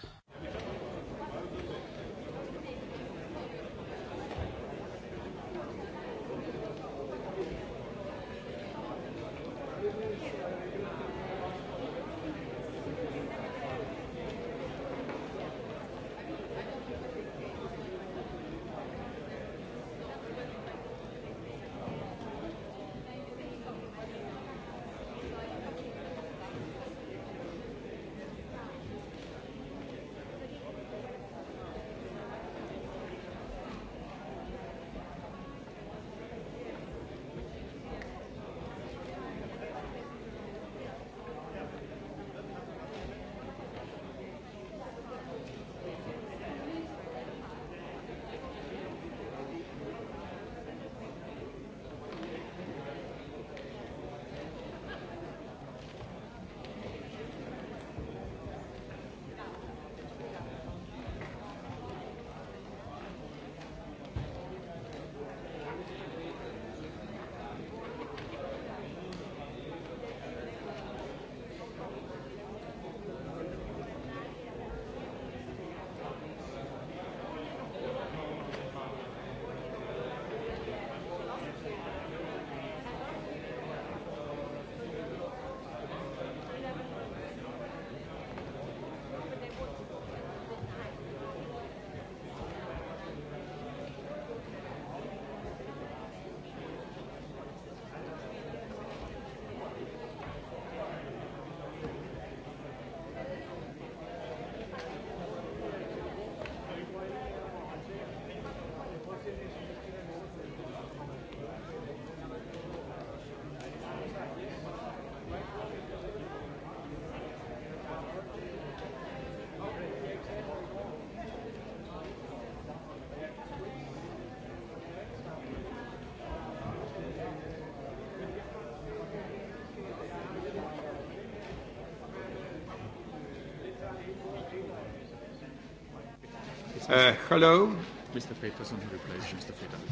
Uh, hello. Mr. Peterson replaced Mr. Federer.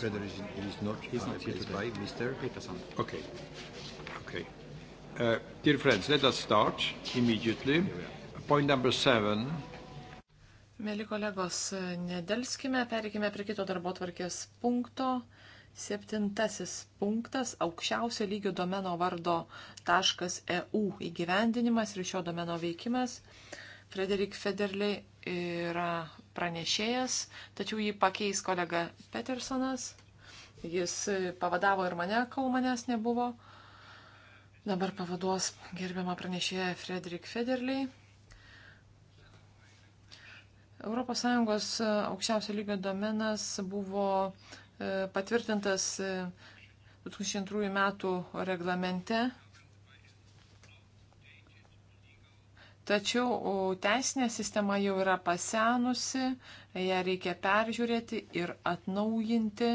Federer is, is not, He's not uh, replaced by Mr. Peterson. Okay. Okay. Uh, dear friends, let us start immediately. Point number seven. Mėly kolegos, nedelskime, pereikime prie kito darbo tvarkės punkto. Septintasis punktas - aukščiausio lygio domeno vardo .eu įgyvendinimas ir šio domeno veikimas. Frederik Federley yra pranešėjas, tačiau jį pakeis kolega Petersonas. Jis pavadavo ir mane, kol manęs nebuvo. Dabar pavaduos gerbiamą pranešėją Frederik Federley. ES aukščiausio lygio domenas buvo e, patvirtintas 2002 e, metų reglamente Tačiau teisinė sistema jau yra pasenusi, ją reikia peržiūrėti ir atnaujinti,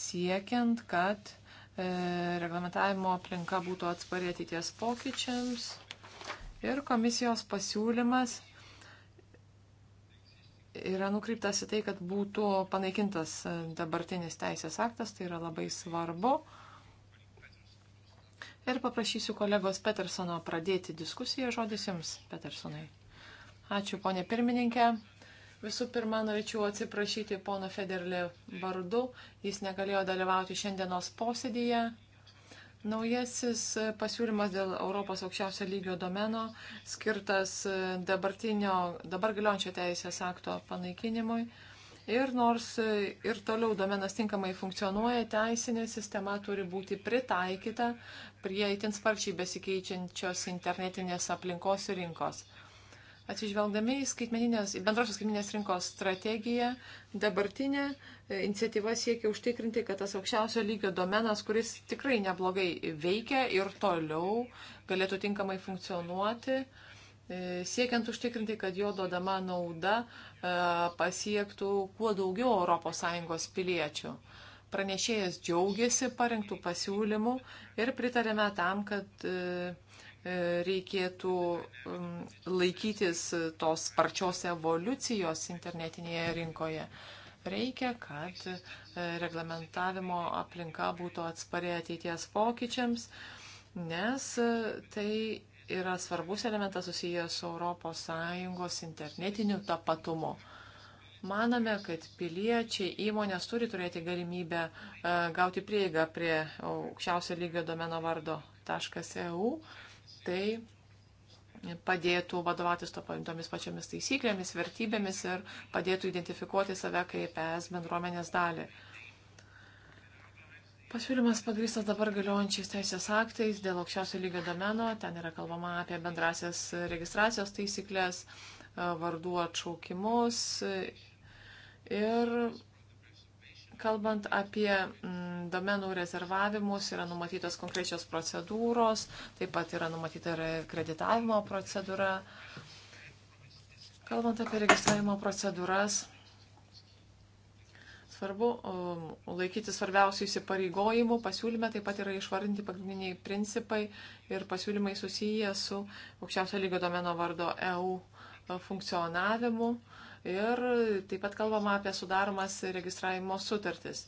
siekiant, kad e, reglamentavimo aplinka būtų atspari ateities pokyčiams. Ir komisijos pasiūlymas yra nukreiptas į tai, kad būtų panaikintas e, dabartinis teisės aktas, tai yra labai svarbu. E, ir paprašysiu kolegos Petersono pradėti diskusiją žodis jums, Petersonai. Ačiū, ponė pirmininkė. Visų pirma, norėčiau atsiprašyti pono Federlį vardu. Jis negalėjo dalyvauti šiandienos posėdėje. Naujasis pasiūlymas dėl Europos aukščiausio lygio domeno skirtas dabar galiojančio teisės akto panaikinimui. Ir nors ir toliau domenas tinkamai funkcionuoja, teisinė sistema turi būti pritaikyta prie itin sparčiai besikeičiančios internetinės aplinkos ir rinkos. Atsižvelgdami į skaitmeninės, į bendrosios skaitmeninės rinkos strategiją, dabartinė iniciatyva siekia užtikrinti, kad tas aukščiausio lygio domenas, kuris tikrai neblogai veikia ir toliau galėtų tinkamai funkcionuoti, E, siekiant užtikrinti, kad jo duodama nauda e, pasiektų kuo daugiau ES piliečių. Pranešėjas džiaugiasi parinktų pasiūlymų ir pritarėme tam, kad e, reikėtų laikytis tos sparčios evoliucijos internetinėje rinkoje. Reikia, kad reglamentavimo aplinka būtų atspari ateities pokyčiams, nes tai yra svarbus elementas susijęs su ES internetiniu tapatumu. Maname, kad piliečiai įmonės turi turėti galimybę e, gauti prieigą prie aukščiausio lygio domeno vardo .eu. Tai padėtų vadovautis tomis pačiomis taisyklėmis, vertybėmis ir padėtų identifikuoti save kaip ES bendruomenės dalį. Pasiūlymas pagrįstas dabar galiojančiais teisės aktais dėl aukščiausio lygio domeno. Ten yra kalbama apie bendrasias registracijos taisyklės, e, vardų atšaukimus. Ir kalbant apie mm, domenų rezervavimus, yra numatytos konkrečios procedūros, taip pat yra numatyta ir kreditavimo procedūra. Kalbant apie registravimo procedūras, svarbu um, laikyti svarbiausių įsipareigojimų. Pasiūlyme taip pat yra išvardinti pagrindiniai principai ir pasiūlymai susiję su aukščiausio lygio domeno vardo EU uh, funkcionavimu ir taip pat kalbama apie sudaromas registravimo sutartis.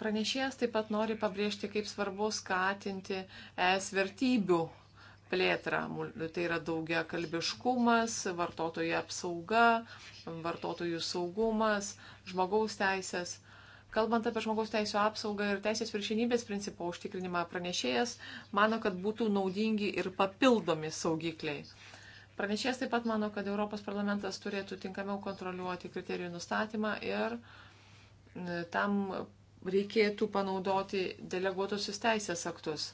Pranešėjas taip pat nori pabrėžti, kaip svarbu skatinti es vertybių plėtrą. Tai yra daugia kalbiškumas, vartotojų apsauga, vartotojų saugumas, žmogaus teisės. Kalbant apie žmogaus teisų apsaugą ir teisės viršinybės principo užtikrinimą, pranešėjas mano, kad būtų naudingi ir papildomi saugikliai. Pranešėjas taip pat mano, kad Europos parlamentas turėtų tinkamiau kontroliuoti kriterijų nustatymą ir e, tam reikėtų panaudoti deleguotusius teisės aktus.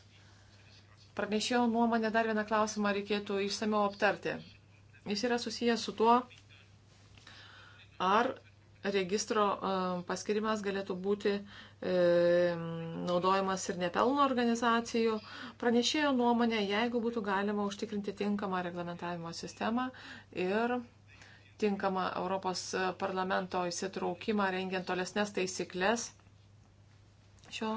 Pranešėjo nuomonė dar vieną klausimą reikėtų išsameu aptarti. Jis yra susijęs su tuo, ar registro e, paskirimas galėtų būti e, naudojamas ir nepelno organizacijų. Pranešėjo nuomonė, jeigu būtų galima užtikrinti tinkamą reglamentavimo sistemą ir tinkamą Europos parlamento įsitraukimą rengiant tolesnės taisyklės šio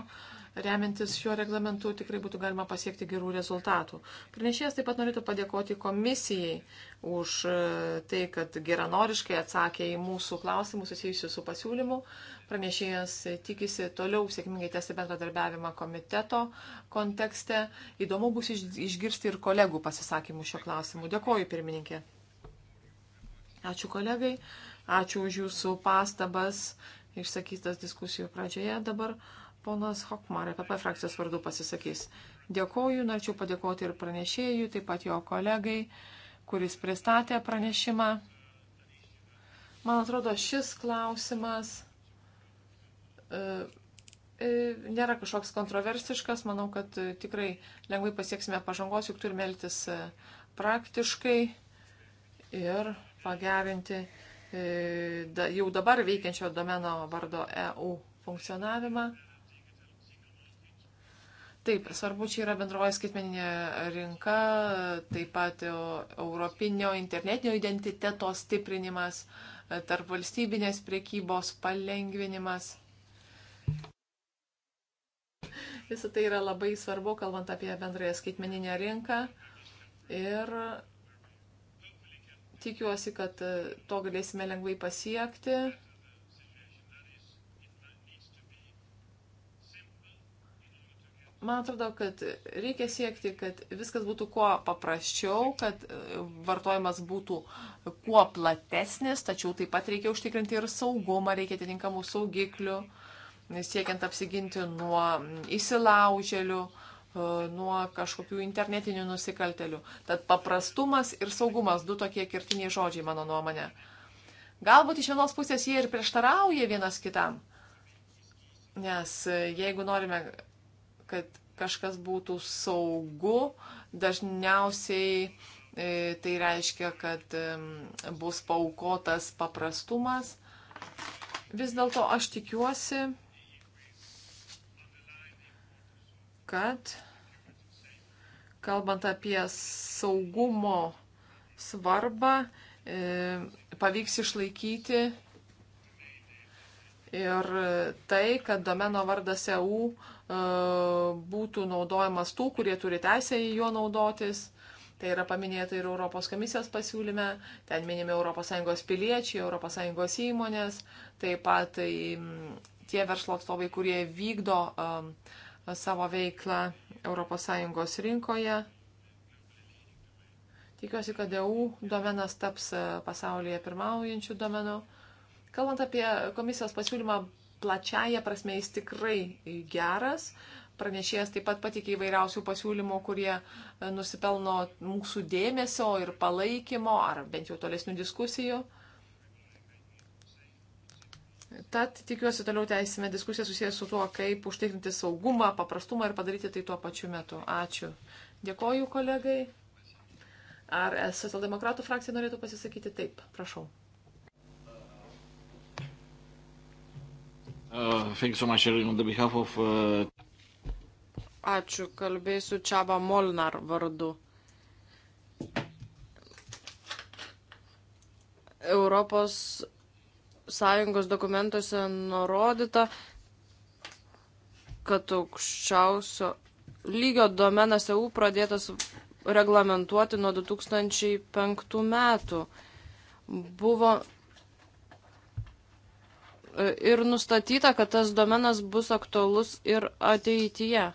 remiantis šiuo reglamentu tikrai būtų galima pasiekti gerų rezultatų. Pranešėjas taip pat norėtų padėkoti komisijai už e, tai, kad geranoriškai atsakė į mūsų klausimus susijusius su pasiūlymu. Pranešėjas tikisi toliau sėkmingai tęsti bendradarbiavimą komiteto kontekste. Įdomu bus išgirsti ir kolegų pasisakymų šio klausimu. Dėkoju, pirmininkė. Ačiū kolegai, ačiū už jūsų pastabas išsakytas diskusijų pradžioje. Dabar Ponas Hokmar, PP frakcijos vardu pasisakys. Dėkoju, norėčiau padėkoti ir pranešėjui, taip pat jo kolegai, kuris pristatė pranešimą. Man atrodo, šis klausimas e, e, nėra kažkoks kontroversiškas. Manau, kad e, tikrai lengvai pasieksime pažangos, juk turime elgtis e, praktiškai ir pagerinti e, da, jau dabar veikiančio domeno vardo EU funkcionavimą. Taip, svarbu čia yra bendroji skaitmeninė rinka, taip pat e, europinio internetinio identiteto stiprinimas, e, tarp valstybinės priekybos palengvinimas. Visą tai yra labai svarbu, kalbant apie bendrąją skaitmeninę rinką. Ir tikiuosi, kad e, to galėsime lengvai pasiekti. Man atrodo, kad reikia siekti, kad viskas būtų kuo paprasčiau, kad e, vartojimas būtų kuo platesnis, tačiau taip pat reikia užtikrinti ir saugumą, reikia atitinkamų saugiklių, siekiant apsiginti nuo įsilaužėlių, e, nuo kažkokių internetinių nusikaltelių. Tad paprastumas ir saugumas - du tokie kirtiniai žodžiai, mano nuomonė. Galbūt iš vienos pusės jie ir prieštarauja vienas kitam. Nes e, jeigu norime kad kažkas būtų saugu, dažniausiai e, tai reiškia, kad bus paukotas paprastumas. Vis dėlto aš tikiuosi, kad kalbant apie saugumo svarbą, e, pavyks išlaikyti ir tai, kad domeno vardas EU E, būtų naudojamas tų, kurie turi teisę į juo naudotis. Tai yra paminėta ir Europos komisijos pasiūlyme, ten minimi ES piliečiai, ES įmonės, taip pat tai, tie verslo atstovai, kurie vykdo um, savo veiklą ES rinkoje. Tikiuosi, kad EU domenas taps e, pasaulyje pirmaujančių domenų. Kalbant apie komisijos pasiūlymą plačiaja prasme jis tikrai geras. Pranešėjas taip pat patikė įvairiausių pasiūlymų, kurie e, nusipelno mūsų dėmesio ir palaikymo, ar bent jau tolesnių diskusijų. Tad tikiuosi toliau teisime diskusiją susijęs su tuo, kaip užtikrinti saugumą, paprastumą ir padaryti tai tuo pačiu metu. Ačiū. Dėkoju kolegai. Ar socialdemokratų frakcija norėtų pasisakyti? Taip, prašau. Uh, thank you so much, Erin, on the behalf of. Uh... Ačiū, kalbėsiu Čiaba Molnar vardu. Europos Sąjungos dokumentuose nurodyta, kad aukščiausio lygio domenas EU pradėtas reglamentuoti nuo 2005 metų. Buvo ir nustatyta, kad tas domenas bus aktualus ir ateityje.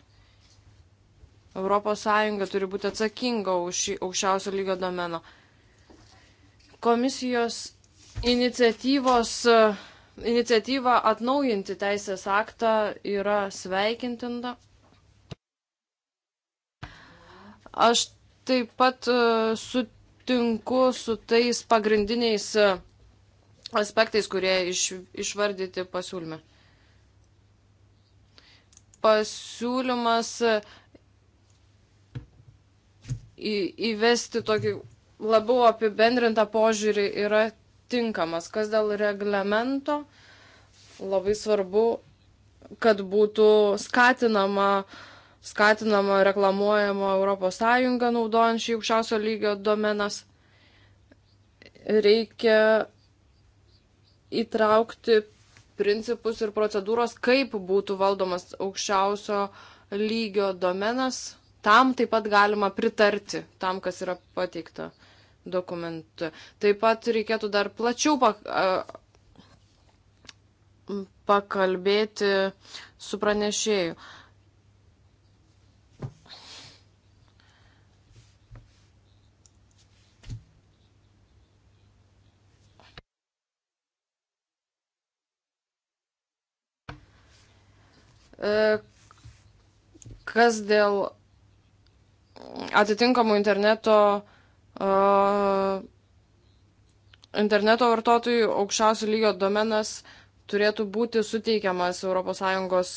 ES turi būti atsakinga už šį aukščiausio lygio domeną. Komisijos iniciatyvos, e, iniciatyva atnaujinti teisės aktą yra sveikintinda. Aš taip pat e, sutinku su tais pagrindiniais e, aspektais, kurie iš, išvardyti pasiūlyme. Pasiūlymas e, į, įvesti tokį labiau apibendrintą požiūrį yra tinkamas. Kas dėl reglamento, labai svarbu, kad būtų skatinama, skatinama reklamuojama ES naudojant šį aukščiausio lygio domenas. Reikia įtraukti principus ir procedūros, kaip būtų valdomas aukščiausio lygio domenas. Tam taip pat galima pritarti, tam, kas yra pateikta dokumentu. Taip pat reikėtų dar plačiau pak, a, pakalbėti su pranešėju. A, E, kas dėl atitinkamų interneto, e, interneto vartotojų aukščiausių lygio domenas turėtų būti suteikiamas ES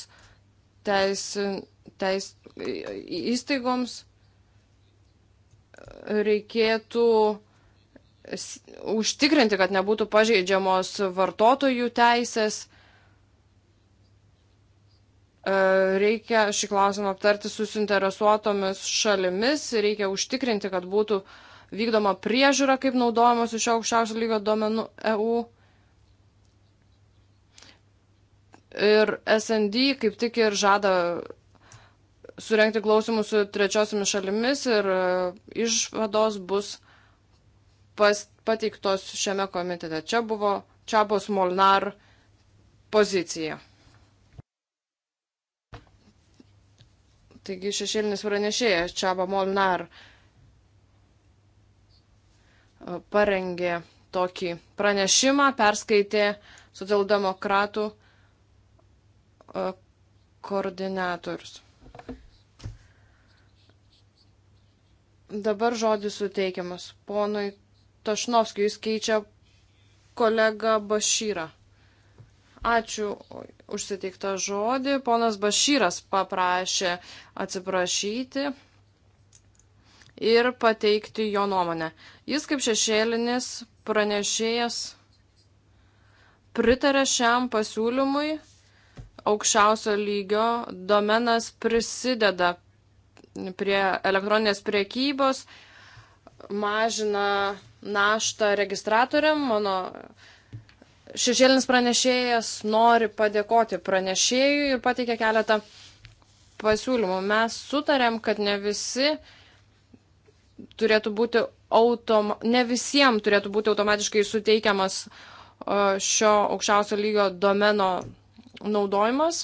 teis, teis, įstaigoms, reikėtų užtikrinti, kad nebūtų pažeidžiamos vartotojų teisės E, reikia šį klausimą aptarti su suinteresuotomis šalimis, reikia užtikrinti, kad būtų vykdoma priežiūra, kaip naudojamos iš aukščiausio lygio duomenų EU. Ir SND kaip tik ir žada surenkti klausimus su trečiosiamis šalimis ir e, išvados bus pas, pateiktos šiame komitete. Čia buvo Čiabos Molnar pozicija. Taigi šešėlinis pranešėjas Čaba Molnar e, parengė tokį pranešimą, perskaitė socialdemokratų e, koordinatorius. Dabar žodis suteikiamas ponui Tašnovskijui, jis keičia kolegą Bašyrą. Ačiū užsiteiktą žodį. Ponas Bašyras paprašė atsiprašyti ir pateikti jo nuomonę. Jis kaip šešėlinis pranešėjas pritarė šiam pasiūlymui. Aukščiausio lygio domenas prisideda prie elektroninės priekybos, mažina naštą registratoriam. Mano Šešėlinis pranešėjas nori padėkoti pranešėjui ir pateikė keletą pasiūlymų. Mes sutarėm, kad ne visi turėtų būti autom, ne visiems turėtų būti automatiškai suteikiamas šio aukščiausio lygio domeno naudojimas.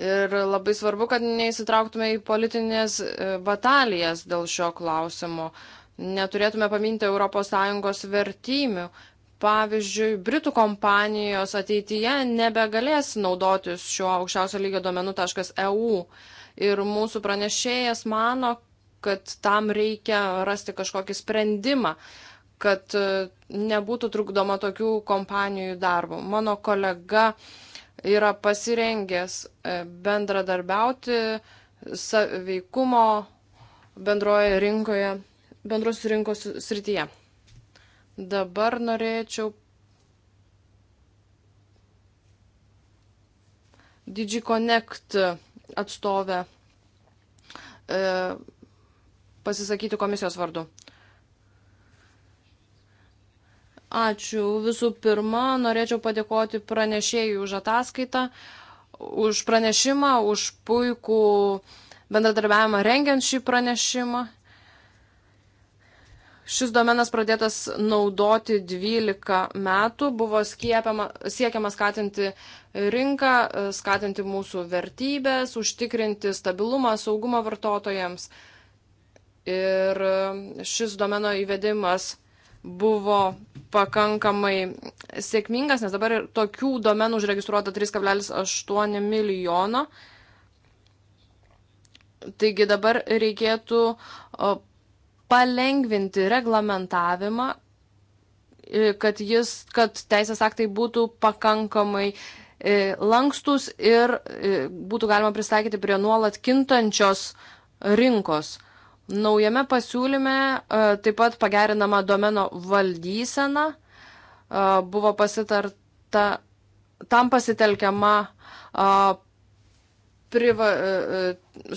Ir labai svarbu, kad neįsitrauktume į politinės e, batalijas dėl šio klausimo. Neturėtume paminti ES vertymių pavyzdžiui, Britų kompanijos ateityje nebegalės naudotis šiuo aukščiausio lygio duomenų.eu. Ir mūsų pranešėjas mano, kad tam reikia rasti kažkokį sprendimą, kad e, nebūtų trukdoma tokių kompanijų darbų. Mano kolega yra pasirengęs e, bendradarbiauti veikumo bendroje rinkoje, bendros rinkos srityje. Dabar norėčiau DigiConnect atstovę e, pasisakyti komisijos vardu. Ačiū. Visų pirma, norėčiau padėkoti pranešėjui už ataskaitą, už pranešimą, už puikų bendradarbiavimą rengiant šį pranešimą. Šis domenas pradėtas naudoti 12 metų, buvo skiepiama, siekiama skatinti rinką, skatinti mūsų vertybės, užtikrinti stabilumą, saugumą vartotojams. Ir šis domeno įvedimas buvo pakankamai sėkmingas, nes dabar tokių domenų užregistruota 3,8 milijono. Taigi dabar reikėtų palengvinti reglamentavimą, e, kad, jis, kad teisės aktai būtų pakankamai e, lankstus ir e, būtų galima pristaikyti prie nuolat kintančios rinkos. Naujame pasiūlyme taip pat pagerinama domeno valdysena, buvo pasitarta, tam pasitelkiama priva,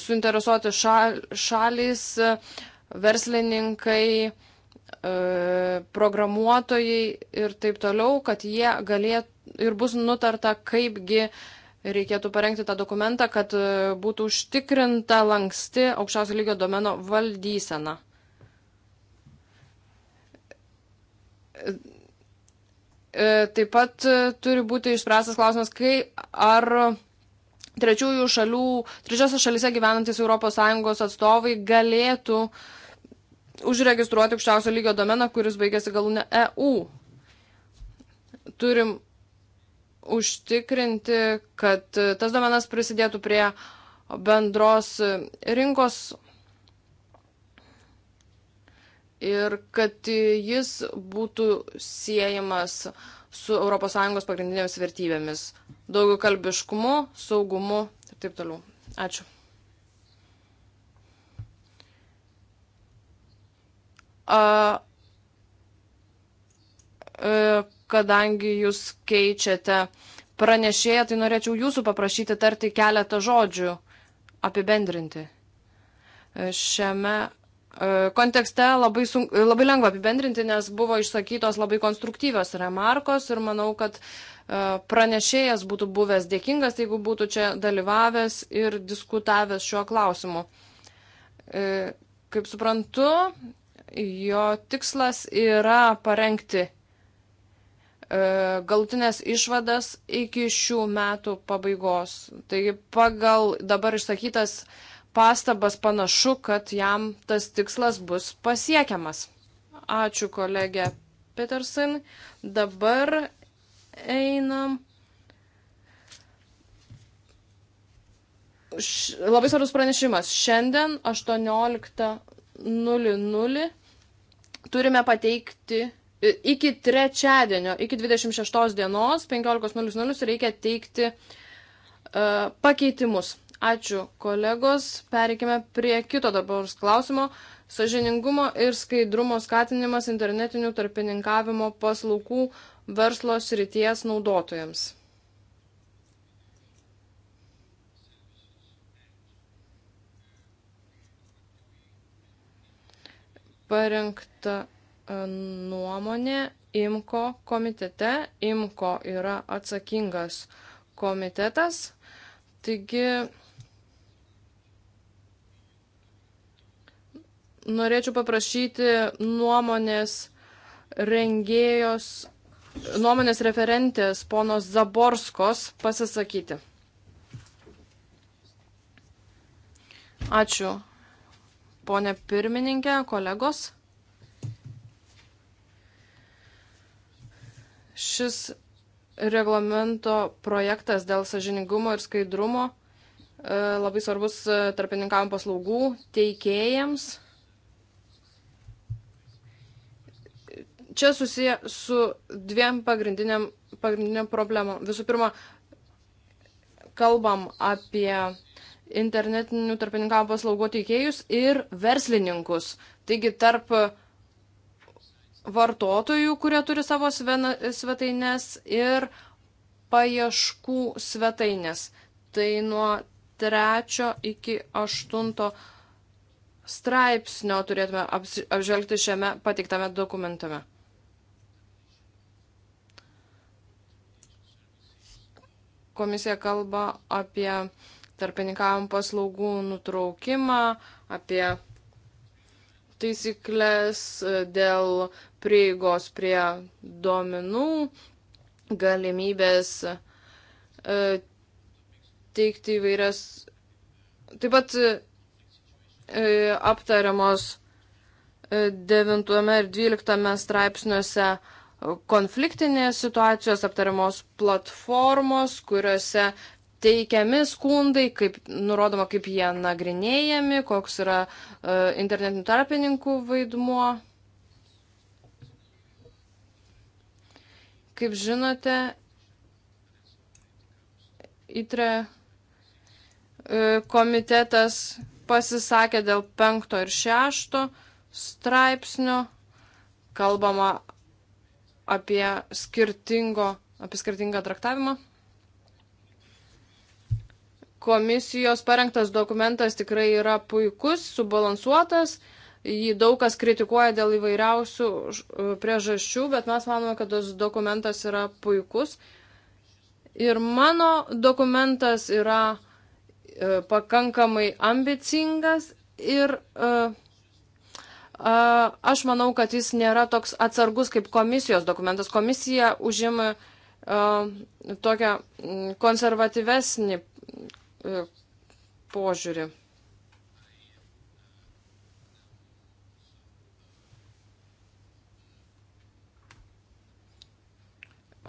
suinteresuoti šal, šalis, verslininkai, e, programuotojai ir taip toliau, kad jie galėtų ir bus nutarta, kaipgi reikėtų parengti tą dokumentą, kad e, būtų užtikrinta lanksti aukščiausio lygio domeno valdysena. E, taip pat turi būti išspręstas klausimas, kai ar trečiųjų šalių, trečiosios šalise gyvenantis ES atstovai galėtų uh, užregistruoti aukščiausio lygio domeną, kuris baigėsi galūne EU. Turim užtikrinti, kad tas domenas prisidėtų prie bendros rinkos ir kad jis būtų siejamas su ES pagrindinėmis vertybėmis - daugiau kalbiškumu, saugumu ir taip toliau. Ačiū. E, kadangi jūs keičiate pranešėją, tai norėčiau jūsų paprašyti tarti keletą žodžių apibendrinti. E, šiame e, kontekste labai, sunk, labai lengva apibendrinti, nes buvo išsakytos labai konstruktyvios remarkos ir manau, kad pranešėjas būtų buvęs dėkingas, jeigu būtų čia dalyvavęs ir diskutavęs šiuo klausimu. Kaip suprantu, Jo tikslas yra parengti e, galutinės išvadas iki šių metų pabaigos. Taigi pagal dabar išsakytas pastabas panašu, kad jam tas tikslas bus pasiekiamas. Ačiū kolegė Peterson. Dabar einam. Š... Labai svarbus pranešimas. Šiandien 18.00 turime pateikti e, iki trečiadienio, iki 26 dienos 15.00 reikia teikti uh, pakeitimus. Ačiū kolegos, pereikime prie kito dabar klausimo - sažiningumo ir skaidrumo skatinimas internetinių tarpininkavimo paslaugų verslo srities naudotojams. parengta e, nuomonė IMKO komitete. IMKO yra atsakingas komitetas. Taigi norėčiau paprašyti nuomonės rengėjos, nuomonės referentės ponos Zaborskos pasisakyti. Ačiū, Pone pirmininkė, kolegos. Šis reglamento projektas dėl sažiningumo ir skaidrumo e, labai svarbus e, tarpininkavimo paslaugų teikėjams. Čia susiję su dviem pagrindiniam, pagrindiniam problemom. Visų pirma, kalbam apie internetinių tarpininkavimo paslaugų teikėjus ir verslininkus. Taigi tarp vartotojų, kurie turi savo svetainės ir paieškų svetainės. Tai nuo trečio iki aštunto straipsnio turėtume apžvelgti šiame patiktame dokumentame. Komisija kalba apie tarpininkavimo paslaugų nutraukimą, apie taisyklės e, dėl prieigos prie duomenų, galimybės e, teikti įvairias. Taip pat e, aptariamos 9 ir 12 straipsniuose konfliktinės situacijos aptariamos platformos, kuriuose teikiami skundai, kaip nurodoma, kaip jie nagrinėjami, koks yra e, internetinių tarpininkų vaidmuo. Kaip žinote, ITRE e, komitetas pasisakė dėl penkto ir šešto straipsnio, kalbama apie, skirtingo, apie skirtingą traktavimą. Komisijos parengtas dokumentas tikrai yra puikus, subalansuotas, jį daug kas kritikuoja dėl įvairiausių uh, priežasčių, bet mes manome, kad tas dokumentas yra puikus. Ir mano dokumentas yra e, pakankamai ambicingas ir e, aš manau, kad jis nėra toks atsargus kaip komisijos dokumentas. Komisija užima e, tokią mm, konservatyvesnį E, požiūrį.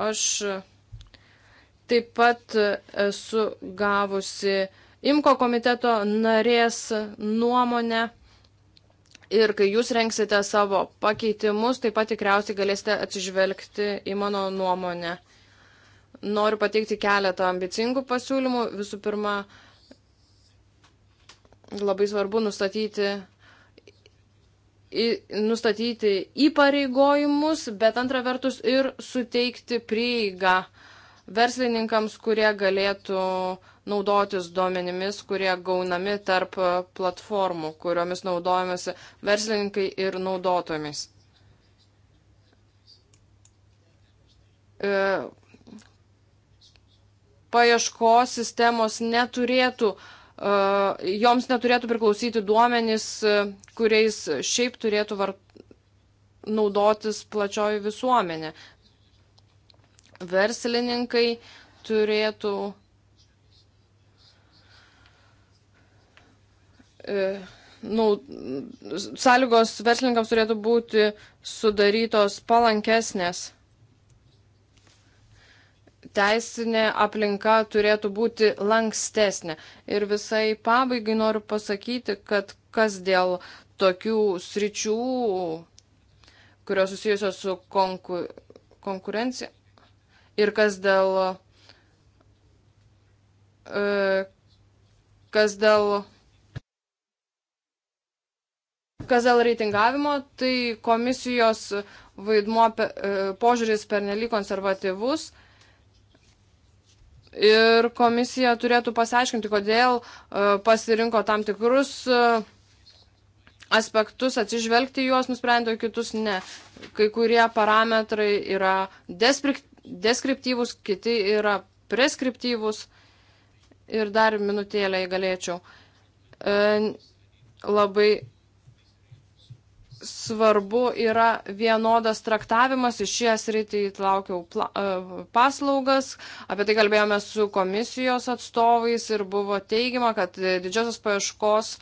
Aš taip pat esu gavusi Imko komiteto narės nuomonę ir kai jūs renksite savo pakeitimus, taip pat tikriausiai galėsite atsižvelgti į mano nuomonę. Noriu pateikti keletą ambicingų pasiūlymų. Visų pirma, labai svarbu nustatyti nustatyti įpareigojimus, bet antra vertus ir suteikti prieigą verslininkams, kurie galėtų naudotis duomenimis, kurie gaunami tarp platformų, kuriomis naudojamasi verslininkai ir naudotomis. E, paieškos sistemos neturėtų, e, joms neturėtų priklausyti duomenys, e, kuriais šiaip turėtų var, naudotis plačioji visuomenė. Verslininkai turėtų nu, sąlygos verslininkams turėtų būti sudarytos palankesnės teisinė aplinka turėtų būti lankstesnė. Ir visai pabaigai noriu pasakyti, kad kas dėl tokių sričių, kurios susijusios su konku, konkurencija ir kas dėl, e, kas dėl Kas dėl reitingavimo, tai komisijos vaidmuo e, požiūris pernelyg konservatyvus Ir komisija turėtų pasiaiškinti, kodėl e, pasirinko tam tikrus e, aspektus, atsižvelgti juos, nusprendė, kitus ne. Kai kurie parametrai yra deskriptyvus, kiti yra preskriptyvus. Ir dar minutėlę galėčiau. E, labai svarbu yra vienodas traktavimas, iš šie sritį įtlaukiau e, paslaugas, apie tai kalbėjome su komisijos atstovais ir buvo teigiama, kad didžiosios paieškos e,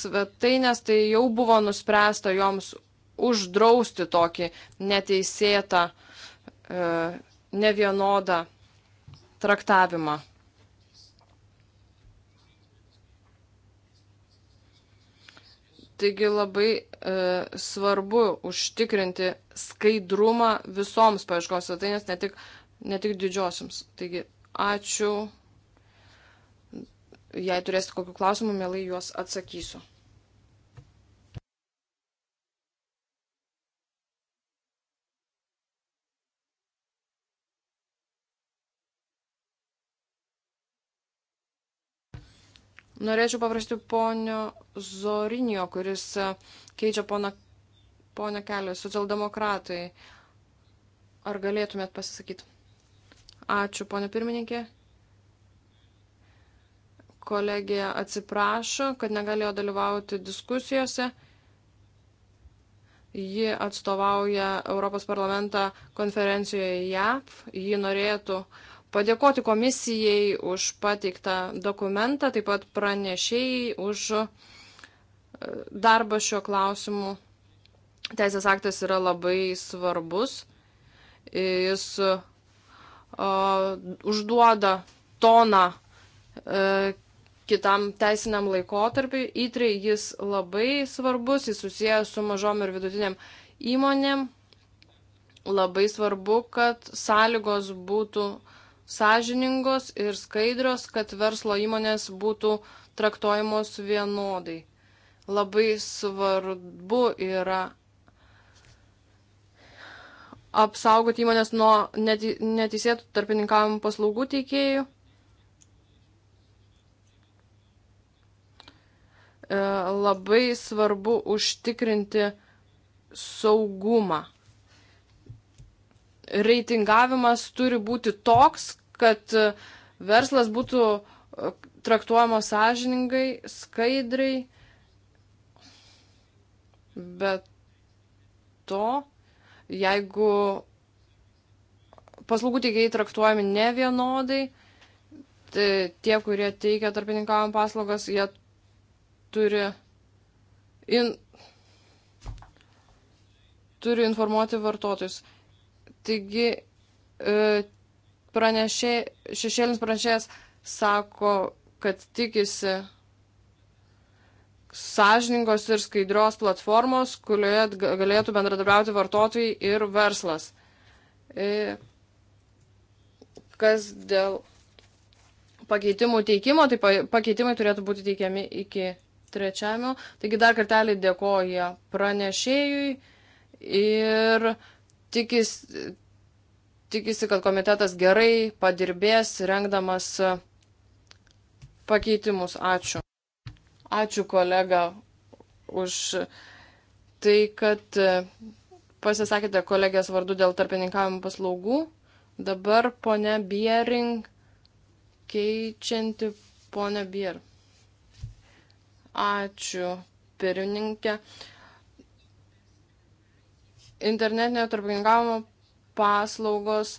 svetainės tai jau buvo nuspręsta joms uždrausti tokį neteisėtą, e, nevienodą traktavimą. Taigi labai e, svarbu užtikrinti skaidrumą visoms paieškos svetainės, ne tik, ne tik didžiosiams. Taigi ačiū. Jei turėsite kokių klausimų, mielai juos atsakysiu. Norėčiau paprašyti ponio Zorinio, kuris e, keičia poną, poną kelią, socialdemokratai. Ar galėtumėt pasisakyti? Ačiū, ponė pirmininkė. Kolegė atsiprašo, kad negalėjo dalyvauti diskusijose. Ji atstovauja Europos parlamentą konferencijoje JAP. Ji norėtų uh, padėkoti komisijai už pateiktą dokumentą, taip pat pranešėjai už e, darbą šiuo klausimu. Teisės aktas yra labai svarbus. Jis o, e, užduoda toną e, kitam teisiniam laikotarpiui. Įtrai jis labai svarbus, jis susijęs su mažom ir vidutiniam įmonėm. Labai svarbu, kad sąlygos būtų uh, sąžiningos ir skaidrios, kad verslo įmonės būtų traktuojamos vienodai. Labai svarbu yra apsaugoti įmonės nuo neteisėtų tarpininkavimų paslaugų teikėjų. E, labai svarbu užtikrinti saugumą reitingavimas turi būti toks, kad e, verslas būtų e, traktuojamas sąžiningai, skaidriai, bet to, jeigu paslaugų teikėjai traktuojami ne vienodai, tai tie, kurie teikia tarpininkavimo paslaugas, jie turi, in, turi informuoti vartotojus. Taigi, e, pranešė, šešėlis pranešėjas sako, kad tikisi sąžiningos ir skaidrios platformos, kurioje galėtų bendradarbiauti vartotojai ir verslas. E, kas dėl pakeitimų teikimo, tai pakeitimai turėtų būti teikiami iki trečiamio. Taigi dar kartelį dėkoja pranešėjui ir tikis, tikisi, kad komitetas gerai padirbės, rengdamas pakeitimus. Ačiū. Ačiū kolega už tai, kad pasisakėte kolegės vardu dėl tarpininkavimo paslaugų. Dabar ponia Biering keičianti ponia Bier. Ačiū, pirmininkė internetinio tarpininkavimo paslaugos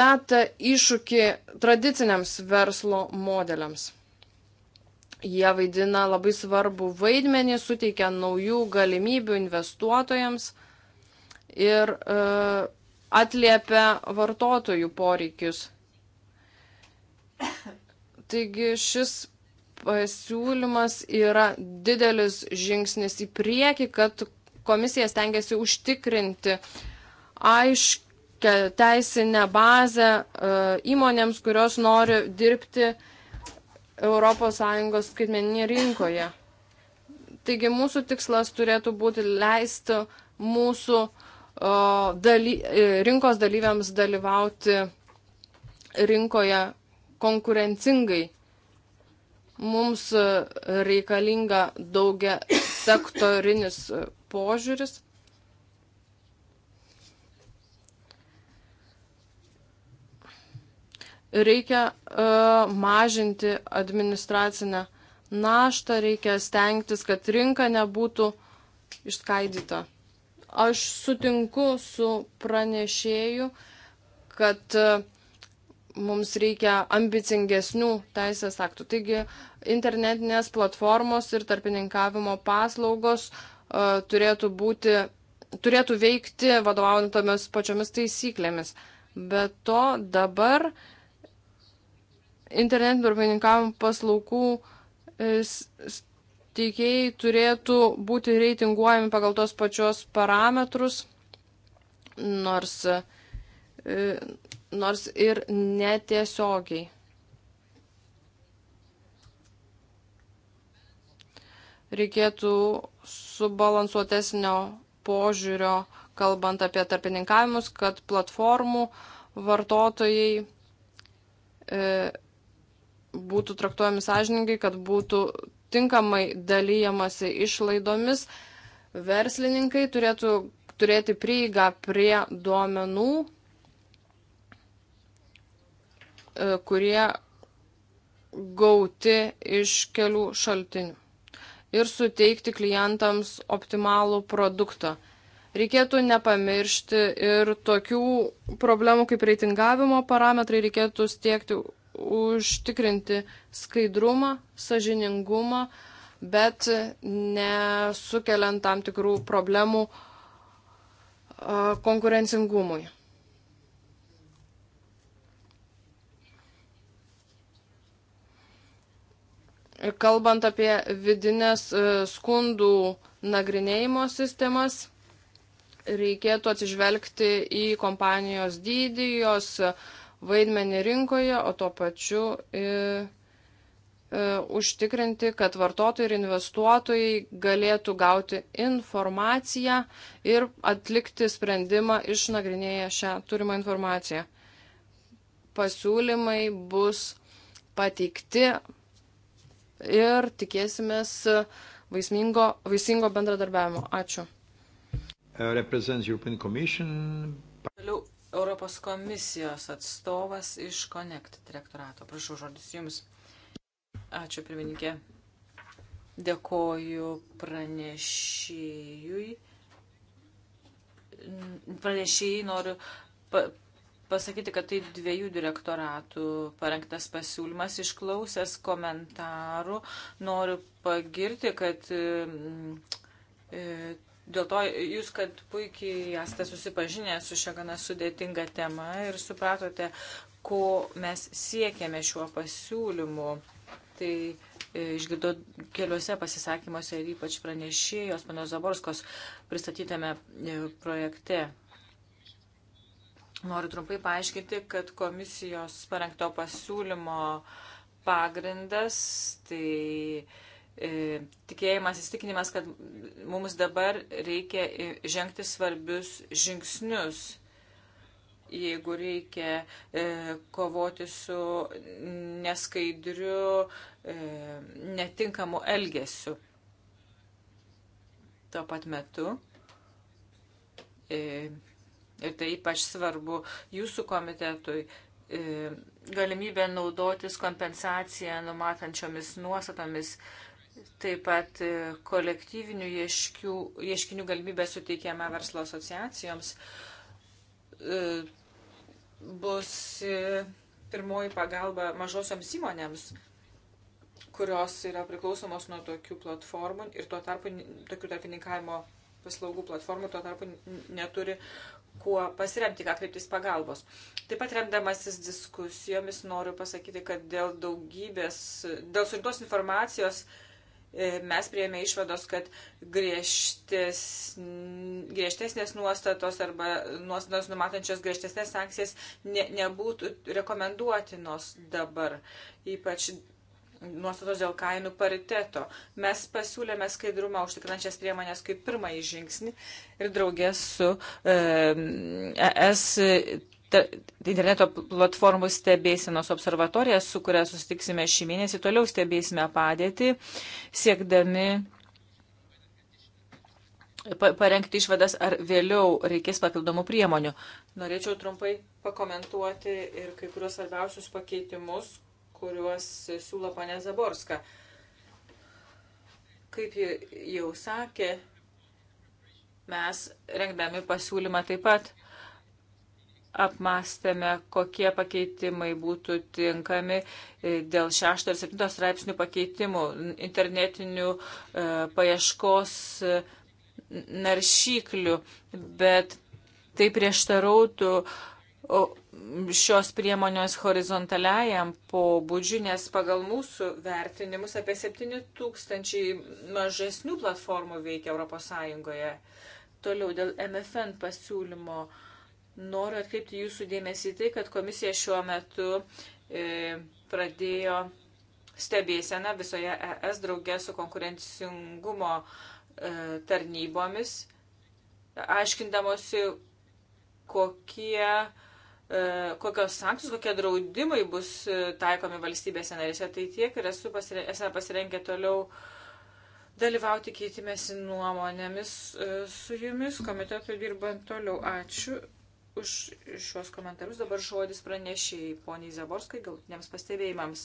meta iššūkį tradiciniams verslo modeliams. Jie vaidina labai svarbų vaidmenį, suteikia naujų galimybių investuotojams ir e, atliepia vartotojų poreikius. Taigi šis pasiūlymas yra didelis žingsnis į priekį, kad komisija stengiasi užtikrinti aiškę teisinę bazę e, įmonėms, kurios nori dirbti ES skaitmeninėje rinkoje. Taigi mūsų tikslas turėtų būti leisti mūsų e, daly, e, rinkos dalyviams dalyvauti rinkoje konkurencingai. Mums reikalinga daugia sektorinis požiūris. Reikia uh, mažinti administracinę naštą, reikia stengtis, kad rinka nebūtų išskaidyta. Aš sutinku su pranešėju, kad e, mums reikia ambicingesnių teisės aktų. Taigi internetinės platformos ir tarpininkavimo paslaugos E, turėtų būti, turėtų veikti vadovaujant tomis pačiomis taisyklėmis. Be to dabar internetinio tarpininkavimo paslaugų e, teikėjai turėtų būti reitinguojami pagal tos pačios parametrus, nors, e, nors ir netiesiogiai. reikėtų subalansuotesnio požiūrio, kalbant apie tarpininkavimus, kad platformų vartotojai e, būtų traktuojami sąžininkai, kad būtų tinkamai dalyjamasi išlaidomis. Verslininkai turėtų turėti prieigą prie duomenų, e, kurie gauti iš kelių šaltinių ir suteikti klientams optimalų produktą. Reikėtų nepamiršti ir tokių problemų kaip reitingavimo parametrai, reikėtų stiekti užtikrinti skaidrumą, sažiningumą, bet nesukeliant tam tikrų problemų konkurencingumui. Kalbant apie vidinės e, skundų nagrinėjimo sistemas, reikėtų atsižvelgti į kompanijos dydį, jos vaidmenį rinkoje, o tuo pačiu ir, ir, e, užtikrinti, kad vartotojai ir investuotojai galėtų gauti informaciją ir atlikti sprendimą išnagrinėję šią turimą informaciją. Pasiūlymai bus pateikti ir tikėsimės vaismingo, vaisingo bendradarbiavimo. Ačiū. Uh, Toliau Europos komisijos atstovas iš Connect direktorato. Prašau žodis Jums. Ačiū, pirmininkė. Dėkoju pranešėjui. Pranešėjai noriu pasakyti, kad tai dviejų direktoratų parengtas pasiūlymas. Išklausęs komentarų noriu pagirti, kad mm, e, dėl to jūs, kad puikiai esate susipažinę su šia gana sudėtinga tema ir supratote, ko mes siekiame šiuo pasiūlymu. Tai e, išgirdau keliuose pasisakymuose ir ypač pranešėjos, panos Zaborskos, pristatytame e, projekte Noriu trumpai paaiškinti, kad komisijos parengto pasiūlymo pagrindas tai e, tikėjimas, įstikinimas, kad mums dabar reikia žengti svarbius žingsnius jeigu reikia e, kovoti su neskaidriu, e, netinkamu elgesiu. Tuo pat metu e, ir tai ypač svarbu jūsų komitetui, e, galimybė naudotis kompensaciją numatančiomis nuostatomis, taip pat e, kolektyvinių ieškių, ieškinių galimybė suteikiama verslo asociacijoms e, bus pirmoji pagalba mažosioms įmonėms kurios yra priklausomos nuo tokių platformų ir tuo tarpu tokių tarpininkavimo paslaugų platformų tuo tarpu neturi kuo pasiremti, ką kreiptis pagalbos. Taip pat remdamasis diskusijomis noriu pasakyti, kad dėl daugybės, dėl surinktos informacijos e, mes prieėmė išvados, kad griežtes, griežtesnės nuostatos arba nuostatos numatančios griežtesnės sankcijas ne, nebūtų rekomenduotinos dabar, ypač nuostatos dėl kainų pariteto. Mes pasiūlėme skaidrumą užtikrinančias priemonės kaip pirmąjį žingsnį ir draugės su ES e interneto platformų stebėsinos observatorija, su kuria susitiksime šį mėnesį, toliau stebėsime padėtį, siekdami parengti išvadas, ar vėliau reikės papildomų priemonių. Norėčiau trumpai pakomentuoti ir kai kurios svarbiausius pakeitimus, kuriuos siūlo ponė Zaborska. Kaip jau sakė, mes rengdami pasiūlymą taip pat apmastėme, kokie pakeitimai būtų tinkami e, dėl 6 ir 7 straipsnių pakeitimų internetinių e, paieškos e, naršyklių, bet tai prieštarautų e, šios priemonės horizontaliajam pobūdžiu, nes pagal mūsų vertinimus apie 7 tūkstančiai mažesnių platformų veikia ES. Toliau dėl MFN pasiūlymo noriu atkreipti jūsų dėmesį tai, kad komisija šiuo metu e, pradėjo stebėseną visoje ES draugė su konkurencingumo e, tarnybomis, aiškindamosi, kokie E, kokios sankcijos, kokie draudimai bus e, taikomi valstybėse narėse, tai tiek ir esu pasirengę, esame pasirengę toliau dalyvauti keitimėsi nuomonėmis e, su jumis, komitetu dirbant toliau. Ačiū už šios komentarus. Dabar žodis pranešėjai poniai Zaborskai galutiniams pastebėjimams.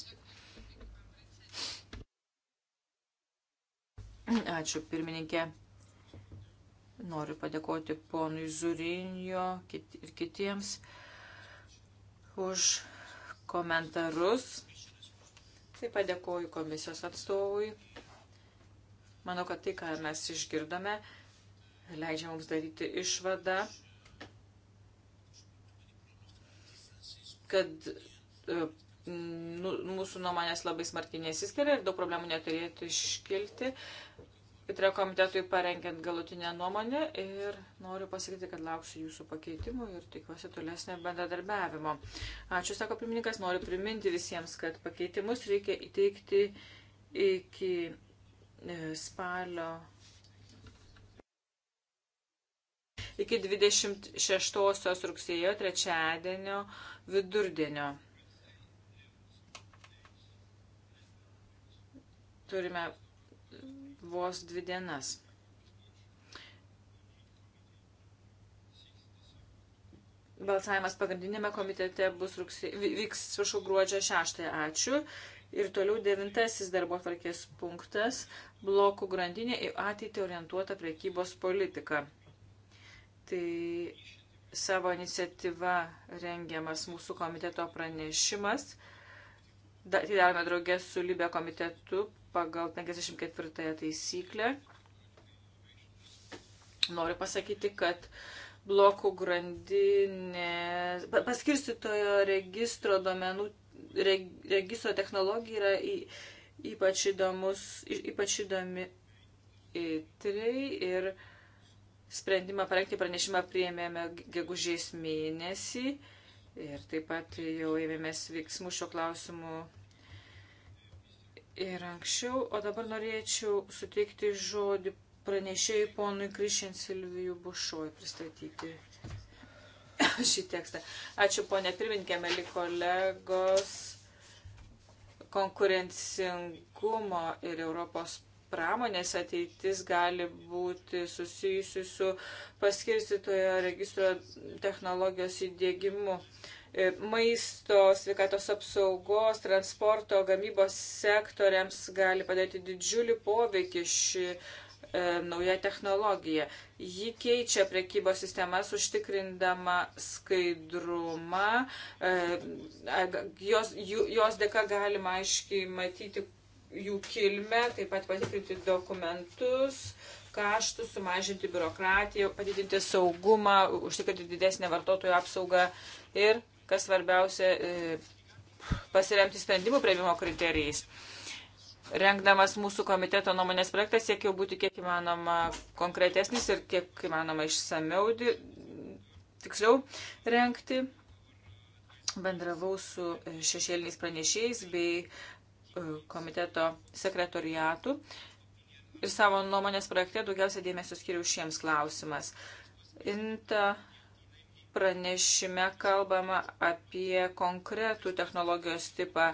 Ačiū pirmininkė. Noriu padėkoti ponui Zurinjo ir kitiems. Uh, už komentarus. Taip pat dėkoju komisijos atstovui. Manau, kad tai, ką mes išgirdome, leidžia mums daryti išvadą, kad e, nu, mūsų nuomonės labai smarkiai nesiskiria ir daug problemų neturėtų iškilti. Pitre komitetui parengiant galutinę nuomonę ir noriu pasakyti, kad lauksiu jūsų pakeitimų ir tikiuosi tolesnio bendradarbiavimo. Ačiū, sako pirmininkas, noriu priminti visiems, kad pakeitimus reikia įteikti iki e, spalio. Iki 26 rugsėjo trečiadienio vidurdienio. Turime vos dvi dienas. Balsavimas pagrindinėme komitete bus rugsė, vyks viršų gruodžio 6. Ačiū. Ir toliau devintasis darbo tvarkės punktas - blokų grandinė į ateitį orientuota priekybos politika. Tai savo iniciatyva rengiamas mūsų komiteto pranešimas. Da, tai darome draugės su Libė komitetu pagal 54 taisyklę. Noriu pasakyti, kad blokų grandinė paskirstytojo registro domenų, reg, registro technologija yra į, ypač, įdomus, ypač įdomi įtrai e ir sprendimą parengti pranešimą priėmėme gegužės mėnesį. Uh, Ir taip pat jau ėmėmės veiksmų šio klausimu ir anksčiau, o dabar norėčiau suteikti žodį pranešėjai ponui Krišin Silvijų Bušoj pristatyti šį tekstą. Ačiū ponė pirmininkė, meli kolegos konkurencingumo ir Europos pramonės ateitis gali būti susijusi su paskirstytojo registro technologijos įdėgymu. E, maisto, sveikatos apsaugos, transporto, gamybos sektoriams gali padaryti didžiulį poveikį ši e, nauja technologija. Ji keičia prekybos sistemas, užtikrindama skaidrumą. E, jos, jos dėka galima aiškiai matyti, jų kilmę, taip pat patikrinti dokumentus, kaštus, sumažinti biurokratiją, padidinti saugumą, užtikrinti didesnę vartotojų apsaugą ir, kas svarbiausia, e, pasiremti sprendimų prieimimo kriterijais. Rengdamas mūsų komiteto nuomonės projektą siekiau būti kiek įmanoma konkretesnis ir kiek įmanoma išsameu, tiksliau renkti. Bendravau su e, šešėliniais pranešėjais bei E, komiteto sekretoriatų ir savo nuomonės projekte daugiausia dėmesio skiriu šiems klausimas. Inta pranešime kalbama apie konkretų technologijos tipą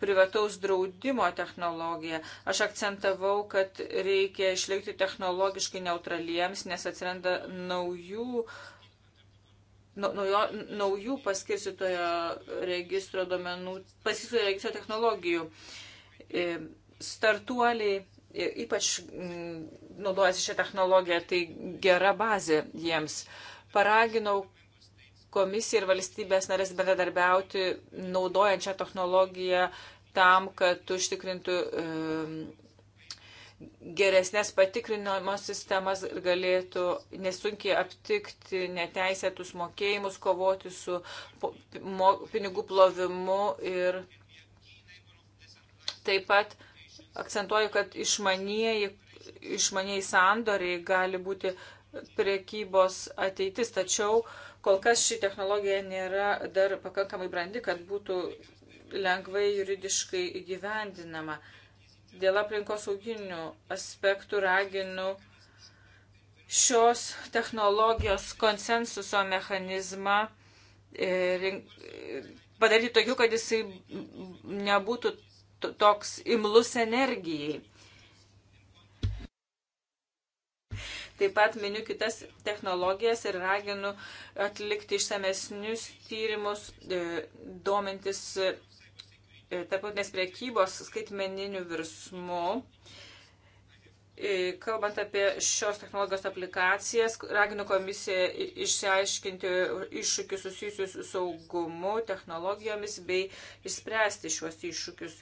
privataus draudimo technologiją. Aš akcentavau, kad reikia išlikti technologiškai neutraliems, nes atsiranda naujų uh, naujo, naujų paskirstytojo registro domenų, paskirstytojo registro technologijų. E, startuoliai e, ypač naudojasi šią technologiją, tai gera bazė jiems. Paraginau komisiją ir valstybės narės bendradarbiauti naudojant šią technologiją tam, kad užtikrintų e, geresnės patikrinimo sistemas galėtų nesunkiai aptikti neteisėtus mokėjimus, kovoti su pinigų plovimu ir taip pat akcentuoju, kad išmanieji, išmanieji sandoriai gali būti priekybos ateitis, tačiau kol kas ši technologija nėra dar pakankamai brandi, kad būtų lengvai juridiškai įgyvendinama. Uh, Dėl aplinkosauginių aspektų raginu šios technologijos konsensuso mechanizmą e, padaryti tokiu, kad jisai nebūtų toks imlus energijai. Taip pat miniu kitas technologijas ir raginu atlikti išsamesnius tyrimus, e, domintis E, tarptautinės priekybos skaitmeniniu virsmu. E, kalbant apie šios technologijos aplikacijas, raginu komisiją išsiaiškinti iššūkius susijusius su saugumu, technologijomis bei išspręsti šiuos iššūkius.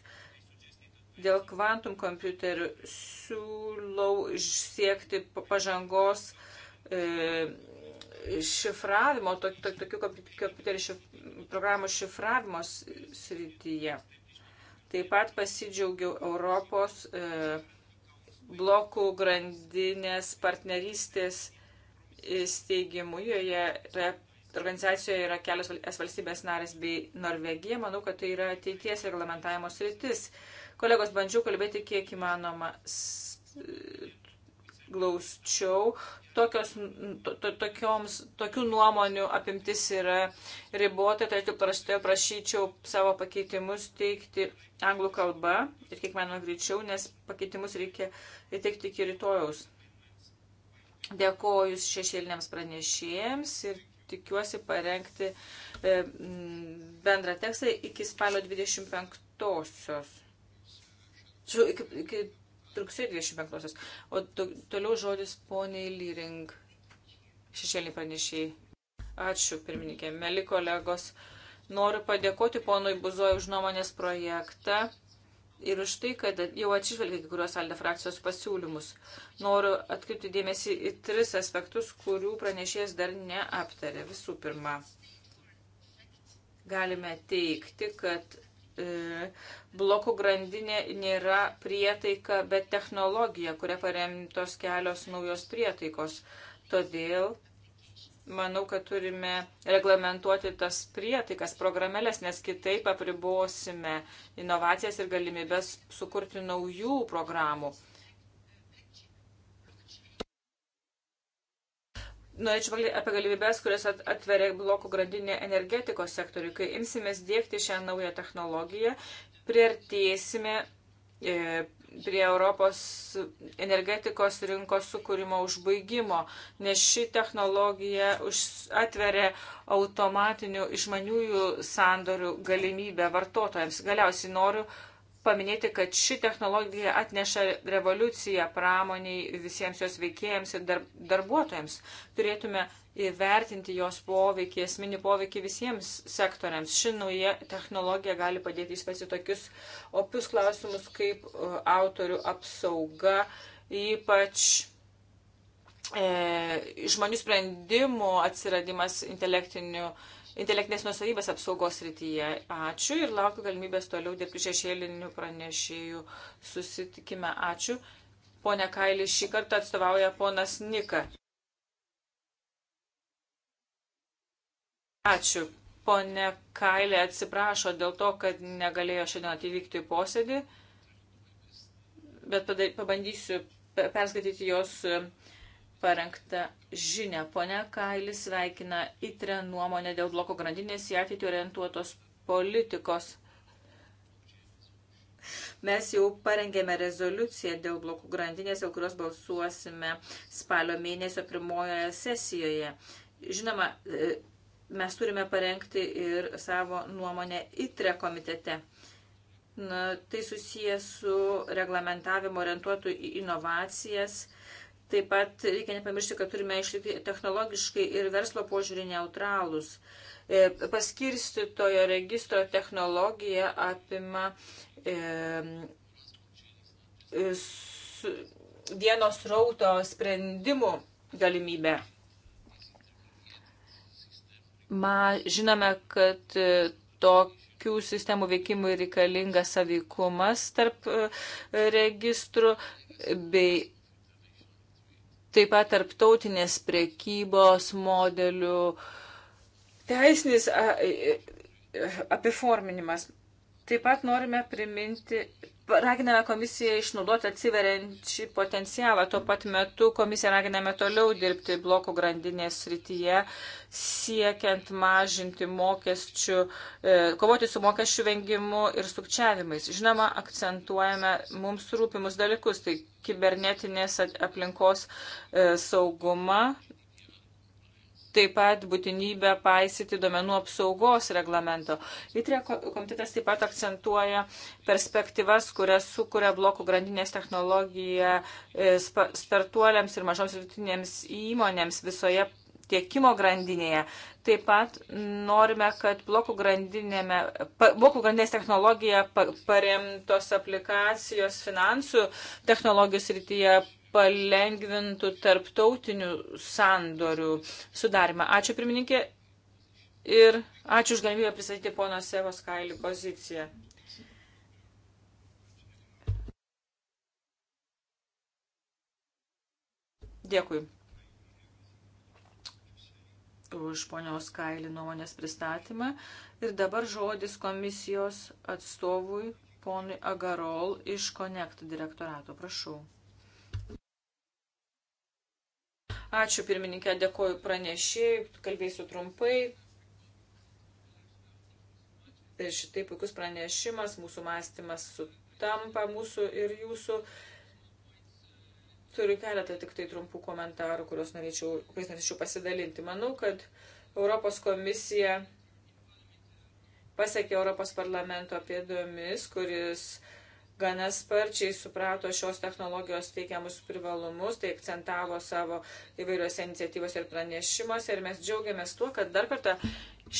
Dėl kvantum kompiuterių siūlau siekti pažangos e, šifravimo, tokių kompiuterių šif, programų šifravimo srityje. Šif, Taip pat pasidžiaugiau Europos e, blokų grandinės partnerystės steigimu. Joje yra, organizacijoje yra kelios valstybės narės bei Norvegija. Manau, kad tai yra ateities reglamentavimo sritis. Kolegos, bandžiau kalbėti kiek įmanoma glausčiau, Tokios, to, to, tokioms, tokių nuomonių apimtis yra ribota, tai paprastai prašyčiau savo pakeitimus teikti anglų kalba ir kiek manoma greičiau, nes pakeitimus reikia įteikti iki rytojaus. Dėkoju šešėliniams pranešėjams ir tikiuosi parengti e, bendrą tekstą iki spalio 25-osios. Iki, iki rugsėjo 25-osios. O to, toliau žodis poniai Lyring. Šešėlį pranešiai. Ačiū, pirmininkė. Meli kolegos, noriu padėkoti ponui Buzoj už nuomonės projektą ir už tai, kad jau atsižvelgia kai kurios Alde frakcijos pasiūlymus. Noriu atkreipti dėmesį į tris aspektus, kurių pranešėjas dar neaptarė. Visų pirma, galime teikti, kad E, blokų grandinė nėra prietaika, bet technologija, kuria paremtos kelios naujos prietaikos. Todėl manau, kad turime reglamentuoti tas prietaikas, programėlės, nes kitaip apribosime inovacijas ir galimybės sukurti naujų programų. Norėčiau pakalbėti apie galimybės, kurias atveria blokų grandinė energetikos sektoriui. Kai imsimės dėkti šią naują technologiją, priartėsime e, prie Europos energetikos rinkos sukūrimo užbaigimo, nes ši technologija atveria automatinių išmaniųjų sandorių galimybę vartotojams. Galiausiai noriu uh, paminėti, kad ši technologija atneša revoliuciją pramoniai visiems jos veikėjams ir dar, darbuotojams. Turėtume įvertinti jos poveikį, esminį poveikį visiems sektoriams. Ši nauja technologija gali padėti įspėti tokius opius klausimus kaip e, autorių apsauga, ypač e, žmonių sprendimų atsiradimas intelektinių e, intelektinės nusavybės apsaugos rytyje. Ačiū ir laukiu galimybės toliau dirbti šešėlinių pranešėjų susitikime. Ačiū. Pone Kailį šį kartą atstovauja ponas Nika. Ačiū. Pone Kailė atsiprašo dėl to, kad negalėjo šiandien atvykti į posėdį, bet pabandysiu perskaityti jos uh, parengtą žinę. Pone Kailis sveikina įtrę nuomonę dėl bloko grandinės į ateitį orientuotos politikos. Mes jau parengėme rezoliuciją dėl blokų grandinės, dėl kurios balsuosime spalio mėnesio pirmojoje sesijoje. Žinoma, e, mes turime parengti ir savo nuomonę ITRE komitete. Na, tai susijęs su reglamentavimu orientuotu į inovacijas Taip pat reikia nepamiršti, kad turime išlikti technologiškai ir verslo požiūrį neutralus. E, paskirstytojo registro technologija apima e, e su, vienos rauto sprendimų galimybę. Ma, žinome, kad e, tokių sistemų veikimui reikalingas savykumas tarp registrų bei taip pat tarptautinės priekybos modelių, teisinis apiforminimas. Taip pat norime priminti, raginame komisiją išnaudoti atsiveriančią potencialą. Tuo pat metu komisiją raginame toliau dirbti blokų grandinės srityje, siekiant mažinti mokesčių, e, kovoti su mokesčių vengimu ir sukčiavimais. Žinoma, akcentuojame mums rūpimus dalykus, tai kibernetinės aplinkos e, saugumą taip pat būtinybę paisyti duomenų apsaugos reglamento. ITRE komitetas taip pat akcentuoja perspektyvas, kurias sukuria blokų grandinės technologija e, startuoliams ir mažoms vidutinėms įmonėms visoje tiekimo grandinėje. Taip pat norime, kad blokų, pa, blokų grandinės technologija pa, paremtos aplikacijos finansų technologijos rytyje palengvintų tarptautinių sandorių sudarimą. Ačiū pirmininkė ir ačiū už galimybę pristatyti pono Sevos Kailį poziciją. Dėkui už ponios Kailį nuomonės pristatymą. Ir dabar žodis komisijos atstovui ponui Agarol iš Connect direktorato. Prašau. Ačiū pirmininkė, dėkoju pranešėjai, kalbėsiu trumpai. Ir šitai puikus pranešimas, mūsų mąstymas sutampa mūsų ir jūsų. Turiu keletą tik tai trumpų komentarų, kuriuos norėčiau, kuriuos norėčiau pasidalinti. Manau, kad Europos komisija pasiekė Europos parlamento pėdomis, kuris uh, gana sparčiai suprato šios technologijos teikiamus privalumus, tai akcentavo savo įvairiose iniciatyvose ir pranešimuose ir mes džiaugiamės tuo, kad dar kartą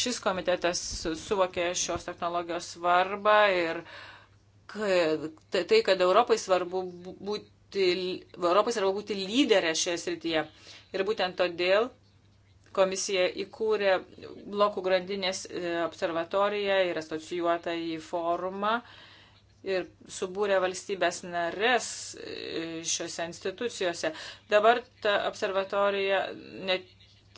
šis komitetas suvokė šios technologijos svarbą ir kad, tai, tai, kad Europai svarbu būti, Europai svarbu būti lyderė šioje srityje. Ir būtent todėl komisija įkūrė blokų grandinės e, observatoriją ir asocijuotą į forumą. Uh, ir subūrė valstybės nares e, šiuose institucijose. Dabar ta observatorija ne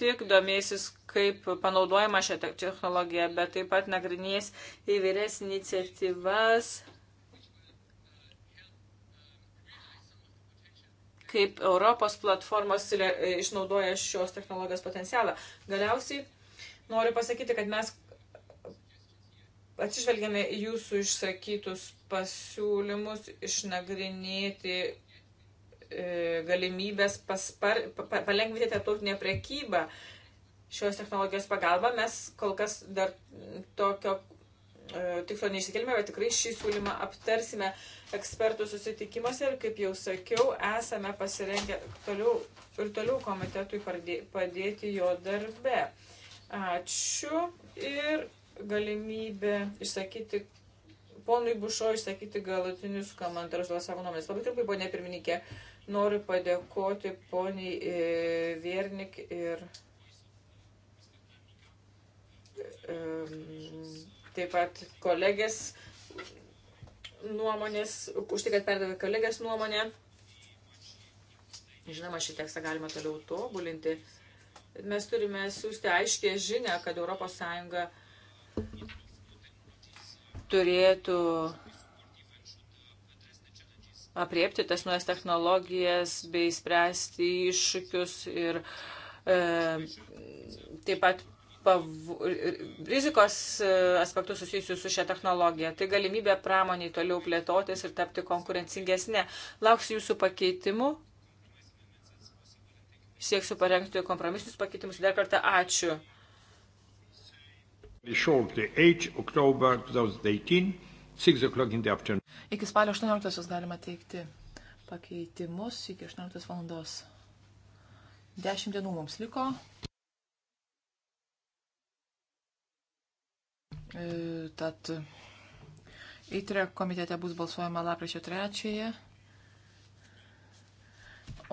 tik domėsis, kaip panaudojama šią technologiją, bet taip pat nagrinės įvairias iniciatyvas, kaip Europos platformos e, išnaudoja šios technologijos potencialą. Galiausiai noriu pasakyti, kad mes atsižvelgiame į jūsų išsakytus pasiūlymus, išnagrinėti e, galimybės paspar, pa, palengvinti tarptautinę prekybą. Šios technologijos pagalba mes kol kas dar tokio e, tikslo neišsikelime, bet tikrai šį siūlymą aptarsime ekspertų susitikimuose ir, kaip jau sakiau, esame pasirengę toliau ir toliau komitetui padėti jo darbe. Ačiū ir galimybė išsakyti ponui Bušo išsakyti galutinius komentarus dėl savo nuomonės. Labai trumpai, ponė pirmininkė, noriu padėkoti poniai e, Viernik ir taip pat kolegės nuomonės, už tai, kad perdavė kolegės nuomonę. Žinoma, šį tekstą galima toliau tobulinti. Mes turime siūsti aiškę žinę, kad ES turėtų apriepti tas nuojas technologijas bei spręsti iššūkius ir e, taip pat pav... rizikos e, aspektus susijusius su šia technologija. Tai galimybė pramoniai toliau plėtotis ir tapti konkurencingesnė. Lauksiu jūsų pakeitimų. Sieksiu parengti kompromisinius pakeitimus. Dar kartą ačiū. Shortly, 8 October 2018, 6 o'clock in the afternoon. Iki spalio 18 galima teikti pakeitimus iki 18 valandos. 10 dienų mums liko. E, tad įtrė e e komitete bus balsuojama lapkričio 3,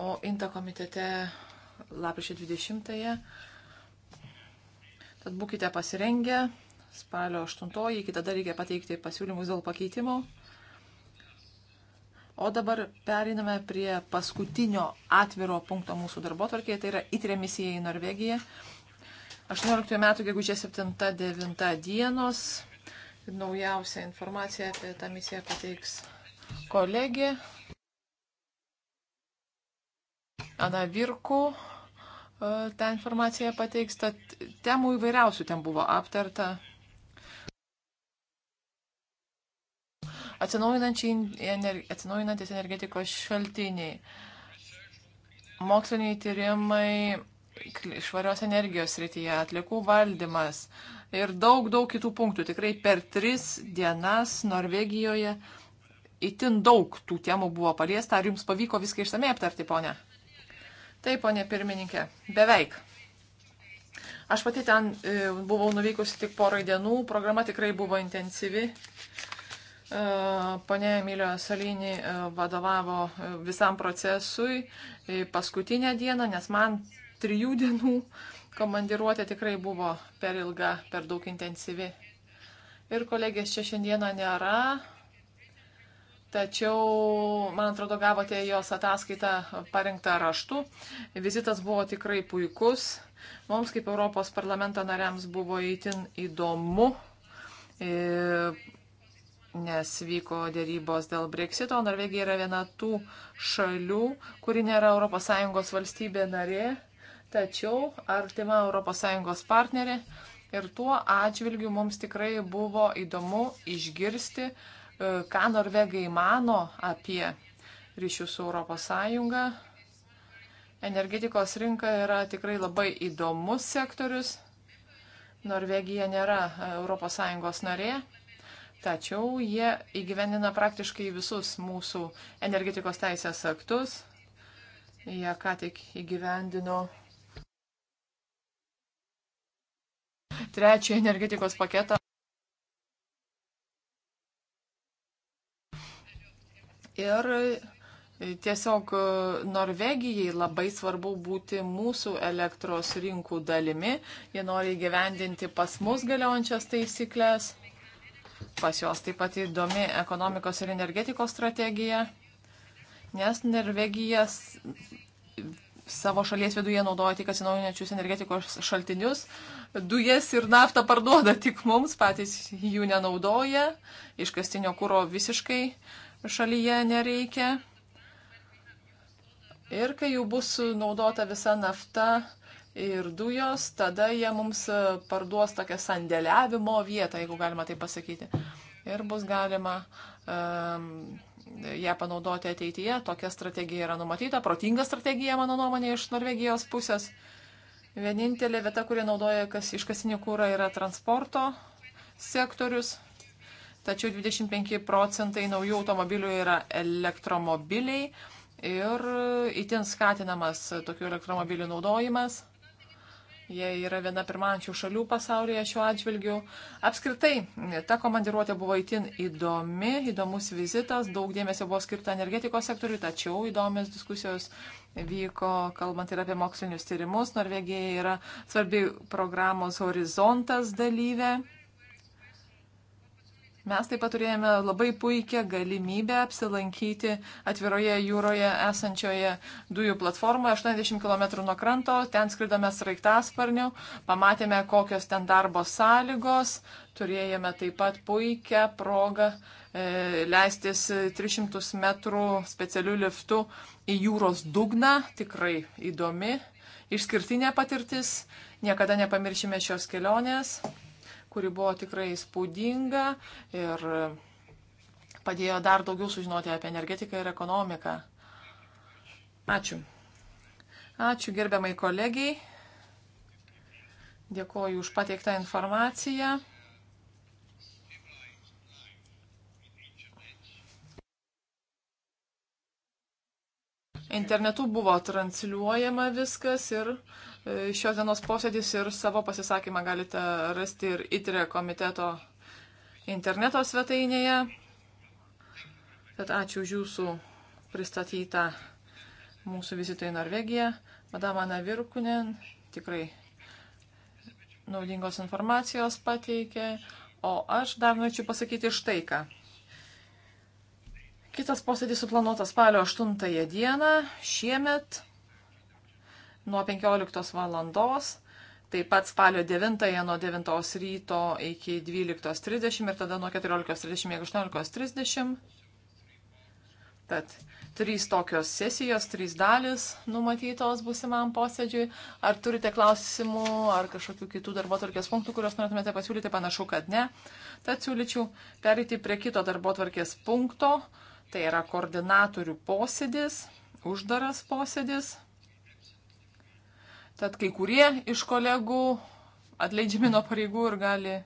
o INTA komitete lapkričio 20. -ąją. Tad būkite pasirengę. Spalio 8 iki tada reikia pateikti pasiūlymus dėl pakeitimų. O dabar periname prie paskutinio atviro punkto mūsų darbo tvarkėje, tai yra įtrė misija į Norvegiją. 18 metų gegužės 7-9 dienos. Naujausia informacija apie tą misiją pateiks kolegė Ana Virku. E, tą informaciją pateiks, tad temų įvairiausių ten buvo aptarta. Atsinaujinantis energetikos šaltiniai, moksliniai tyrimai švarios energijos srityje, atliekų valdymas ir daug, daug kitų punktų. Tikrai per tris dienas Norvegijoje itin daug tų temų buvo paliesta. Ar jums pavyko viską išsamei aptarti, ponė? Taip, ponė pirmininkė, beveik. Aš pati ten e, buvau nuvykusi tik porai dienų, programa tikrai buvo intensyvi. Pane Emilio Salinį e, vadovavo e, visam procesui paskutinę dieną, nes man trijų dienų komandiruotė tikrai buvo per ilga, per daug intensyvi. Ir kolegės čia šiandieną nėra, tačiau, man atrodo, gavote jos ataskaitą parengtą raštu. Vizitas buvo tikrai puikus. Mums kaip Europos parlamento nariams buvo įtin įdomu, e, nes vyko dėrybos dėl Brexito. Norvegija yra viena tų šalių, kuri nėra ES valstybė narė, tačiau artima ES partnerė. Ir tuo atžvilgiu mums tikrai buvo įdomu išgirsti uh, E, ką norvegai mano apie ryšius su ES. Energetikos rinka yra tikrai labai įdomus sektorius. Norvegija nėra ES narė, tačiau jie įgyvenina praktiškai visus mūsų energetikos teisės aktus. Jie ką tik įgyvendino trečią energetikos paketą. Ir e, tiesiog e, Norvegijai labai svarbu būti mūsų elektros rinkų dalimi. Jie nori gyvendinti pas mus galiojančias taisyklės. Pas juos taip pat įdomi ekonomikos ir energetikos strategija, nes Norvegijas savo šalies viduje naudoja tik atsinaujinančius energetikos šaltinius, dujas ir naftą parduoda tik mums, patys jų nenaudoja, iškastinio kūro visiškai šalyje nereikia. Ir kai jau bus naudota visa nafta ir dujos, tada jie mums parduos tokią sandėliavimo vietą, jeigu galima tai pasakyti. Ir bus galima um, ją panaudoti ateityje. Tokia strategija yra numatyta, protinga strategija, mano nuomonė, iš Norvegijos pusės. Vienintelė vieta, kuri naudoja kas, iškasinį kūrą, yra transporto sektorius tačiau 25 procentai naujų automobilių yra elektromobiliai ir itin skatinamas tokių elektromobilių naudojimas. Jie yra viena pirmančių šalių pasaulyje šiuo atžvilgiu. Apskritai, ta komandiruotė buvo itin įdomi, įdomus vizitas, daug dėmesio buvo skirta energetikos sektoriui, tačiau įdomios diskusijos vyko, kalbant ir apie mokslinius tyrimus. Norvegija yra svarbi programos horizontas dalyvė. Mes taip pat turėjome labai puikią galimybę apsilankyti atviroje jūroje esančioje dujų platformoje 80 km nuo kranto. Ten skridome sraigtasparniu, pamatėme, kokios ten darbo sąlygos. Turėjome taip pat puikią progą e, leistis 300 metrų specialių liftų į jūros dugną. Tikrai įdomi, išskirtinė patirtis. Niekada nepamiršime šios kelionės kuri buvo tikrai spūdinga ir padėjo dar daugiau sužinoti apie energetiką ir ekonomiką. Ačiū. Ačiū gerbiamai kolegijai. Dėkoju už pateiktą informaciją. Internetu buvo transliuojama viskas ir šios dienos posėdis ir savo pasisakymą galite rasti ir ITRE komiteto interneto svetainėje. Tad ačiū už jūsų pristatytą mūsų vizitą į Norvegiją. Madama Navirkunen tikrai naudingos informacijos pateikė, o aš dar norėčiau pasakyti štai ką. Kitas posėdis suplanuotas spalio 8 dieną šiemet nuo 15 valandos, taip pat spalio 9 nuo 9 ryto iki 12.30 ir tada nuo 14.30 iki 18.30. Tad trys tokios sesijos, trys dalis numatytos busimam posėdžiui. Ar turite klausimų ar kažkokių kitų darbo tvarkės punktų, kuriuos norėtumėte pasiūlyti, panašu, kad ne. Tad siūlyčiau perėti prie kito darbo tvarkės punkto. Tai yra koordinatorių posėdis, uždaras posėdis. Tad kai kurie iš kolegų atleidžiami nuo pareigų ir gali